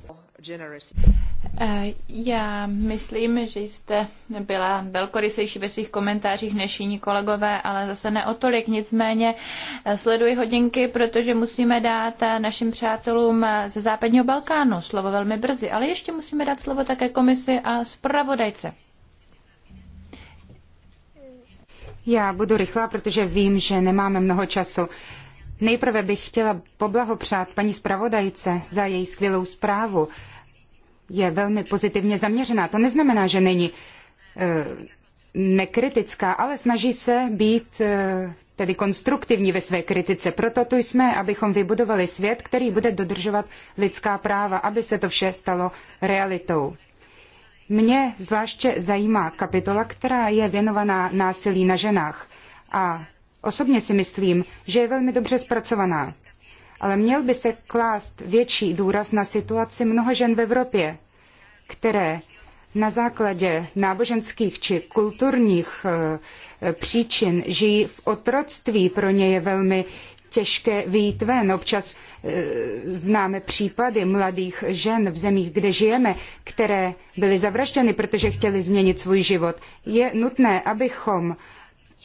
Eh, já myslím, že jste byla velkorysejší ve svých komentářích než jiní kolegové, ale zase ne o tolik. Nicméně eh, sleduji hodinky, protože musíme dát eh, našim přátelům ze západního Balkánu slovo velmi brzy, ale ještě musíme dát slovo také komisi a zpravodajce.
Já budu rychlá, protože vím, že nemáme mnoho času. Nejprve bych chtěla poblahopřát paní zpravodajce za její skvělou zprávu je velmi pozitivně zaměřená. To neznamená, že není eh, nekritická, ale snaží se být eh, tedy konstruktivní ve své kritice. Proto tu jsme, abychom vybudovali svět, který bude dodržovat lidská práva, aby se to vše stalo realitou. Mě zvláště zajímá kapitola, která je věnovaná násilí na ženách. A osobně si myslím, že je velmi dobře zpracovaná ale měl by se klást větší důraz na situaci mnoha žen v Evropě, které na základě náboženských či kulturních eh, příčin žijí v otroctví. Pro ně je velmi těžké vyjít ven. Občas eh, známe případy mladých žen v zemích, kde žijeme, které byly zavražděny, protože chtěly změnit svůj život. Je nutné, abychom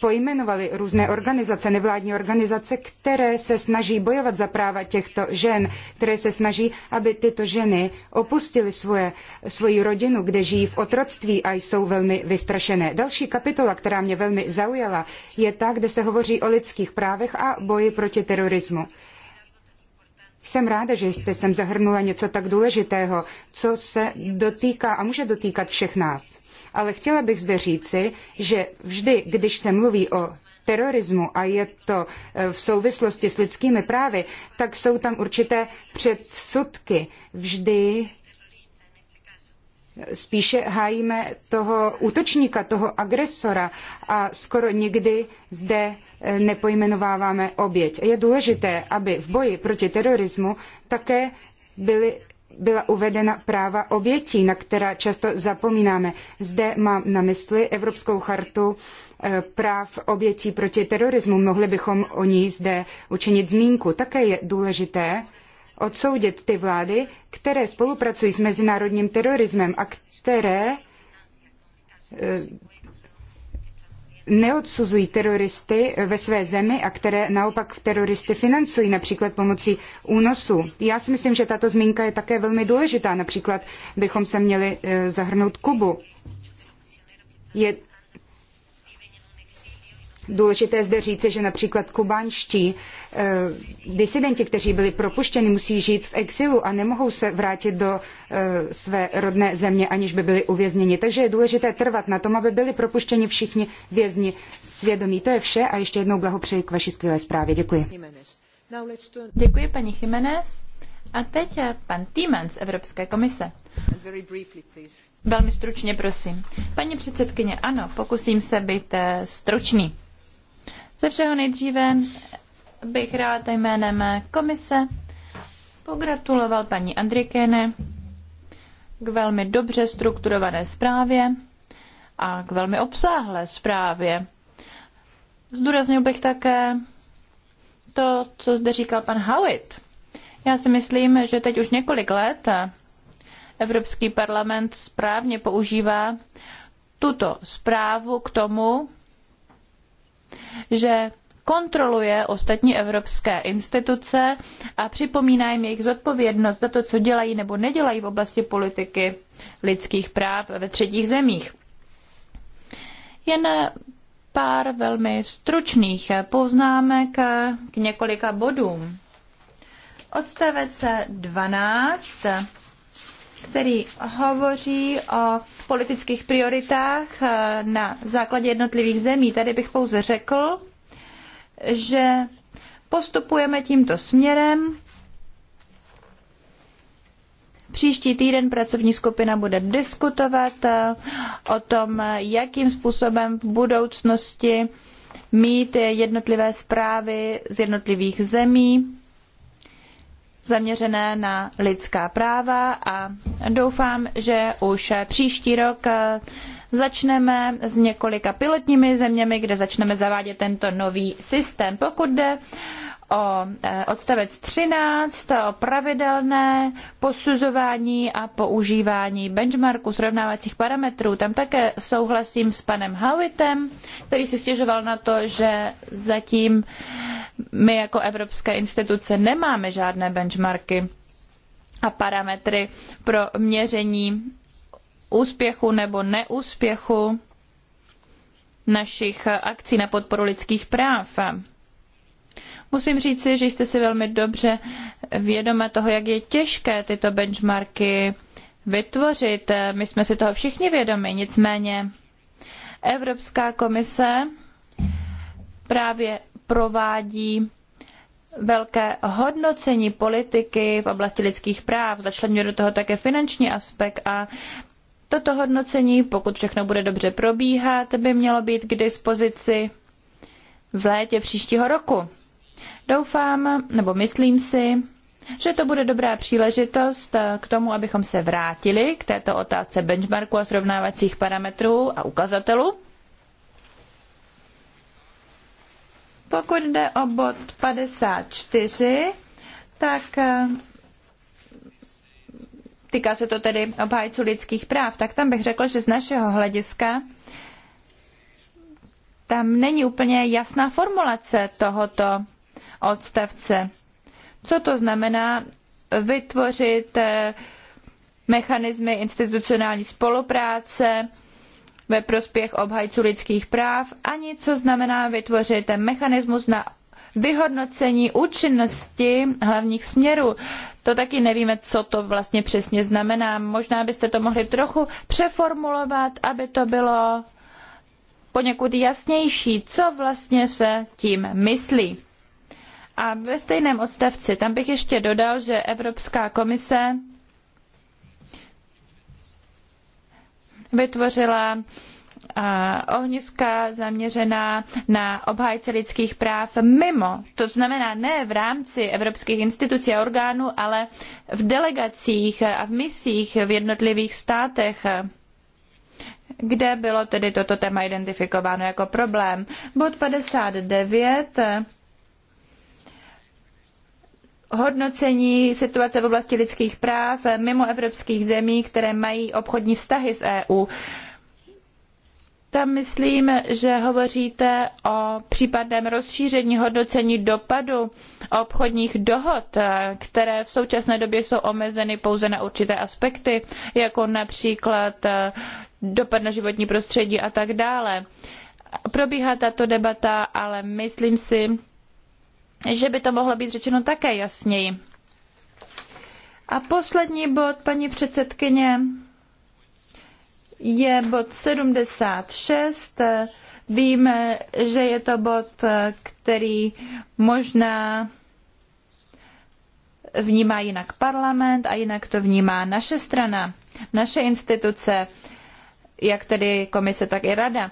pojmenovali různé organizace, nevládní organizace, které se snaží bojovat za práva těchto žen, které se snaží, aby tyto ženy opustily svoje, svoji rodinu, kde žijí v otroctví a jsou velmi vystrašené. Další kapitola, která mě velmi zaujala, je ta, kde se hovoří o lidských právech a boji proti terorismu. Jsem ráda, že jste sem zahrnula něco tak důležitého, co se dotýká a může dotýkat všech nás ale chtěla bych zde říci, že vždy, když se mluví o terorismu a je to e, v souvislosti s lidskými právy, tak jsou tam určité předsudky. Vždy spíše hájíme toho útočníka, toho agresora a skoro nikdy zde e, nepojmenováváme oběť. Je důležité, aby v boji proti terorismu také byly byla uvedena práva obětí, na která často zapomínáme. Zde mám na mysli Evropskou chartu eh, práv obětí proti terorismu. Mohli bychom o ní zde učinit zmínku. Také je důležité odsoudit ty vlády, které spolupracují s mezinárodním terorismem a které eh, neodsuzují teroristy ve své zemi a které naopak teroristy financují, například pomocí únosů. Já si myslím, že tato zmínka je také velmi důležitá. Například bychom se měli eh, zahrnout Kubu. Je důležité zde říci, že například kubanští eh, disidenti, kteří byli propuštěni, musí žít v exilu a nemohou se vrátit do eh, své rodné země, aniž by byli uvězněni. Takže je důležité trvat na tom, aby byli propuštěni všichni vězni svědomí. To je vše a ještě jednou blahopřeji k vaší skvělé zprávě. Děkuji.
Děkuji paní Jiménez. A teď je pan Týman z Evropské komise. Velmi stručně, prosím. Paní předsedkyně, ano, pokusím se být eh, stručný. Ze všeho nejdříve bych rád jménem komise pogratuloval paní Andrikene k velmi dobře strukturované zprávě a k velmi obsáhlé zprávě. Zdůraznil bych také to, co zde říkal pan Howitt. Já si myslím, že teď už několik let Evropský parlament správně používá tuto zprávu k tomu, že kontroluje ostatní evropské instituce a připomíná jim jejich zodpovědnost za to, co dělají nebo nedělají v oblasti politiky lidských práv ve třetích zemích. Jen pár velmi stručných poznámek k několika bodům. Odstavec 12 který hovoří o politických prioritách eh, na základě jednotlivých zemí. Tady bych pouze řekl, že postupujeme tímto směrem. Příští týden pracovní skupina bude diskutovat eh, o tom, jakým způsobem v budoucnosti mít jednotlivé zprávy z jednotlivých zemí zaměřené na lidská práva a doufám, že už příští rok eh, začneme s několika pilotními zeměmi, kde začneme zavádět tento nový systém. Pokud jde o e, odstavec 13, o pravidelné posuzování a používání benchmarku srovnávacích parametrů. Tam také souhlasím s panem Howitem, který si stěžoval na to, že zatím my jako evropské instituce nemáme žádné benchmarky a parametry pro měření úspěchu nebo neúspěchu našich akcí na podporu lidských práv. Musím říci, že jste si velmi dobře vědoma toho, jak je těžké tyto benchmarky vytvořit. My jsme si toho všichni vědomi, nicméně Evropská komise právě provádí velké hodnocení politiky v oblasti lidských práv, začlenuje do toho také finanční aspekt a toto hodnocení, pokud všechno bude dobře probíhat, by mělo být k dispozici v létě příštího roku. Doufám, nebo myslím si, že to bude dobrá příležitost eh, k tomu, abychom se vrátili k této otázce benchmarku a srovnávacích parametrů a ukazatelů. Pokud jde o bod 54, tak eh, týká se to tedy obhájců lidských práv, tak tam bych řekl, že z našeho hlediska tam není úplně jasná formulace tohoto odstavce. Co to znamená vytvořit eh, mechanismy institucionální spolupráce ve prospěch obhajců lidských práv, ani co znamená vytvořit mechanismus na vyhodnocení účinnosti hlavních směrů. To taky nevíme, co to vlastně přesně znamená. Možná byste to mohli trochu přeformulovat, aby to bylo poněkud jasnější, co vlastně se tím myslí. A ve stejném odstavci, tam bych ještě dodal, že Evropská komise vytvořila ohniska zaměřená na obhájce lidských práv mimo, to znamená ne v rámci evropských institucí a orgánů, ale v delegacích a v misích v jednotlivých státech kde bylo tedy toto téma identifikováno jako problém. Bod 59 hodnocení situace v oblasti lidských práv mimo evropských zemí, které mají obchodní vztahy s EU. Tam myslím, že hovoříte o případném rozšíření hodnocení dopadu obchodních dohod, které v současné době jsou omezeny pouze na určité aspekty, jako například eh, dopad na životní prostředí a tak dále. Probíhá tato debata, ale myslím si, že by to mohlo být řečeno také jasněji. A poslední bod, paní předsedkyně, je bod 76. Víme, že je to bod, který možná vnímá jinak parlament a jinak to vnímá naše strana, naše instituce, jak tedy komise, tak i rada.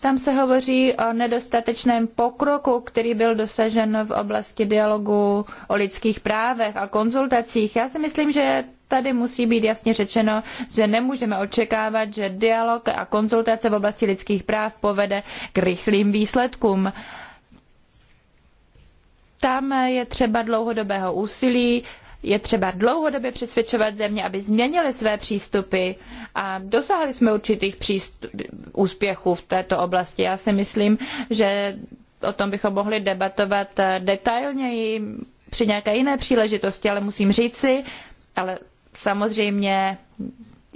Tam se hovoří o nedostatečném pokroku, který byl dosažen v oblasti dialogu o lidských právech a konzultacích. Já si myslím, že tady musí být jasně řečeno, že nemůžeme očekávat, že dialog a konzultace v oblasti lidských práv povede k rychlým výsledkům. Tam je třeba dlouhodobého úsilí, je třeba dlouhodobě přesvědčovat země, aby změnily své přístupy a dosáhli jsme určitých přístup, úspěchů v této oblasti. Já si myslím, že o tom bychom mohli debatovat detailněji při nějaké jiné příležitosti, ale musím říci, ale samozřejmě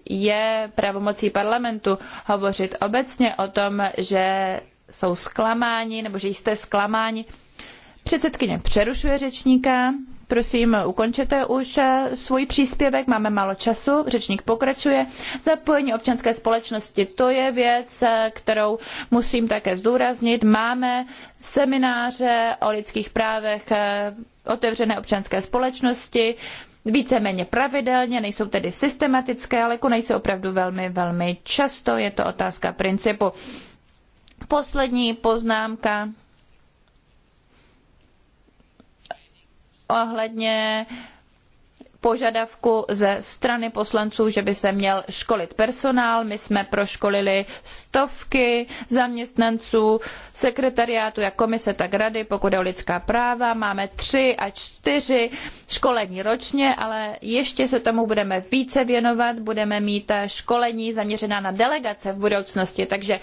je pravomocí parlamentu hovořit obecně o tom, že jsou zklamáni nebo že jste zklamáni. Předsedkyně přerušuje řečníka prosím, ukončete už eh, svůj příspěvek, máme málo času, řečník pokračuje. Zapojení občanské společnosti, to je věc, eh, kterou musím také zdůraznit. Máme semináře o lidských právech eh, otevřené občanské společnosti, víceméně pravidelně, nejsou tedy systematické, ale konají se opravdu velmi, velmi často. Je to otázka principu. Poslední poznámka ohledně požadavku ze strany poslanců, že by se měl školit personál. My jsme proškolili stovky zaměstnanců sekretariátu, jak komise, tak rady, pokud je o lidská práva. Máme tři a čtyři školení ročně, ale ještě se tomu budeme více věnovat. Budeme mít školení zaměřená na delegace v budoucnosti, takže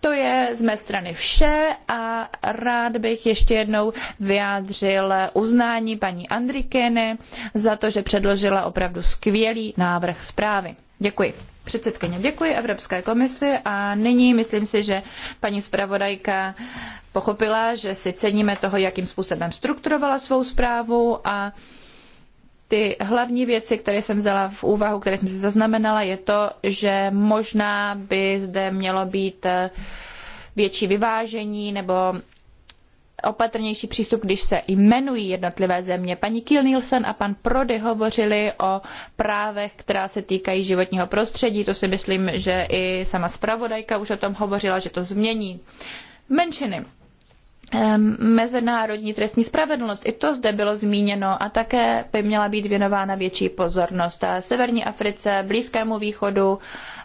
to je z mé strany vše a rád bych ještě jednou vyjádřil uznání paní Andrikene za to, že předložila opravdu skvělý návrh zprávy. Děkuji. Předsedkyně, děkuji Evropské komisi a nyní myslím si, že paní zpravodajka pochopila, že si ceníme toho, jakým způsobem strukturovala svou zprávu a ty hlavní věci, které jsem vzala v úvahu, které jsem si zaznamenala, je to, že možná by zde mělo být eh, větší vyvážení nebo opatrnější přístup, když se jmenují jednotlivé země. Paní Kiel Nielsen a pan Prody hovořili o právech, která se týkají životního prostředí. To si myslím, že i sama zpravodajka už o tom hovořila, že to změní. Menšiny mezinárodní trestní spravedlnost. I to zde bylo zmíněno a také by měla být věnována větší pozornost Severní Africe, Blízkému východu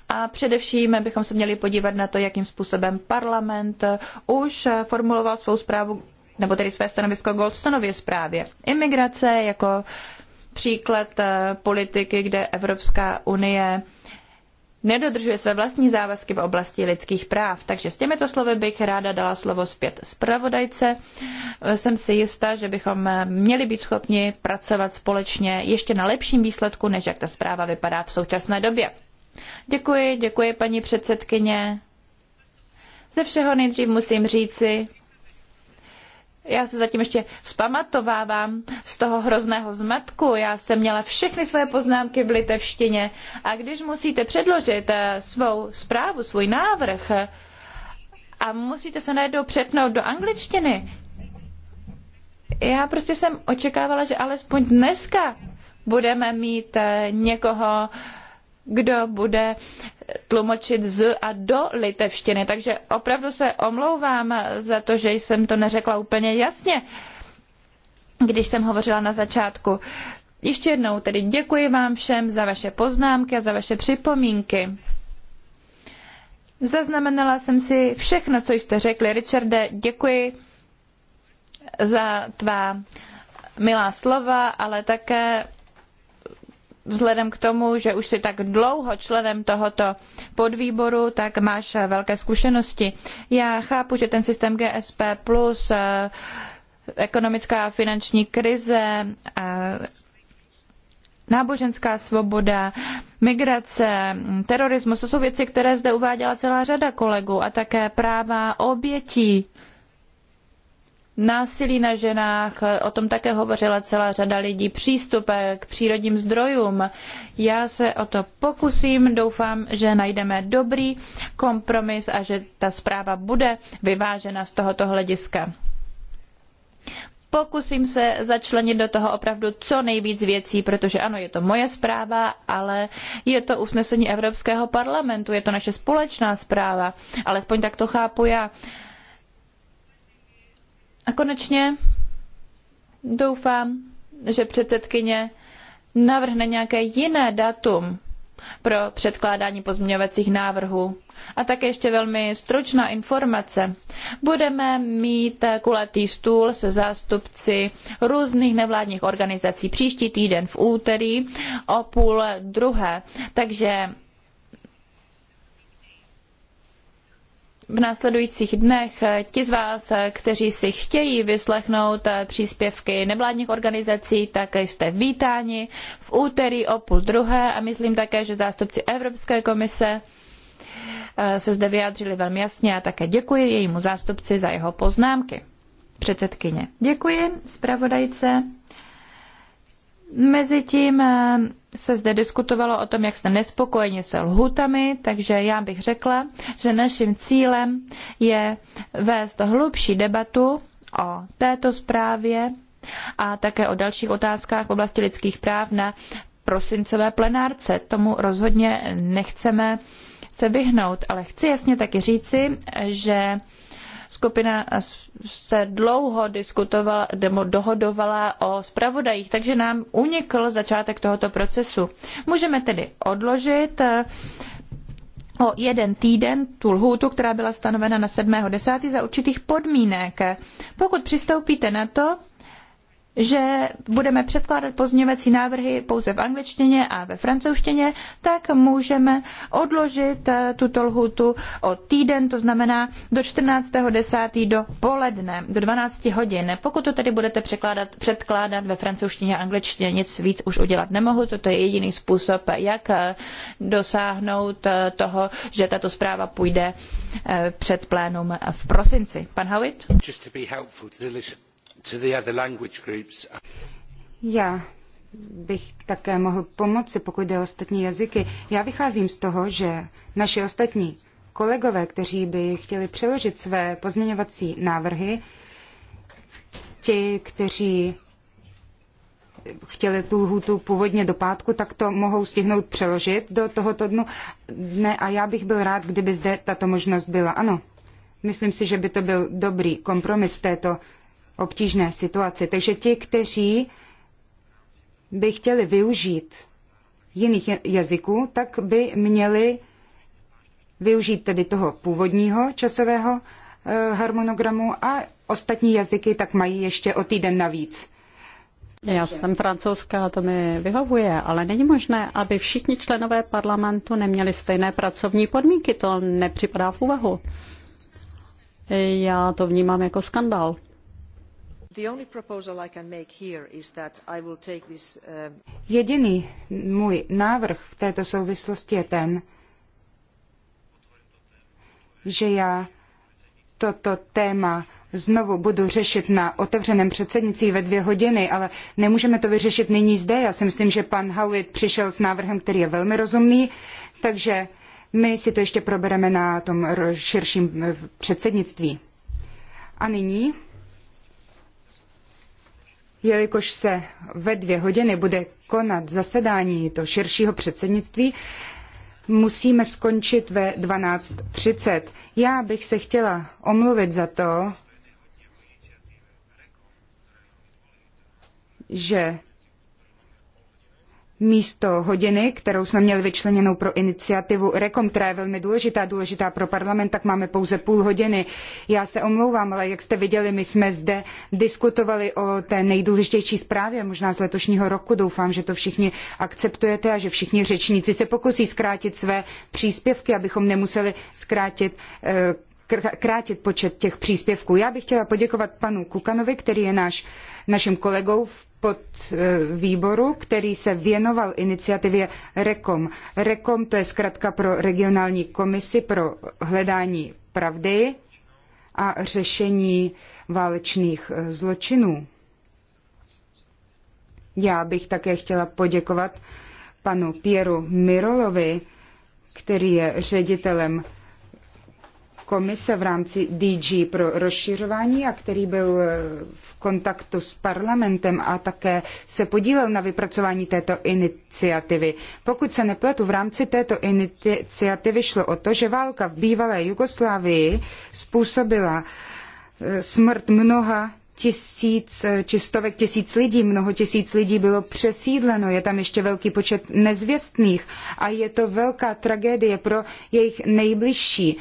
a především bychom se měli podívat na to, jakým způsobem parlament už formuloval svou zprávu, nebo tedy své stanovisko Goldstonově zprávě. Imigrace jako příklad eh, politiky, kde Evropská unie nedodržuje své vlastní závazky v oblasti lidských práv. Takže s těmito slovy bych ráda dala slovo zpět zpravodajce. Jsem si jistá, že bychom měli být schopni pracovat společně ještě na lepším výsledku, než jak ta zpráva vypadá v současné době. Děkuji, děkuji paní předsedkyně. Ze všeho nejdřív musím říci, já se zatím ještě vzpamatovávám z toho hrozného zmatku. Já jsem měla všechny svoje poznámky v litevštině a když musíte předložit eh, svou zprávu, svůj návrh eh, a musíte se najednou přepnout do angličtiny, já prostě jsem očekávala, že alespoň dneska budeme mít eh, někoho, kdo bude tlumočit z a do litevštiny. Takže opravdu se omlouvám za to, že jsem to neřekla úplně jasně, když jsem hovořila na začátku. Ještě jednou tedy děkuji vám všem za vaše poznámky a za vaše připomínky. Zaznamenala jsem si všechno, co jste řekli. Richarde, děkuji za tvá milá slova, ale také vzhledem k tomu, že už jsi tak dlouho členem tohoto podvýboru, tak máš velké zkušenosti. Já chápu, že ten systém GSP plus eh, ekonomická a finanční krize, eh, náboženská svoboda, migrace, terorismus, to jsou věci, které zde uváděla celá řada kolegů a také práva obětí násilí na ženách, o tom také hovořila celá řada lidí, přístup k přírodním zdrojům. Já se o to pokusím, doufám, že najdeme dobrý kompromis a že ta zpráva bude vyvážena z tohoto hlediska. Pokusím se začlenit do toho opravdu co nejvíc věcí, protože ano, je to moje zpráva, ale je to usnesení Evropského parlamentu, je to naše společná zpráva, alespoň tak to chápu já. Uh, a konečně doufám, že předsedkyně navrhne nějaké jiné datum pro předkládání pozměňovacích návrhů. A také ještě velmi stručná informace. Budeme mít kulatý stůl se zástupci různých nevládních organizací příští týden v úterý o půl druhé. Takže v následujících dnech eh, ti z vás, eh, kteří si chtějí vyslechnout eh, příspěvky nevládních organizací, tak jste vítáni v úterý o půl druhé a myslím také, že zástupci Evropské komise se zde vyjádřili velmi jasně a také děkuji jejímu zástupci za jeho poznámky. Předsedkyně. Děkuji zpravodajce Mezitím eh, se zde diskutovalo o tom, jak jste nespokojeni se lhutami, takže já bych řekla, že naším cílem je vést hlubší debatu o této zprávě a také o dalších otázkách v oblasti lidských práv na prosincové plenárce. Tomu rozhodně nechceme se vyhnout, ale chci jasně taky říci, že Skupina se dlouho diskutovala dohodovala o zpravodajích, takže nám unikl začátek tohoto procesu. Můžeme tedy odložit eh, o jeden týden tu lhůtu, která byla stanovena na 7.10. za určitých podmínek. Pokud přistoupíte na to, že budeme předkládat pozměňovací návrhy pouze v angličtině a ve francouzštině, tak můžeme odložit eh, tuto lhutu o týden, to znamená do 14.10. do poledne, do 12 hodin. Pokud to tedy budete překládat, předkládat ve francouzštině a angličtině, nic víc už udělat nemohu, toto je jediný způsob, jak eh, dosáhnout eh, toho, že tato zpráva půjde před plénum v prosinci. Pan Howitt?
Já bych také mohl pomoci, pokud jde o ostatní jazyky. Já vycházím z toho, že naši ostatní kolegové, kteří by chtěli přeložit své pozměňovací návrhy, ti, kteří chtěli tu lhůtu původně do pátku, tak to mohou stihnout přeložit do tohoto dnu. Ne, a já bych byl rád, kdyby zde tato možnost byla. Ano, myslím si, že by to byl dobrý kompromis v této obtížné situaci. Takže ti, kteří by chtěli využít jiných jazyků, tak by měli využít tedy toho původního časového eh, harmonogramu a ostatní jazyky tak mají ještě o týden navíc. Já
jsem francouzská, to mi vyhovuje, ale není možné, aby všichni členové parlamentu neměli stejné pracovní podmínky. To nepřipadá v úvahu.
Já to vnímám jako skandál. Jediný můj návrh v této souvislosti je ten, že já toto téma znovu budu řešit na otevřeném předsednicí ve dvě hodiny, ale nemůžeme to vyřešit nyní zde. Já si myslím, že pan Howitt přišel s návrhem, který je velmi rozumný, takže my si to ještě probereme na tom širším eh, předsednictví. A nyní jelikož se ve dvě hodiny bude konat zasedání to širšího předsednictví, musíme skončit ve 12.30. Já bych se chtěla omluvit za to, že místo hodiny, kterou jsme měli vyčleněnou pro iniciativu Rekom, která je velmi důležitá, důležitá pro parlament, tak máme pouze půl hodiny. Já se omlouvám, ale jak jste viděli, my jsme zde diskutovali o té nejdůležitější zprávě, možná z letošního roku. Doufám, že to všichni akceptujete a že všichni řečníci se pokusí zkrátit své příspěvky, abychom nemuseli zkrátit eh, krátit počet těch příspěvků. Já bych chtěla poděkovat panu Kukanovi, který je náš, naším kolegou v pod eh, výboru, který se věnoval iniciativě REKOM. REKOM to je zkratka pro regionální komisi pro hledání pravdy a řešení válečných eh, zločinů. Já bych také chtěla poděkovat panu Pieru Mirolovi, který je ředitelem komise v rámci DG pro rozšiřování a který byl eh, v kontaktu s parlamentem a také se podílel na vypracování této iniciativy. Pokud se nepletu, v rámci této iniciativy šlo o to, že válka v bývalé Jugoslávii způsobila eh, smrt mnoha tisíc, eh, či stovek tisíc lidí, mnoho tisíc lidí bylo přesídleno, je tam ještě velký počet nezvěstných a je to velká tragédie pro jejich nejbližší.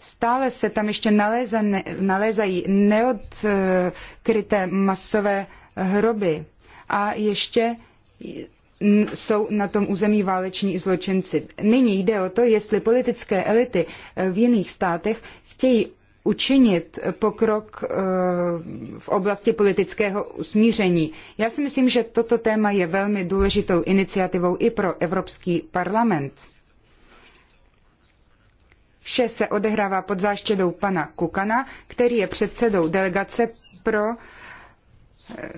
Stále se tam ještě nalézají neodkryté masové hroby a ještě jsou na tom území váleční zločinci. Nyní jde o to, jestli politické elity eh, v jiných státech chtějí učinit pokrok eh, v oblasti politického usmíření. Já si myslím, že toto téma je velmi důležitou iniciativou i pro Evropský parlament. Vše se odehrává pod záštědou pana Kukana, který je předsedou delegace pro eh,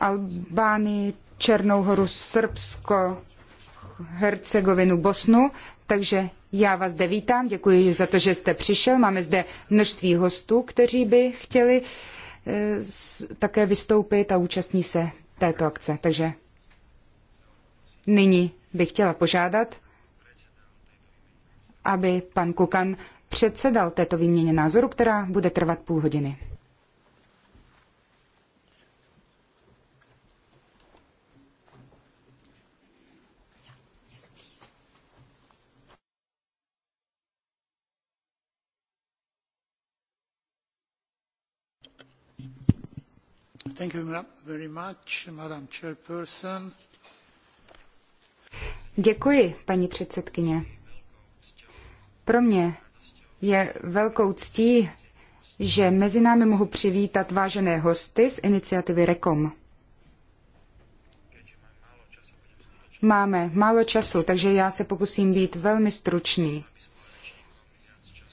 Albánii, Černou horu, Srbsko, Hercegovinu, Bosnu. Takže já vás zde vítám, děkuji za to, že jste přišel. Máme zde množství hostů, kteří by chtěli eh, také vystoupit a účastní se této akce. Takže nyní bych chtěla požádat aby pan Kukan předsedal této výměně názoru, která bude trvat půl hodiny. Thank you very much, Madam Chairperson. Děkuji, paní předsedkyně. Pro mě je velkou ctí, že mezi námi mohu přivítat vážené hosty z iniciativy REKOM. Máme málo času, takže já se pokusím být velmi stručný,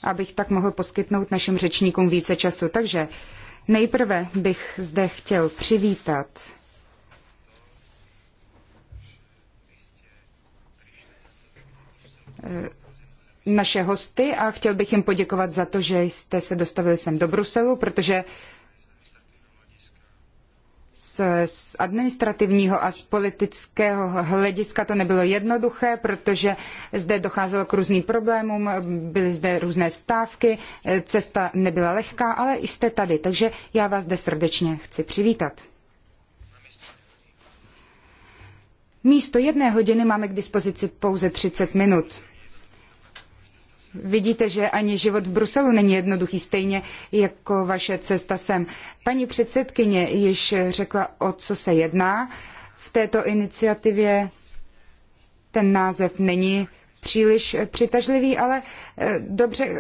abych tak mohl poskytnout našim řečníkům více času. Takže nejprve bych zde chtěl přivítat naše hosty a chtěl bych jim poděkovat za to, že jste se dostavili sem do Bruselu, protože z, z administrativního a z politického hlediska to nebylo jednoduché, protože zde docházelo k různým problémům, byly zde různé stávky, cesta nebyla lehká, ale jste tady, takže já vás zde srdečně chci přivítat. Místo jedné hodiny máme k dispozici pouze 30 minut. Vidíte, že ani život v Bruselu není jednoduchý, stejně jako vaše cesta sem. Paní předsedkyně již řekla, o co se jedná. V této iniciativě ten název není příliš přitažlivý, ale eh, dobře eh,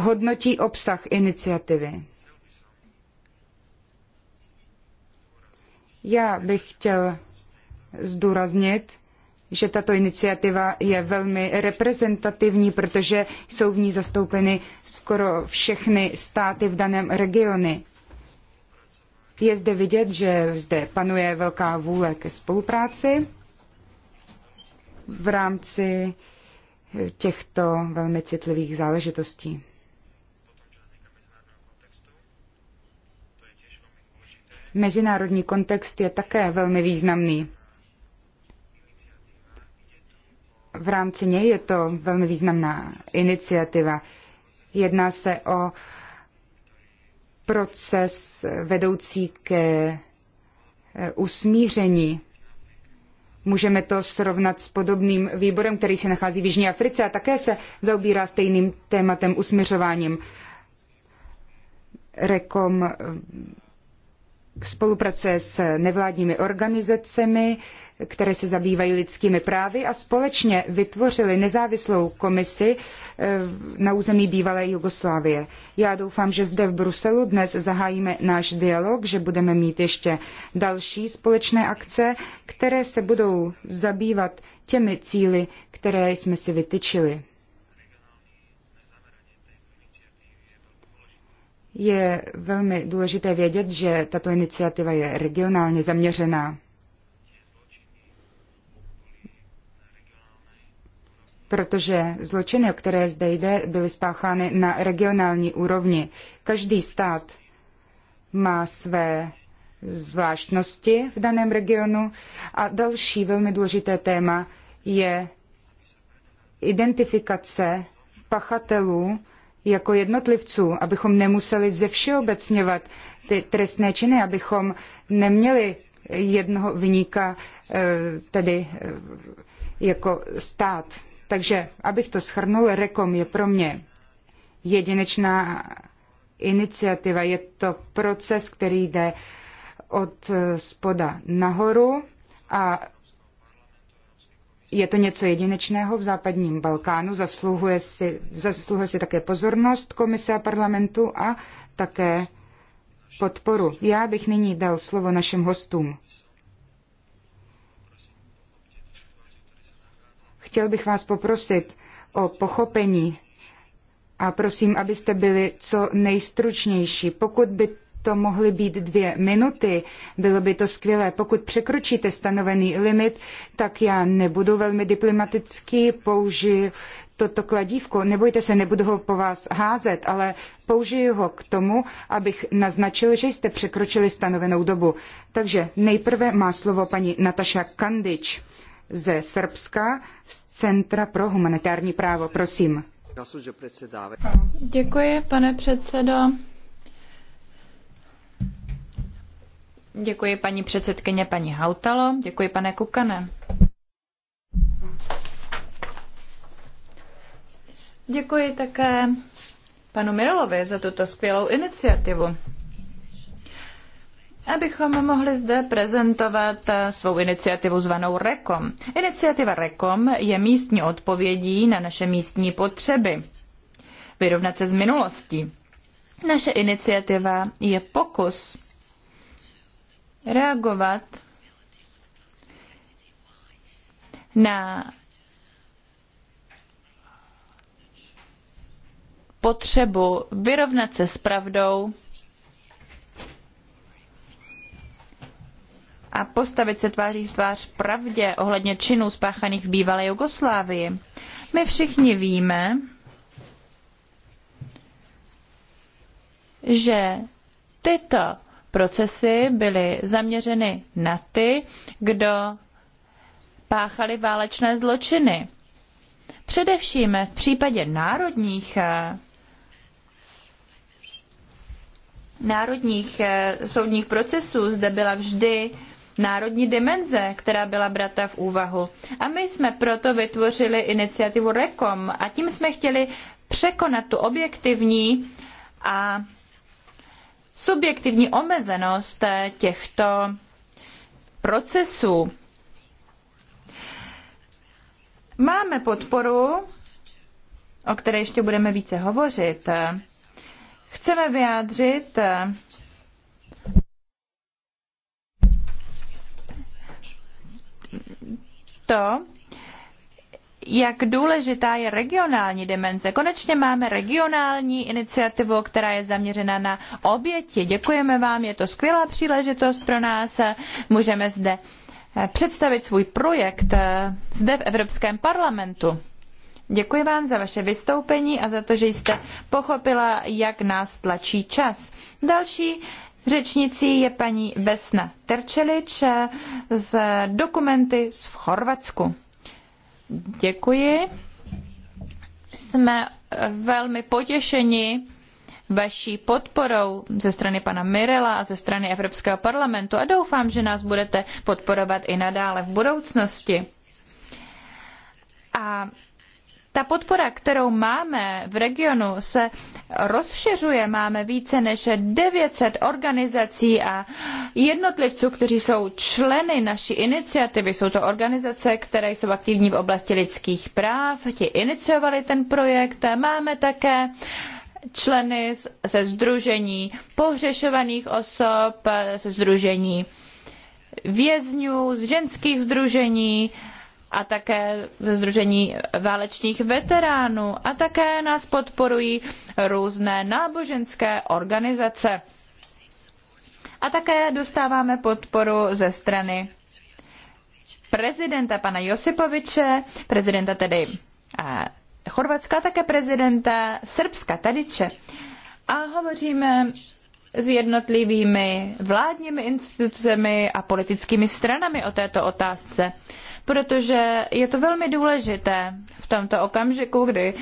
hodnotí obsah iniciativy. Já bych chtěl zdůraznit, že tato iniciativa je velmi reprezentativní, protože jsou v ní zastoupeny skoro všechny státy v daném regionu. Je zde vidět, že zde panuje velká vůle ke spolupráci v rámci těchto velmi citlivých záležitostí. Mezinárodní kontext je také velmi významný. v rámci něj je to velmi významná iniciativa. Jedná se o proces vedoucí ke eh, usmíření. Můžeme to srovnat s podobným výborem, který se nachází v Jižní Africe a také se zaobírá stejným tématem usměřováním. Rekom eh, spolupracuje s nevládními organizacemi, které se zabývají lidskými právy a společně vytvořili nezávislou komisi eh, na území bývalé Jugoslávie. Já doufám, že zde v Bruselu dnes zahájíme náš dialog, že budeme mít ještě další společné akce, které se budou zabývat těmi cíly, které jsme si vytyčili. Je velmi důležité vědět, že tato iniciativa je regionálně zaměřená. protože zločiny, o které zde jde, byly spáchány na regionální úrovni. Každý stát má své zvláštnosti v daném regionu a další velmi důležité téma je identifikace pachatelů jako jednotlivců, abychom nemuseli zevšeobecňovat ty trestné činy, abychom neměli jednoho vyníka eh, tedy eh, jako stát. Takže, abych to schrnul, Rekom je pro mě jedinečná iniciativa. Je to proces, který jde od spoda nahoru a je to něco jedinečného v západním Balkánu, zasluhuje si, zasluhuje si také pozornost komise a parlamentu a také podporu. Já bych nyní dal slovo našim hostům. Chtěl bych vás poprosit o pochopení a prosím, abyste byli co nejstručnější. Pokud by to mohly být dvě minuty, bylo by to skvělé. Pokud překročíte stanovený limit, tak já nebudu velmi diplomatický, použiju toto kladívko, nebojte se, nebudu ho po vás házet, ale použiju ho k tomu, abych naznačil, že jste překročili stanovenou dobu. Takže nejprve má slovo paní Nataša Kandič ze Srbska z Centra pro humanitární právo. Prosím. Děkuji, pane předsedo.
Děkuji paní předsedkyně paní Hautalo. Děkuji pane Kukane. Děkuji také panu Mirolovi za tuto skvělou iniciativu abychom mohli zde prezentovat eh, svou iniciativu zvanou REKOM. Iniciativa REKOM je místní odpovědí na naše místní potřeby. Vyrovnat se s minulostí. Naše iniciativa je pokus reagovat na potřebu vyrovnat se s pravdou a postavit se tváří v tvář pravdě ohledně činů spáchaných v bývalé Jugoslávii. My všichni víme, že tyto procesy byly zaměřeny na ty, kdo páchali válečné zločiny. Především v případě národních eh, národních eh, soudních procesů zde byla vždy národní dimenze, která byla brata v úvahu. A my jsme proto vytvořili iniciativu RECOM a tím jsme chtěli překonat tu objektivní a subjektivní omezenost eh, těchto procesů. Máme podporu, o které ještě budeme více hovořit. Chceme vyjádřit eh, to, jak důležitá je regionální dimenze. Konečně máme regionální iniciativu, která je zaměřena na oběti. Děkujeme vám, je to skvělá příležitost pro nás. Můžeme zde eh, představit svůj projekt eh, zde v Evropském parlamentu. Děkuji vám za vaše vystoupení a za to, že jste pochopila, jak nás tlačí čas. Další Řečnicí je paní Vesna Terčelič z dokumenty z Chorvatsku. Děkuji. Jsme eh, velmi potěšeni vaší podporou ze strany pana Mirela a ze strany Evropského parlamentu a doufám, že nás budete podporovat i nadále v budoucnosti. A ta podpora, kterou máme v regionu, se rozšiřuje. Máme více než 900 organizací a jednotlivců, kteří jsou členy naší iniciativy. Jsou to organizace, které jsou aktivní v oblasti lidských práv, ti iniciovali ten projekt. Máme také členy ze Združení pohřešovaných osob, ze Združení vězňů, z ženských združení, a také Združení válečných veteránů a také nás podporují různé náboženské organizace. A také dostáváme podporu ze strany prezidenta pana Josipoviče, prezidenta tedy eh, Chorvatska, také prezidenta Srbska Tadiče. A hovoříme s jednotlivými vládními institucemi a politickými stranami o této otázce protože je to velmi důležité v tomto okamžiku, kdy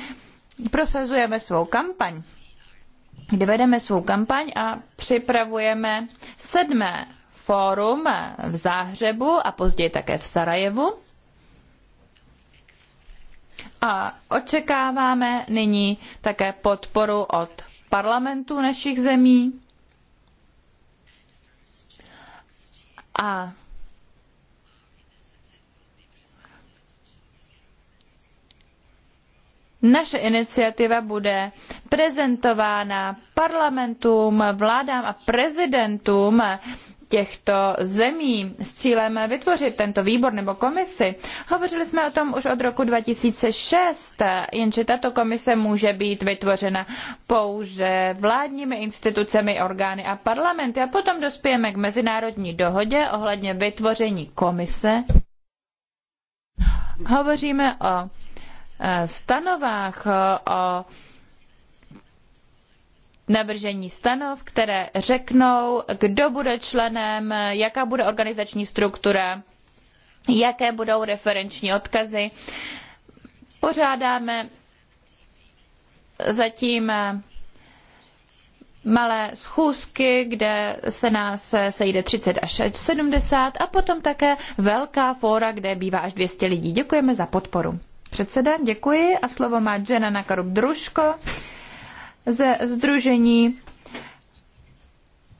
prosazujeme svou kampaň, kdy vedeme svou kampaň a připravujeme sedmé fórum v Záhřebu a později také v Sarajevu. A očekáváme nyní také podporu od parlamentů našich zemí. A naše iniciativa bude prezentována parlamentům, vládám a prezidentům těchto zemí s cílem vytvořit tento výbor nebo komisi. Hovořili jsme o tom už od roku 2006, jenže tato komise může být vytvořena pouze vládními institucemi, orgány a parlamenty a potom dospějeme k mezinárodní dohodě ohledně vytvoření komise. Hovoříme o Eh, stanovách, eh, o navržení stanov, které řeknou, kdo bude členem, eh, jaká bude organizační struktura, jaké budou referenční odkazy. Pořádáme zatím malé schůzky, kde se nás sejde 30 až 70 a potom také velká fóra, kde bývá až 200 lidí. Děkujeme za podporu. Předseda, děkuji. A slovo má Jena Nakarub Družko ze Združení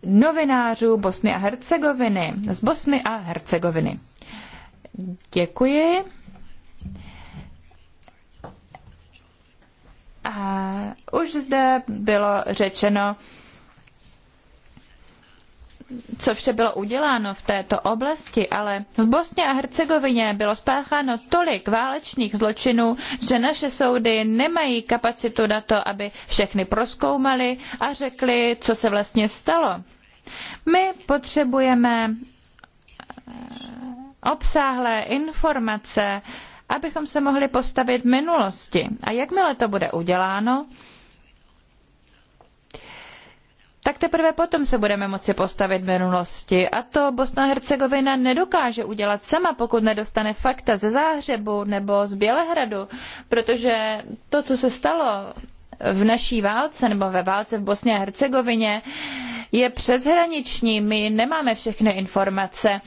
novinářů Bosny a Hercegoviny. Z Bosny a Hercegoviny. Děkuji. A už zde bylo řečeno, co vše bylo uděláno v této oblasti, ale v Bosně a Hercegovině bylo spácháno tolik válečných zločinů, že naše soudy nemají kapacitu na to, aby všechny proskoumali a řekli, co se vlastně stalo. My potřebujeme eh, obsáhlé informace, abychom se mohli postavit minulosti. A jakmile to bude uděláno, tak teprve potom se budeme moci postavit minulosti. A to Bosna a Hercegovina nedokáže udělat sama, pokud nedostane fakta ze Záhřebu nebo z Bělehradu, protože to, co se stalo v naší válce nebo ve válce v Bosně a Hercegovině, je přeshraniční. My nemáme všechny informace.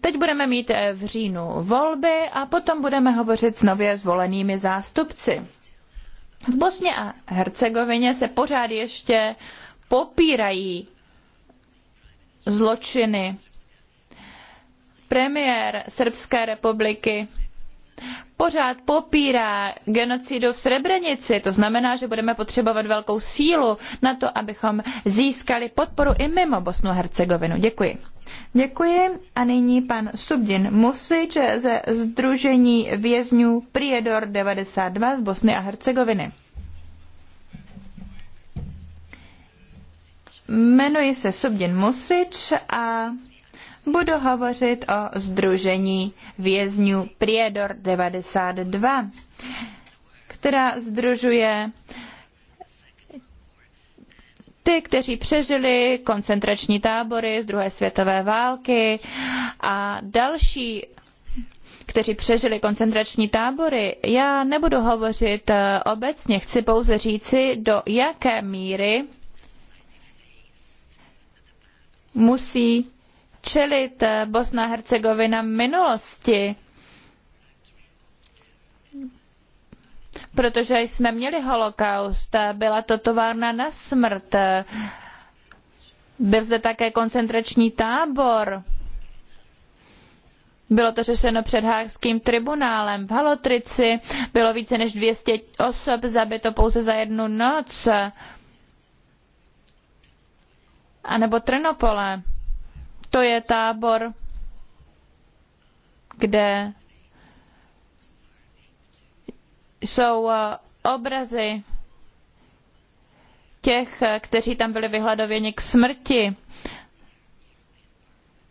Teď budeme mít eh, v říjnu volby a potom budeme hovořit s nově zvolenými zástupci. V Bosně a Hercegovině se pořád ještě popírají zločiny. Premiér Srbské republiky pořád popírá genocidu v Srebrenici. To znamená, že budeme potřebovat velkou sílu na to, abychom získali podporu i mimo Bosnu a Hercegovinu. Děkuji. Děkuji a nyní pan Subdin Musič ze Združení vězňů Priedor 92 z Bosny a Hercegoviny. Jmenuji se Subdin Musič a budu hovořit o Združení vězňů Priedor 92, která združuje ty, kteří přežili koncentrační tábory z druhé světové války a další kteří přežili koncentrační tábory. Já nebudu hovořit eh, obecně, chci pouze říci, do jaké míry musí čelit eh, Bosna a Hercegovina minulosti, protože jsme měli holokaust, eh, byla to továrna na smrt, eh, byl zde také koncentrační tábor. Bylo to řešeno před Hákským tribunálem v Halotrici, bylo více než 200 osob zabito pouze za jednu noc anebo Trnopole. To je tábor, kde jsou eh, obrazy těch, eh, kteří tam byli vyhladověni k smrti.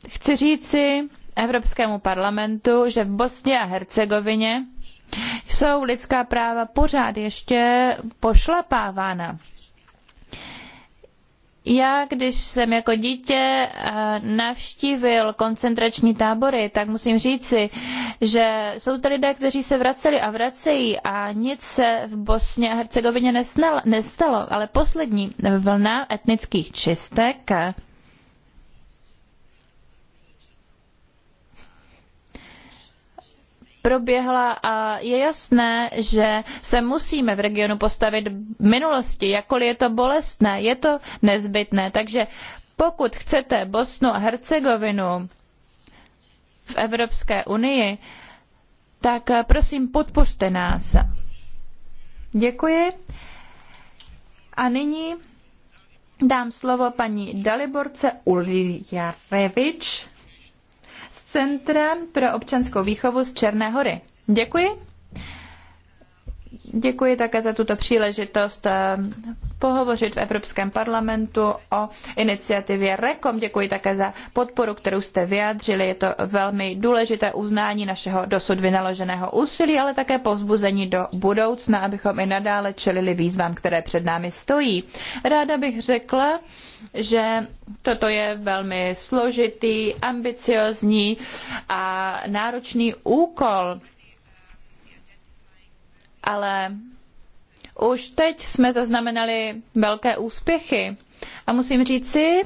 Chci říci Evropskému parlamentu, že v Bosně a Hercegovině jsou lidská práva pořád ještě pošlapávána. Já, když jsem jako dítě eh, navštívil koncentrační tábory, tak musím říci, že jsou to lidé, kteří se vraceli a vracejí a nic se v Bosně a Hercegovině nestalo, ale poslední vlna etnických čistek proběhla a je jasné, že se musíme v regionu postavit minulosti, jakkoliv je to bolestné, je to nezbytné. Takže pokud chcete Bosnu a Hercegovinu v Evropské unii, tak eh, prosím podpořte nás. Děkuji. A nyní dám slovo paní Daliborce Uljarevič Centra pro občanskou výchovu z Černé hory. Děkuji. Děkuji také za tuto příležitost eh, pohovořit v Evropském parlamentu o iniciativě REKOM. Děkuji také za podporu, kterou jste vyjádřili. Je to velmi důležité uznání našeho dosud vynaloženého úsilí, ale také povzbuzení do budoucna, abychom i nadále čelili výzvám, které před námi stojí. Ráda bych řekla, že toto je velmi složitý, ambiciózní a náročný úkol, ale už teď jsme zaznamenali velké úspěchy a musím říci,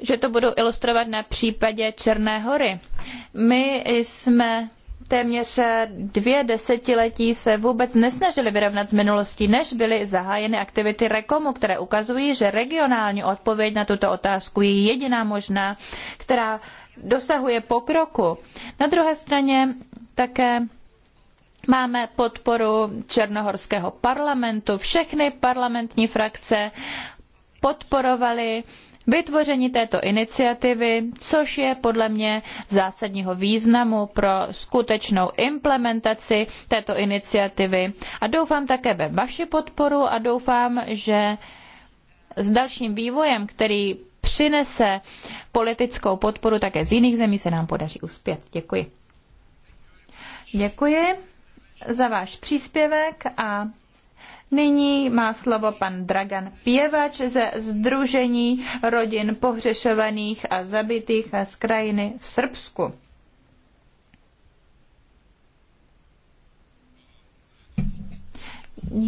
že to budu ilustrovat na případě Černé hory. My jsme téměř dvě desetiletí se vůbec nesnažili vyrovnat s minulostí, než byly zahájeny aktivity Rekomu, které ukazují, že regionální odpověď na tuto otázku je jediná možná, která dosahuje pokroku. Na druhé straně také Máme podporu Černohorského parlamentu. Všechny parlamentní frakce podporovaly vytvoření této iniciativy, což je podle mě zásadního významu pro skutečnou implementaci této iniciativy. A doufám také ve vaši podporu a doufám, že s dalším vývojem, který přinese politickou podporu také z jiných zemí, se nám podaří uspět. Děkuji. Děkuji za váš příspěvek a nyní má slovo pan Dragan Pěvač ze Združení rodin pohřešovaných a zabitých z krajiny v Srbsku.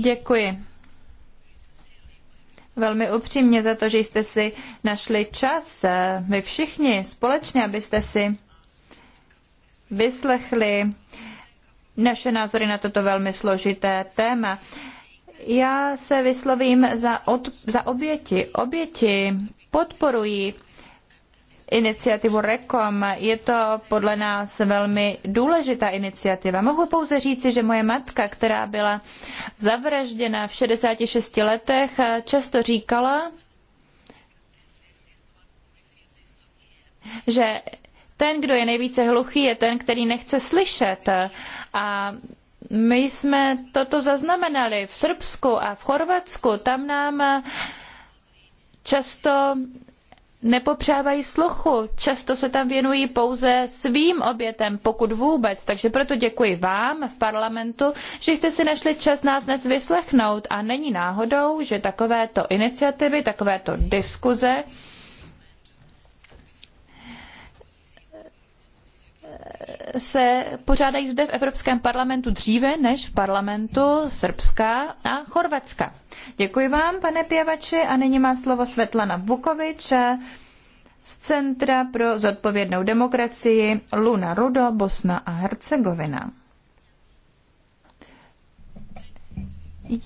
Děkuji velmi upřímně za to, že jste si našli čas, vy všichni společně, abyste si vyslechli naše názory na toto velmi složité téma. Já se vyslovím za, od, za oběti. Oběti podporují iniciativu Rekom. Je to podle nás velmi důležitá iniciativa. Mohu pouze říci, že moje matka, která byla zavražděna v 66 letech, často říkala, že ten, kdo je nejvíce hluchý, je ten, který nechce slyšet. A my jsme toto zaznamenali v Srbsku a v Chorvatsku. Tam nám často nepopřávají sluchu. Často se tam věnují pouze svým obětem, pokud vůbec. Takže proto děkuji vám v parlamentu, že jste si našli čas nás dnes vyslechnout. A není náhodou, že takovéto iniciativy, takovéto diskuze, se pořádají zde v Evropském parlamentu dříve než v parlamentu Srbska a Chorvatska. Děkuji vám, pane Pěvači, a nyní má slovo Svetlana Vukovič z Centra pro zodpovědnou demokracii Luna Rudo, Bosna a Hercegovina.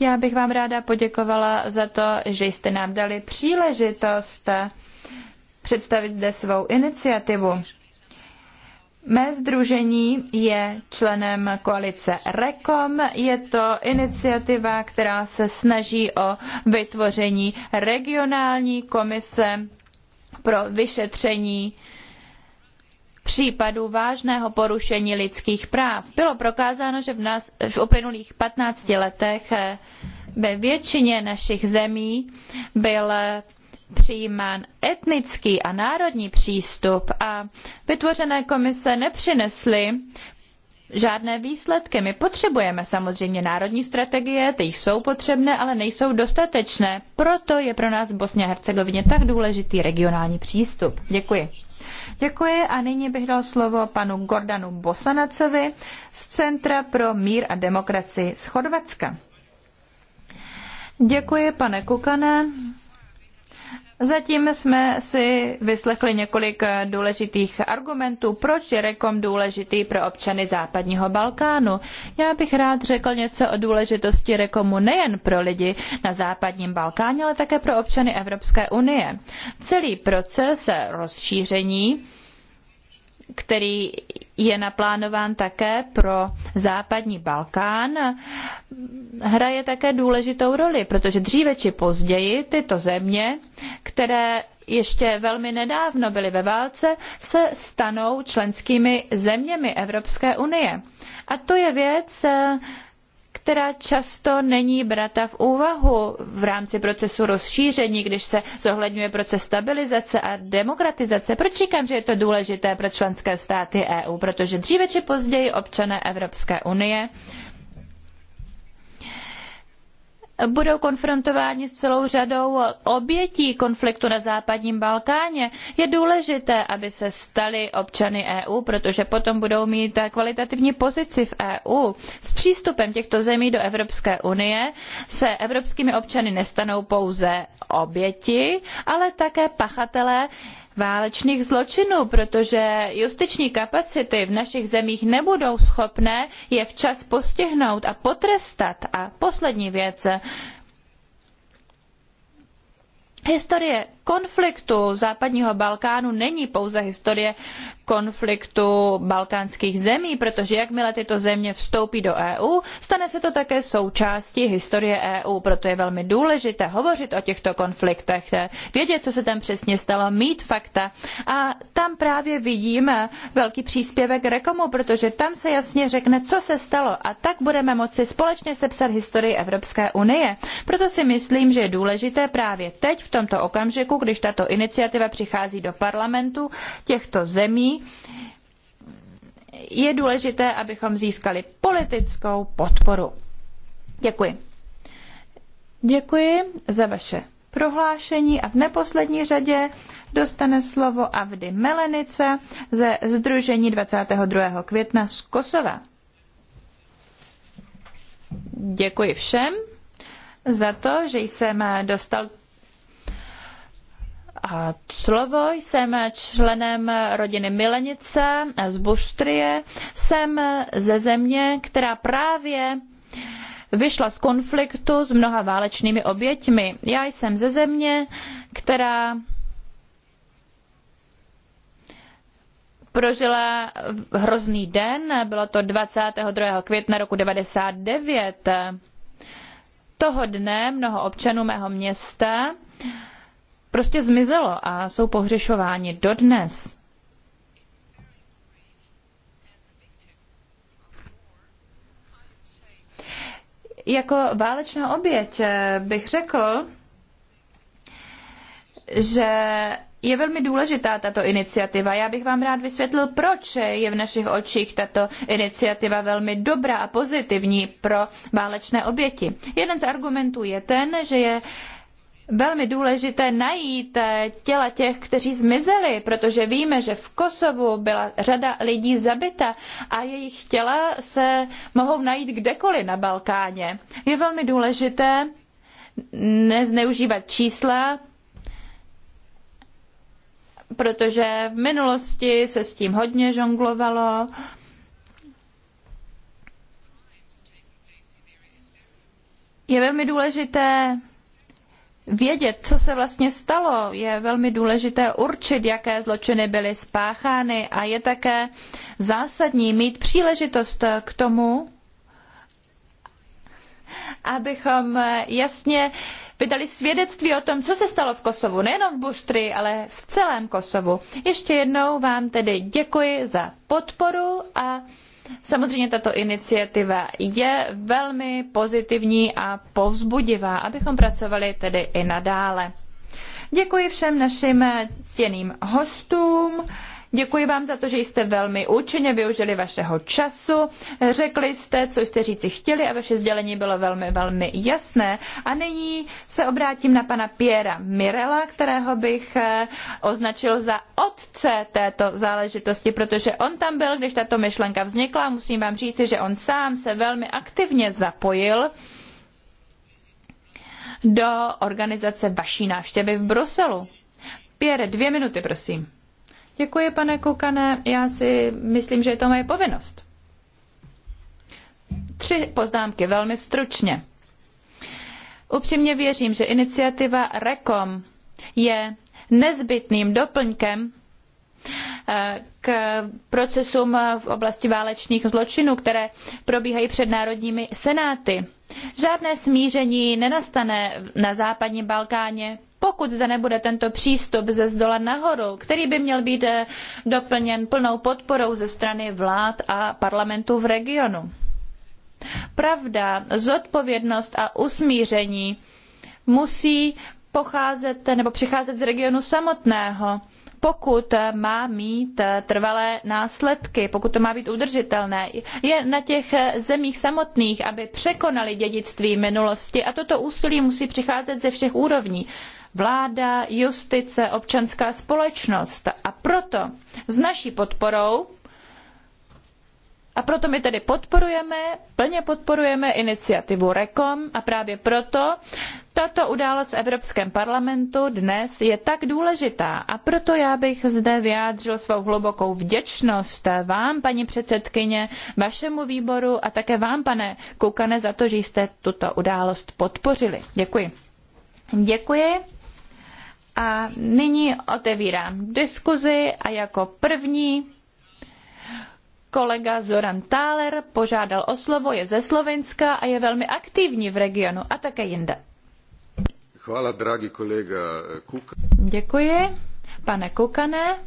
Já bych vám ráda poděkovala za to, že jste nám dali příležitost představit zde svou iniciativu. Mé združení je členem koalice REKOM. Je to iniciativa, která se snaží o vytvoření regionální komise pro vyšetření případů vážného porušení lidských práv. Bylo prokázáno, že v, nás, v uplynulých 15 letech eh, ve většině našich zemí byl přijímán etnický a národní přístup a vytvořené komise nepřinesly žádné výsledky. My potřebujeme samozřejmě národní strategie, ty jsou potřebné, ale nejsou dostatečné. Proto je pro nás v Bosně a Hercegovině tak důležitý regionální přístup. Děkuji. Děkuji a nyní bych dal slovo panu Gordanu Bosanacovi z Centra pro mír a demokracii z Chorvatska. Děkuji, pane Kukane. Zatím jsme si vyslechli několik důležitých argumentů, proč je Rekom důležitý pro občany západního Balkánu. Já bych rád řekl něco o důležitosti Rekomu nejen pro lidi na západním Balkáně, ale také pro občany Evropské unie. Celý proces rozšíření který je naplánován také pro západní Balkán, hraje také důležitou roli, protože dříve či později tyto země, které ještě velmi nedávno byly ve válce, se stanou členskými zeměmi Evropské unie. A to je věc, která často není brata v úvahu v rámci procesu rozšíření, když se zohledňuje proces stabilizace a demokratizace. Proč říkám, že je to důležité pro členské státy EU? Protože dříve či později občané Evropské unie budou konfrontováni s celou řadou obětí konfliktu na západním Balkáně. Je důležité, aby se stali občany EU, protože potom budou mít kvalitativní pozici v EU. S přístupem těchto zemí do Evropské unie se evropskými občany nestanou pouze oběti, ale také pachatelé válečných zločinů, protože justiční kapacity v našich zemích nebudou schopné je včas postihnout a potrestat. A poslední věc. Historie konfliktu západního Balkánu není pouze historie konfliktu balkánských zemí, protože jakmile tyto země vstoupí do EU, stane se to také součástí historie EU. Proto je velmi důležité hovořit o těchto konfliktech, vědět, co se tam přesně stalo, mít fakta. A tam právě vidíme velký příspěvek Rekomu, protože tam se jasně řekne, co se stalo a tak budeme moci společně sepsat historii Evropské unie. Proto si myslím, že je důležité právě teď v tomto okamžiku když tato iniciativa přichází do parlamentu těchto zemí, je důležité, abychom získali politickou podporu. Děkuji. Děkuji za vaše prohlášení a v neposlední řadě dostane slovo Avdy Melenice ze Združení 22. května z Kosova. Děkuji všem za to, že jsem dostal slovo. Jsem členem rodiny Milenice z Buštrie. Jsem ze země, která právě vyšla z konfliktu s mnoha válečnými oběťmi. Já jsem ze země, která prožila hrozný den, bylo to 22. května roku 99. Toho dne mnoho občanů mého města prostě zmizelo a jsou pohřešováni dodnes. Jako válečná oběť eh, bych řekl, že je velmi důležitá tato iniciativa. Já bych vám rád vysvětlil, proč je v našich očích tato iniciativa velmi dobrá a pozitivní pro válečné oběti. Jeden z argumentů je ten, že je velmi důležité najít eh, těla těch, kteří zmizeli, protože víme, že v Kosovu byla řada lidí zabita a jejich těla se mohou najít kdekoliv na Balkáně. Je velmi důležité nezneužívat čísla, protože v minulosti se s tím hodně žonglovalo. Je velmi důležité vědět, co se vlastně stalo. Je velmi důležité určit, jaké zločiny byly spáchány a je také zásadní mít příležitost k tomu, abychom jasně vydali svědectví o tom, co se stalo v Kosovu, nejenom v Buštry, ale v celém Kosovu. Ještě jednou vám tedy děkuji za podporu a Samozřejmě tato iniciativa je velmi pozitivní a povzbudivá, abychom pracovali tedy i nadále. Děkuji všem našim ctěným hostům. Děkuji vám za to, že jste velmi účinně využili vašeho času. Řekli jste, co jste říci chtěli a vaše sdělení bylo velmi, velmi jasné. A nyní se obrátím na pana Piera Mirela, kterého bych eh, označil za otce této záležitosti, protože on tam byl, když tato myšlenka vznikla. Musím vám říci, že on sám se velmi aktivně zapojil do organizace vaší návštěvy v Bruselu. Pierre, dvě minuty, prosím. Děkuji, pane Kukane. Já si myslím, že je to moje povinnost. Tři poznámky, velmi stručně. Upřímně věřím, že iniciativa RECOM je nezbytným doplňkem eh, k procesům v oblasti válečných zločinů, které probíhají před národními senáty. Žádné smíření nenastane na západním Balkáně, pokud zde nebude tento přístup ze zdola nahoru, který by měl být eh, doplněn plnou podporou ze strany vlád a parlamentů v regionu. Pravda, zodpovědnost a usmíření musí pocházet eh, nebo přicházet z regionu samotného, pokud eh, má mít trvalé následky, pokud to má být udržitelné. Je na těch zemích samotných, aby překonali dědictví minulosti a toto úsilí musí přicházet ze všech úrovní vláda, justice, občanská společnost. A proto s naší podporou a proto my tedy podporujeme, plně podporujeme iniciativu REKOM a právě proto tato událost v Evropském parlamentu dnes je tak důležitá a proto já bych zde vyjádřil svou hlubokou vděčnost vám, paní předsedkyně, vašemu výboru a také vám, pane Kukane, za to, že jste tuto událost podpořili. Děkuji. Děkuji. A nyní otevírám diskuzi a jako první kolega Zoran Thaler požádal o slovo, je ze Slovenska a je velmi aktivní v regionu a také jinde.
Chvála,
dragi kolega Kuka.
Děkuji. Pane Kukane.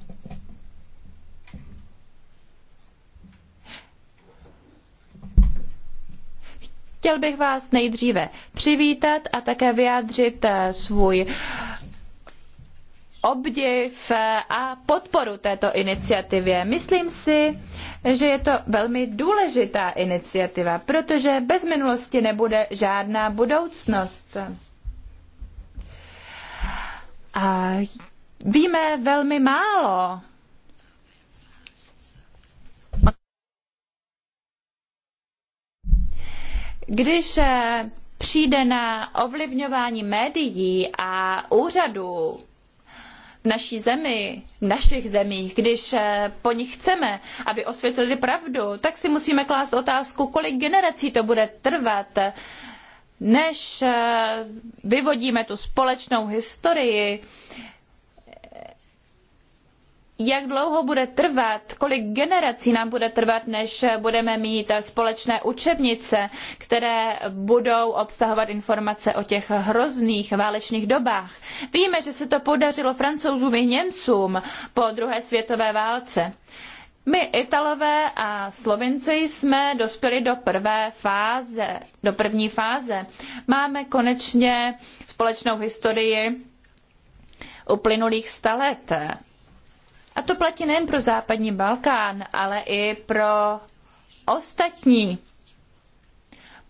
Chtěl bych vás nejdříve přivítat a také vyjádřit eh, svůj obdiv eh, a podporu této iniciativě. Myslím si, že je to velmi důležitá iniciativa, protože bez minulosti nebude žádná budoucnost. A víme velmi málo. Když eh, přijde na ovlivňování médií a úřadů v naší zemi, v našich zemích, když eh, po nich chceme, aby osvětlili pravdu, tak si musíme klást otázku, kolik generací to bude trvat, než eh, vyvodíme tu společnou historii, jak dlouho bude trvat, kolik generací nám bude trvat, než budeme mít společné učebnice, které budou obsahovat informace o těch hrozných válečných dobách. Víme, že se to podařilo francouzům i Němcům po druhé světové válce. My Italové a Slovinci jsme dospěli do prvé fáze, do první fáze. Máme konečně společnou historii uplynulých sta let a to platí nejen pro západní Balkán, ale i pro ostatní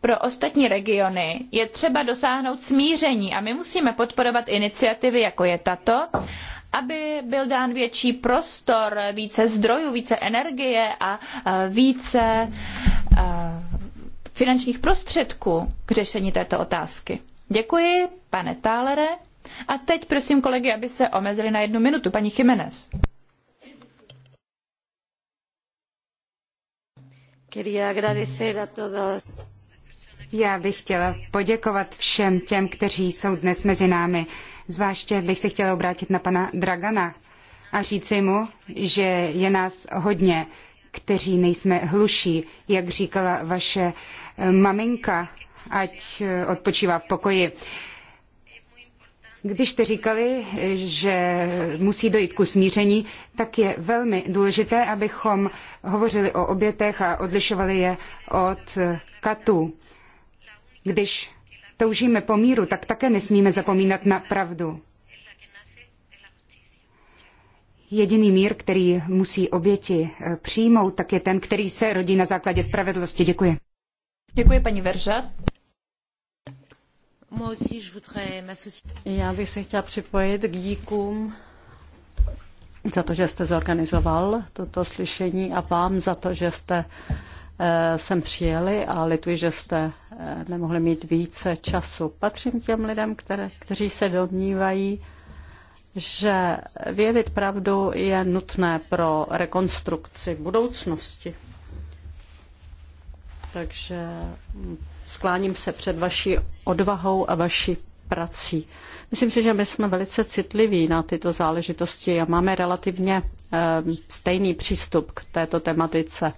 pro ostatní regiony je třeba dosáhnout smíření a my musíme podporovat iniciativy, jako je tato, aby byl dán větší prostor, více zdrojů, více energie a více finančních prostředků k řešení této otázky. Děkuji, pane Tálere. A teď prosím kolegy, aby se omezili na jednu minutu. Paní Jiménez.
Já bych chtěla poděkovat všem těm, kteří jsou dnes mezi námi. Zvláště bych se chtěla obrátit na pana Dragana a říci mu, že je nás hodně, kteří nejsme hluší, jak říkala vaše maminka, ať odpočívá v pokoji. Když jste říkali, že musí dojít k smíření, tak je velmi důležité, abychom hovořili o obětech a odlišovali je od katů. Když toužíme po míru, tak také nesmíme zapomínat na pravdu. Jediný mír, který musí oběti přijmout, tak je ten, který se rodí na základě spravedlnosti. Děkuji.
Děkuji paní Veržat.
Já bych se chtěla připojit k díkům za to, že jste zorganizoval toto slyšení a vám za to, že jste eh, sem přijeli a lituji, že jste eh, nemohli mít více času. Patřím těm lidem, které, kteří se domnívají, že vyjevit pravdu je nutné pro rekonstrukci budoucnosti. Takže skláním se před vaší odvahou a vaší prací. Myslím si, že my jsme velice citliví na tyto záležitosti a máme relativně ehm, stejný přístup k této tematice.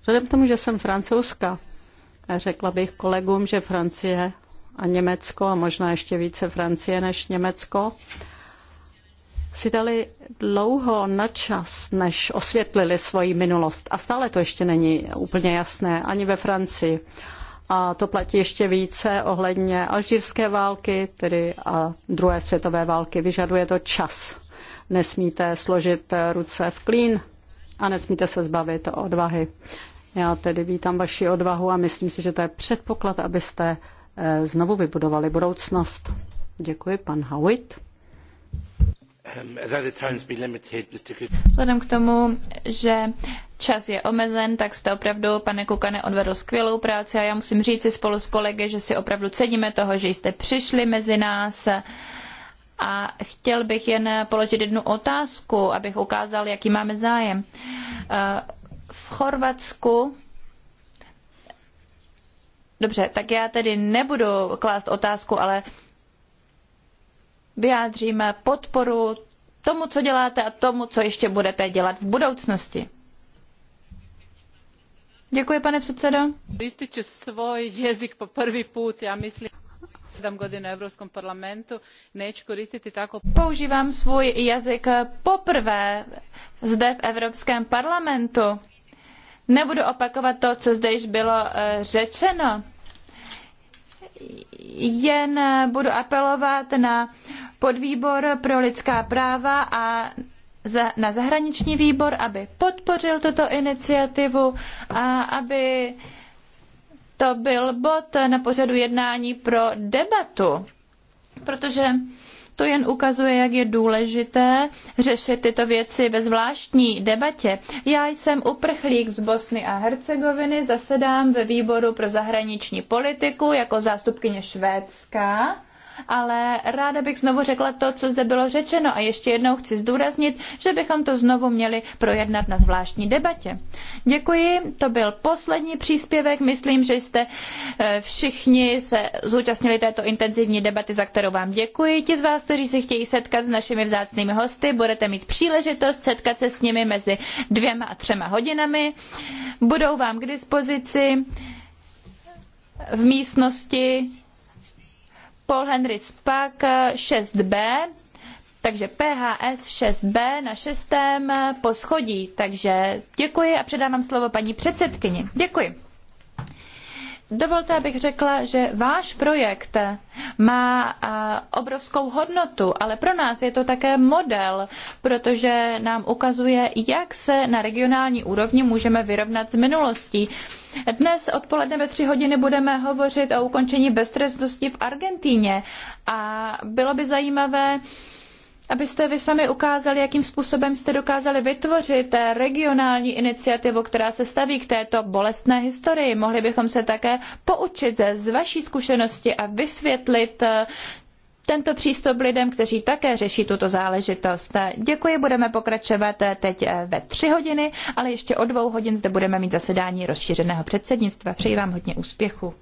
Vzhledem k tomu, že jsem francouzska, eh, řekla bych kolegům, že Francie a Německo, a možná ještě více Francie než Německo, si dali dlouho na čas, než osvětlili svoji minulost. A stále to ještě není úplně jasné, ani ve Francii a to platí ještě více ohledně alžírské války, tedy a druhé světové války. Vyžaduje to čas. Nesmíte složit ruce v klín a nesmíte se zbavit odvahy. Já tedy vítám vaši odvahu a myslím si, že to je předpoklad, abyste eh, znovu vybudovali budoucnost. Děkuji,
pan Howitt. Um, Vzhledem k tomu, že čas je omezen, tak jste opravdu, pane Kukane, odvedl skvělou práci a já musím říci spolu s kolegy, že si opravdu ceníme toho, že jste přišli mezi nás a chtěl bych jen položit jednu otázku, abych ukázal, jaký máme zájem. Uh, v Chorvatsku Dobře, tak já tedy nebudu klást otázku, ale vyjádříme podporu tomu, co děláte a tomu, co ještě budete dělat v budoucnosti. Děkuji, pane předsedo. Ističu svůj jazyk po první půd já myslím sedam godina u parlamentu neću koristiti tako. používám svůj jazyk poprvé zde v evropském parlamentu. nebudu opakovat to co zde již bylo eh, řečeno jen budu apelovat na podvýbor pro lidská práva a na zahraniční výbor, aby podpořil tuto iniciativu a aby to byl bod na pořadu jednání pro debatu. Protože to jen ukazuje, jak je důležité řešit tyto věci ve zvláštní debatě. Já jsem uprchlík z Bosny a Hercegoviny, zasedám ve výboru pro zahraniční politiku jako zástupkyně Švédska ale ráda bych znovu řekla to, co zde bylo řečeno a ještě jednou chci zdůraznit, že bychom to znovu měli projednat na zvláštní debatě. Děkuji, to byl poslední příspěvek. Myslím, že jste eh, všichni se zúčastnili této intenzivní debaty, za kterou vám děkuji. Ti z vás, kteří se chtějí setkat s našimi vzácnými hosty, budete mít příležitost setkat se s nimi mezi dvěma a třema hodinami. Budou vám k dispozici v místnosti Paul Henry Spak 6B, takže PHS 6B na šestém poschodí. Takže děkuji a předávám slovo paní předsedkyni. Děkuji. Dovolte, abych řekla, že váš projekt má obrovskou hodnotu, ale pro nás je to také model, protože nám ukazuje, jak se na regionální úrovni můžeme vyrovnat s minulostí. Dnes odpoledne ve tři hodiny budeme hovořit o ukončení beztrestnosti v Argentíně a bylo by zajímavé, abyste vy sami ukázali, jakým způsobem jste dokázali vytvořit regionální iniciativu, která se staví k této bolestné historii. Mohli bychom se také poučit z vaší zkušenosti a vysvětlit tento přístup lidem, kteří také řeší tuto záležitost. Děkuji, budeme pokračovat teď ve tři hodiny, ale ještě o dvou hodin zde budeme mít zasedání rozšířeného předsednictva. Přeji vám hodně úspěchu.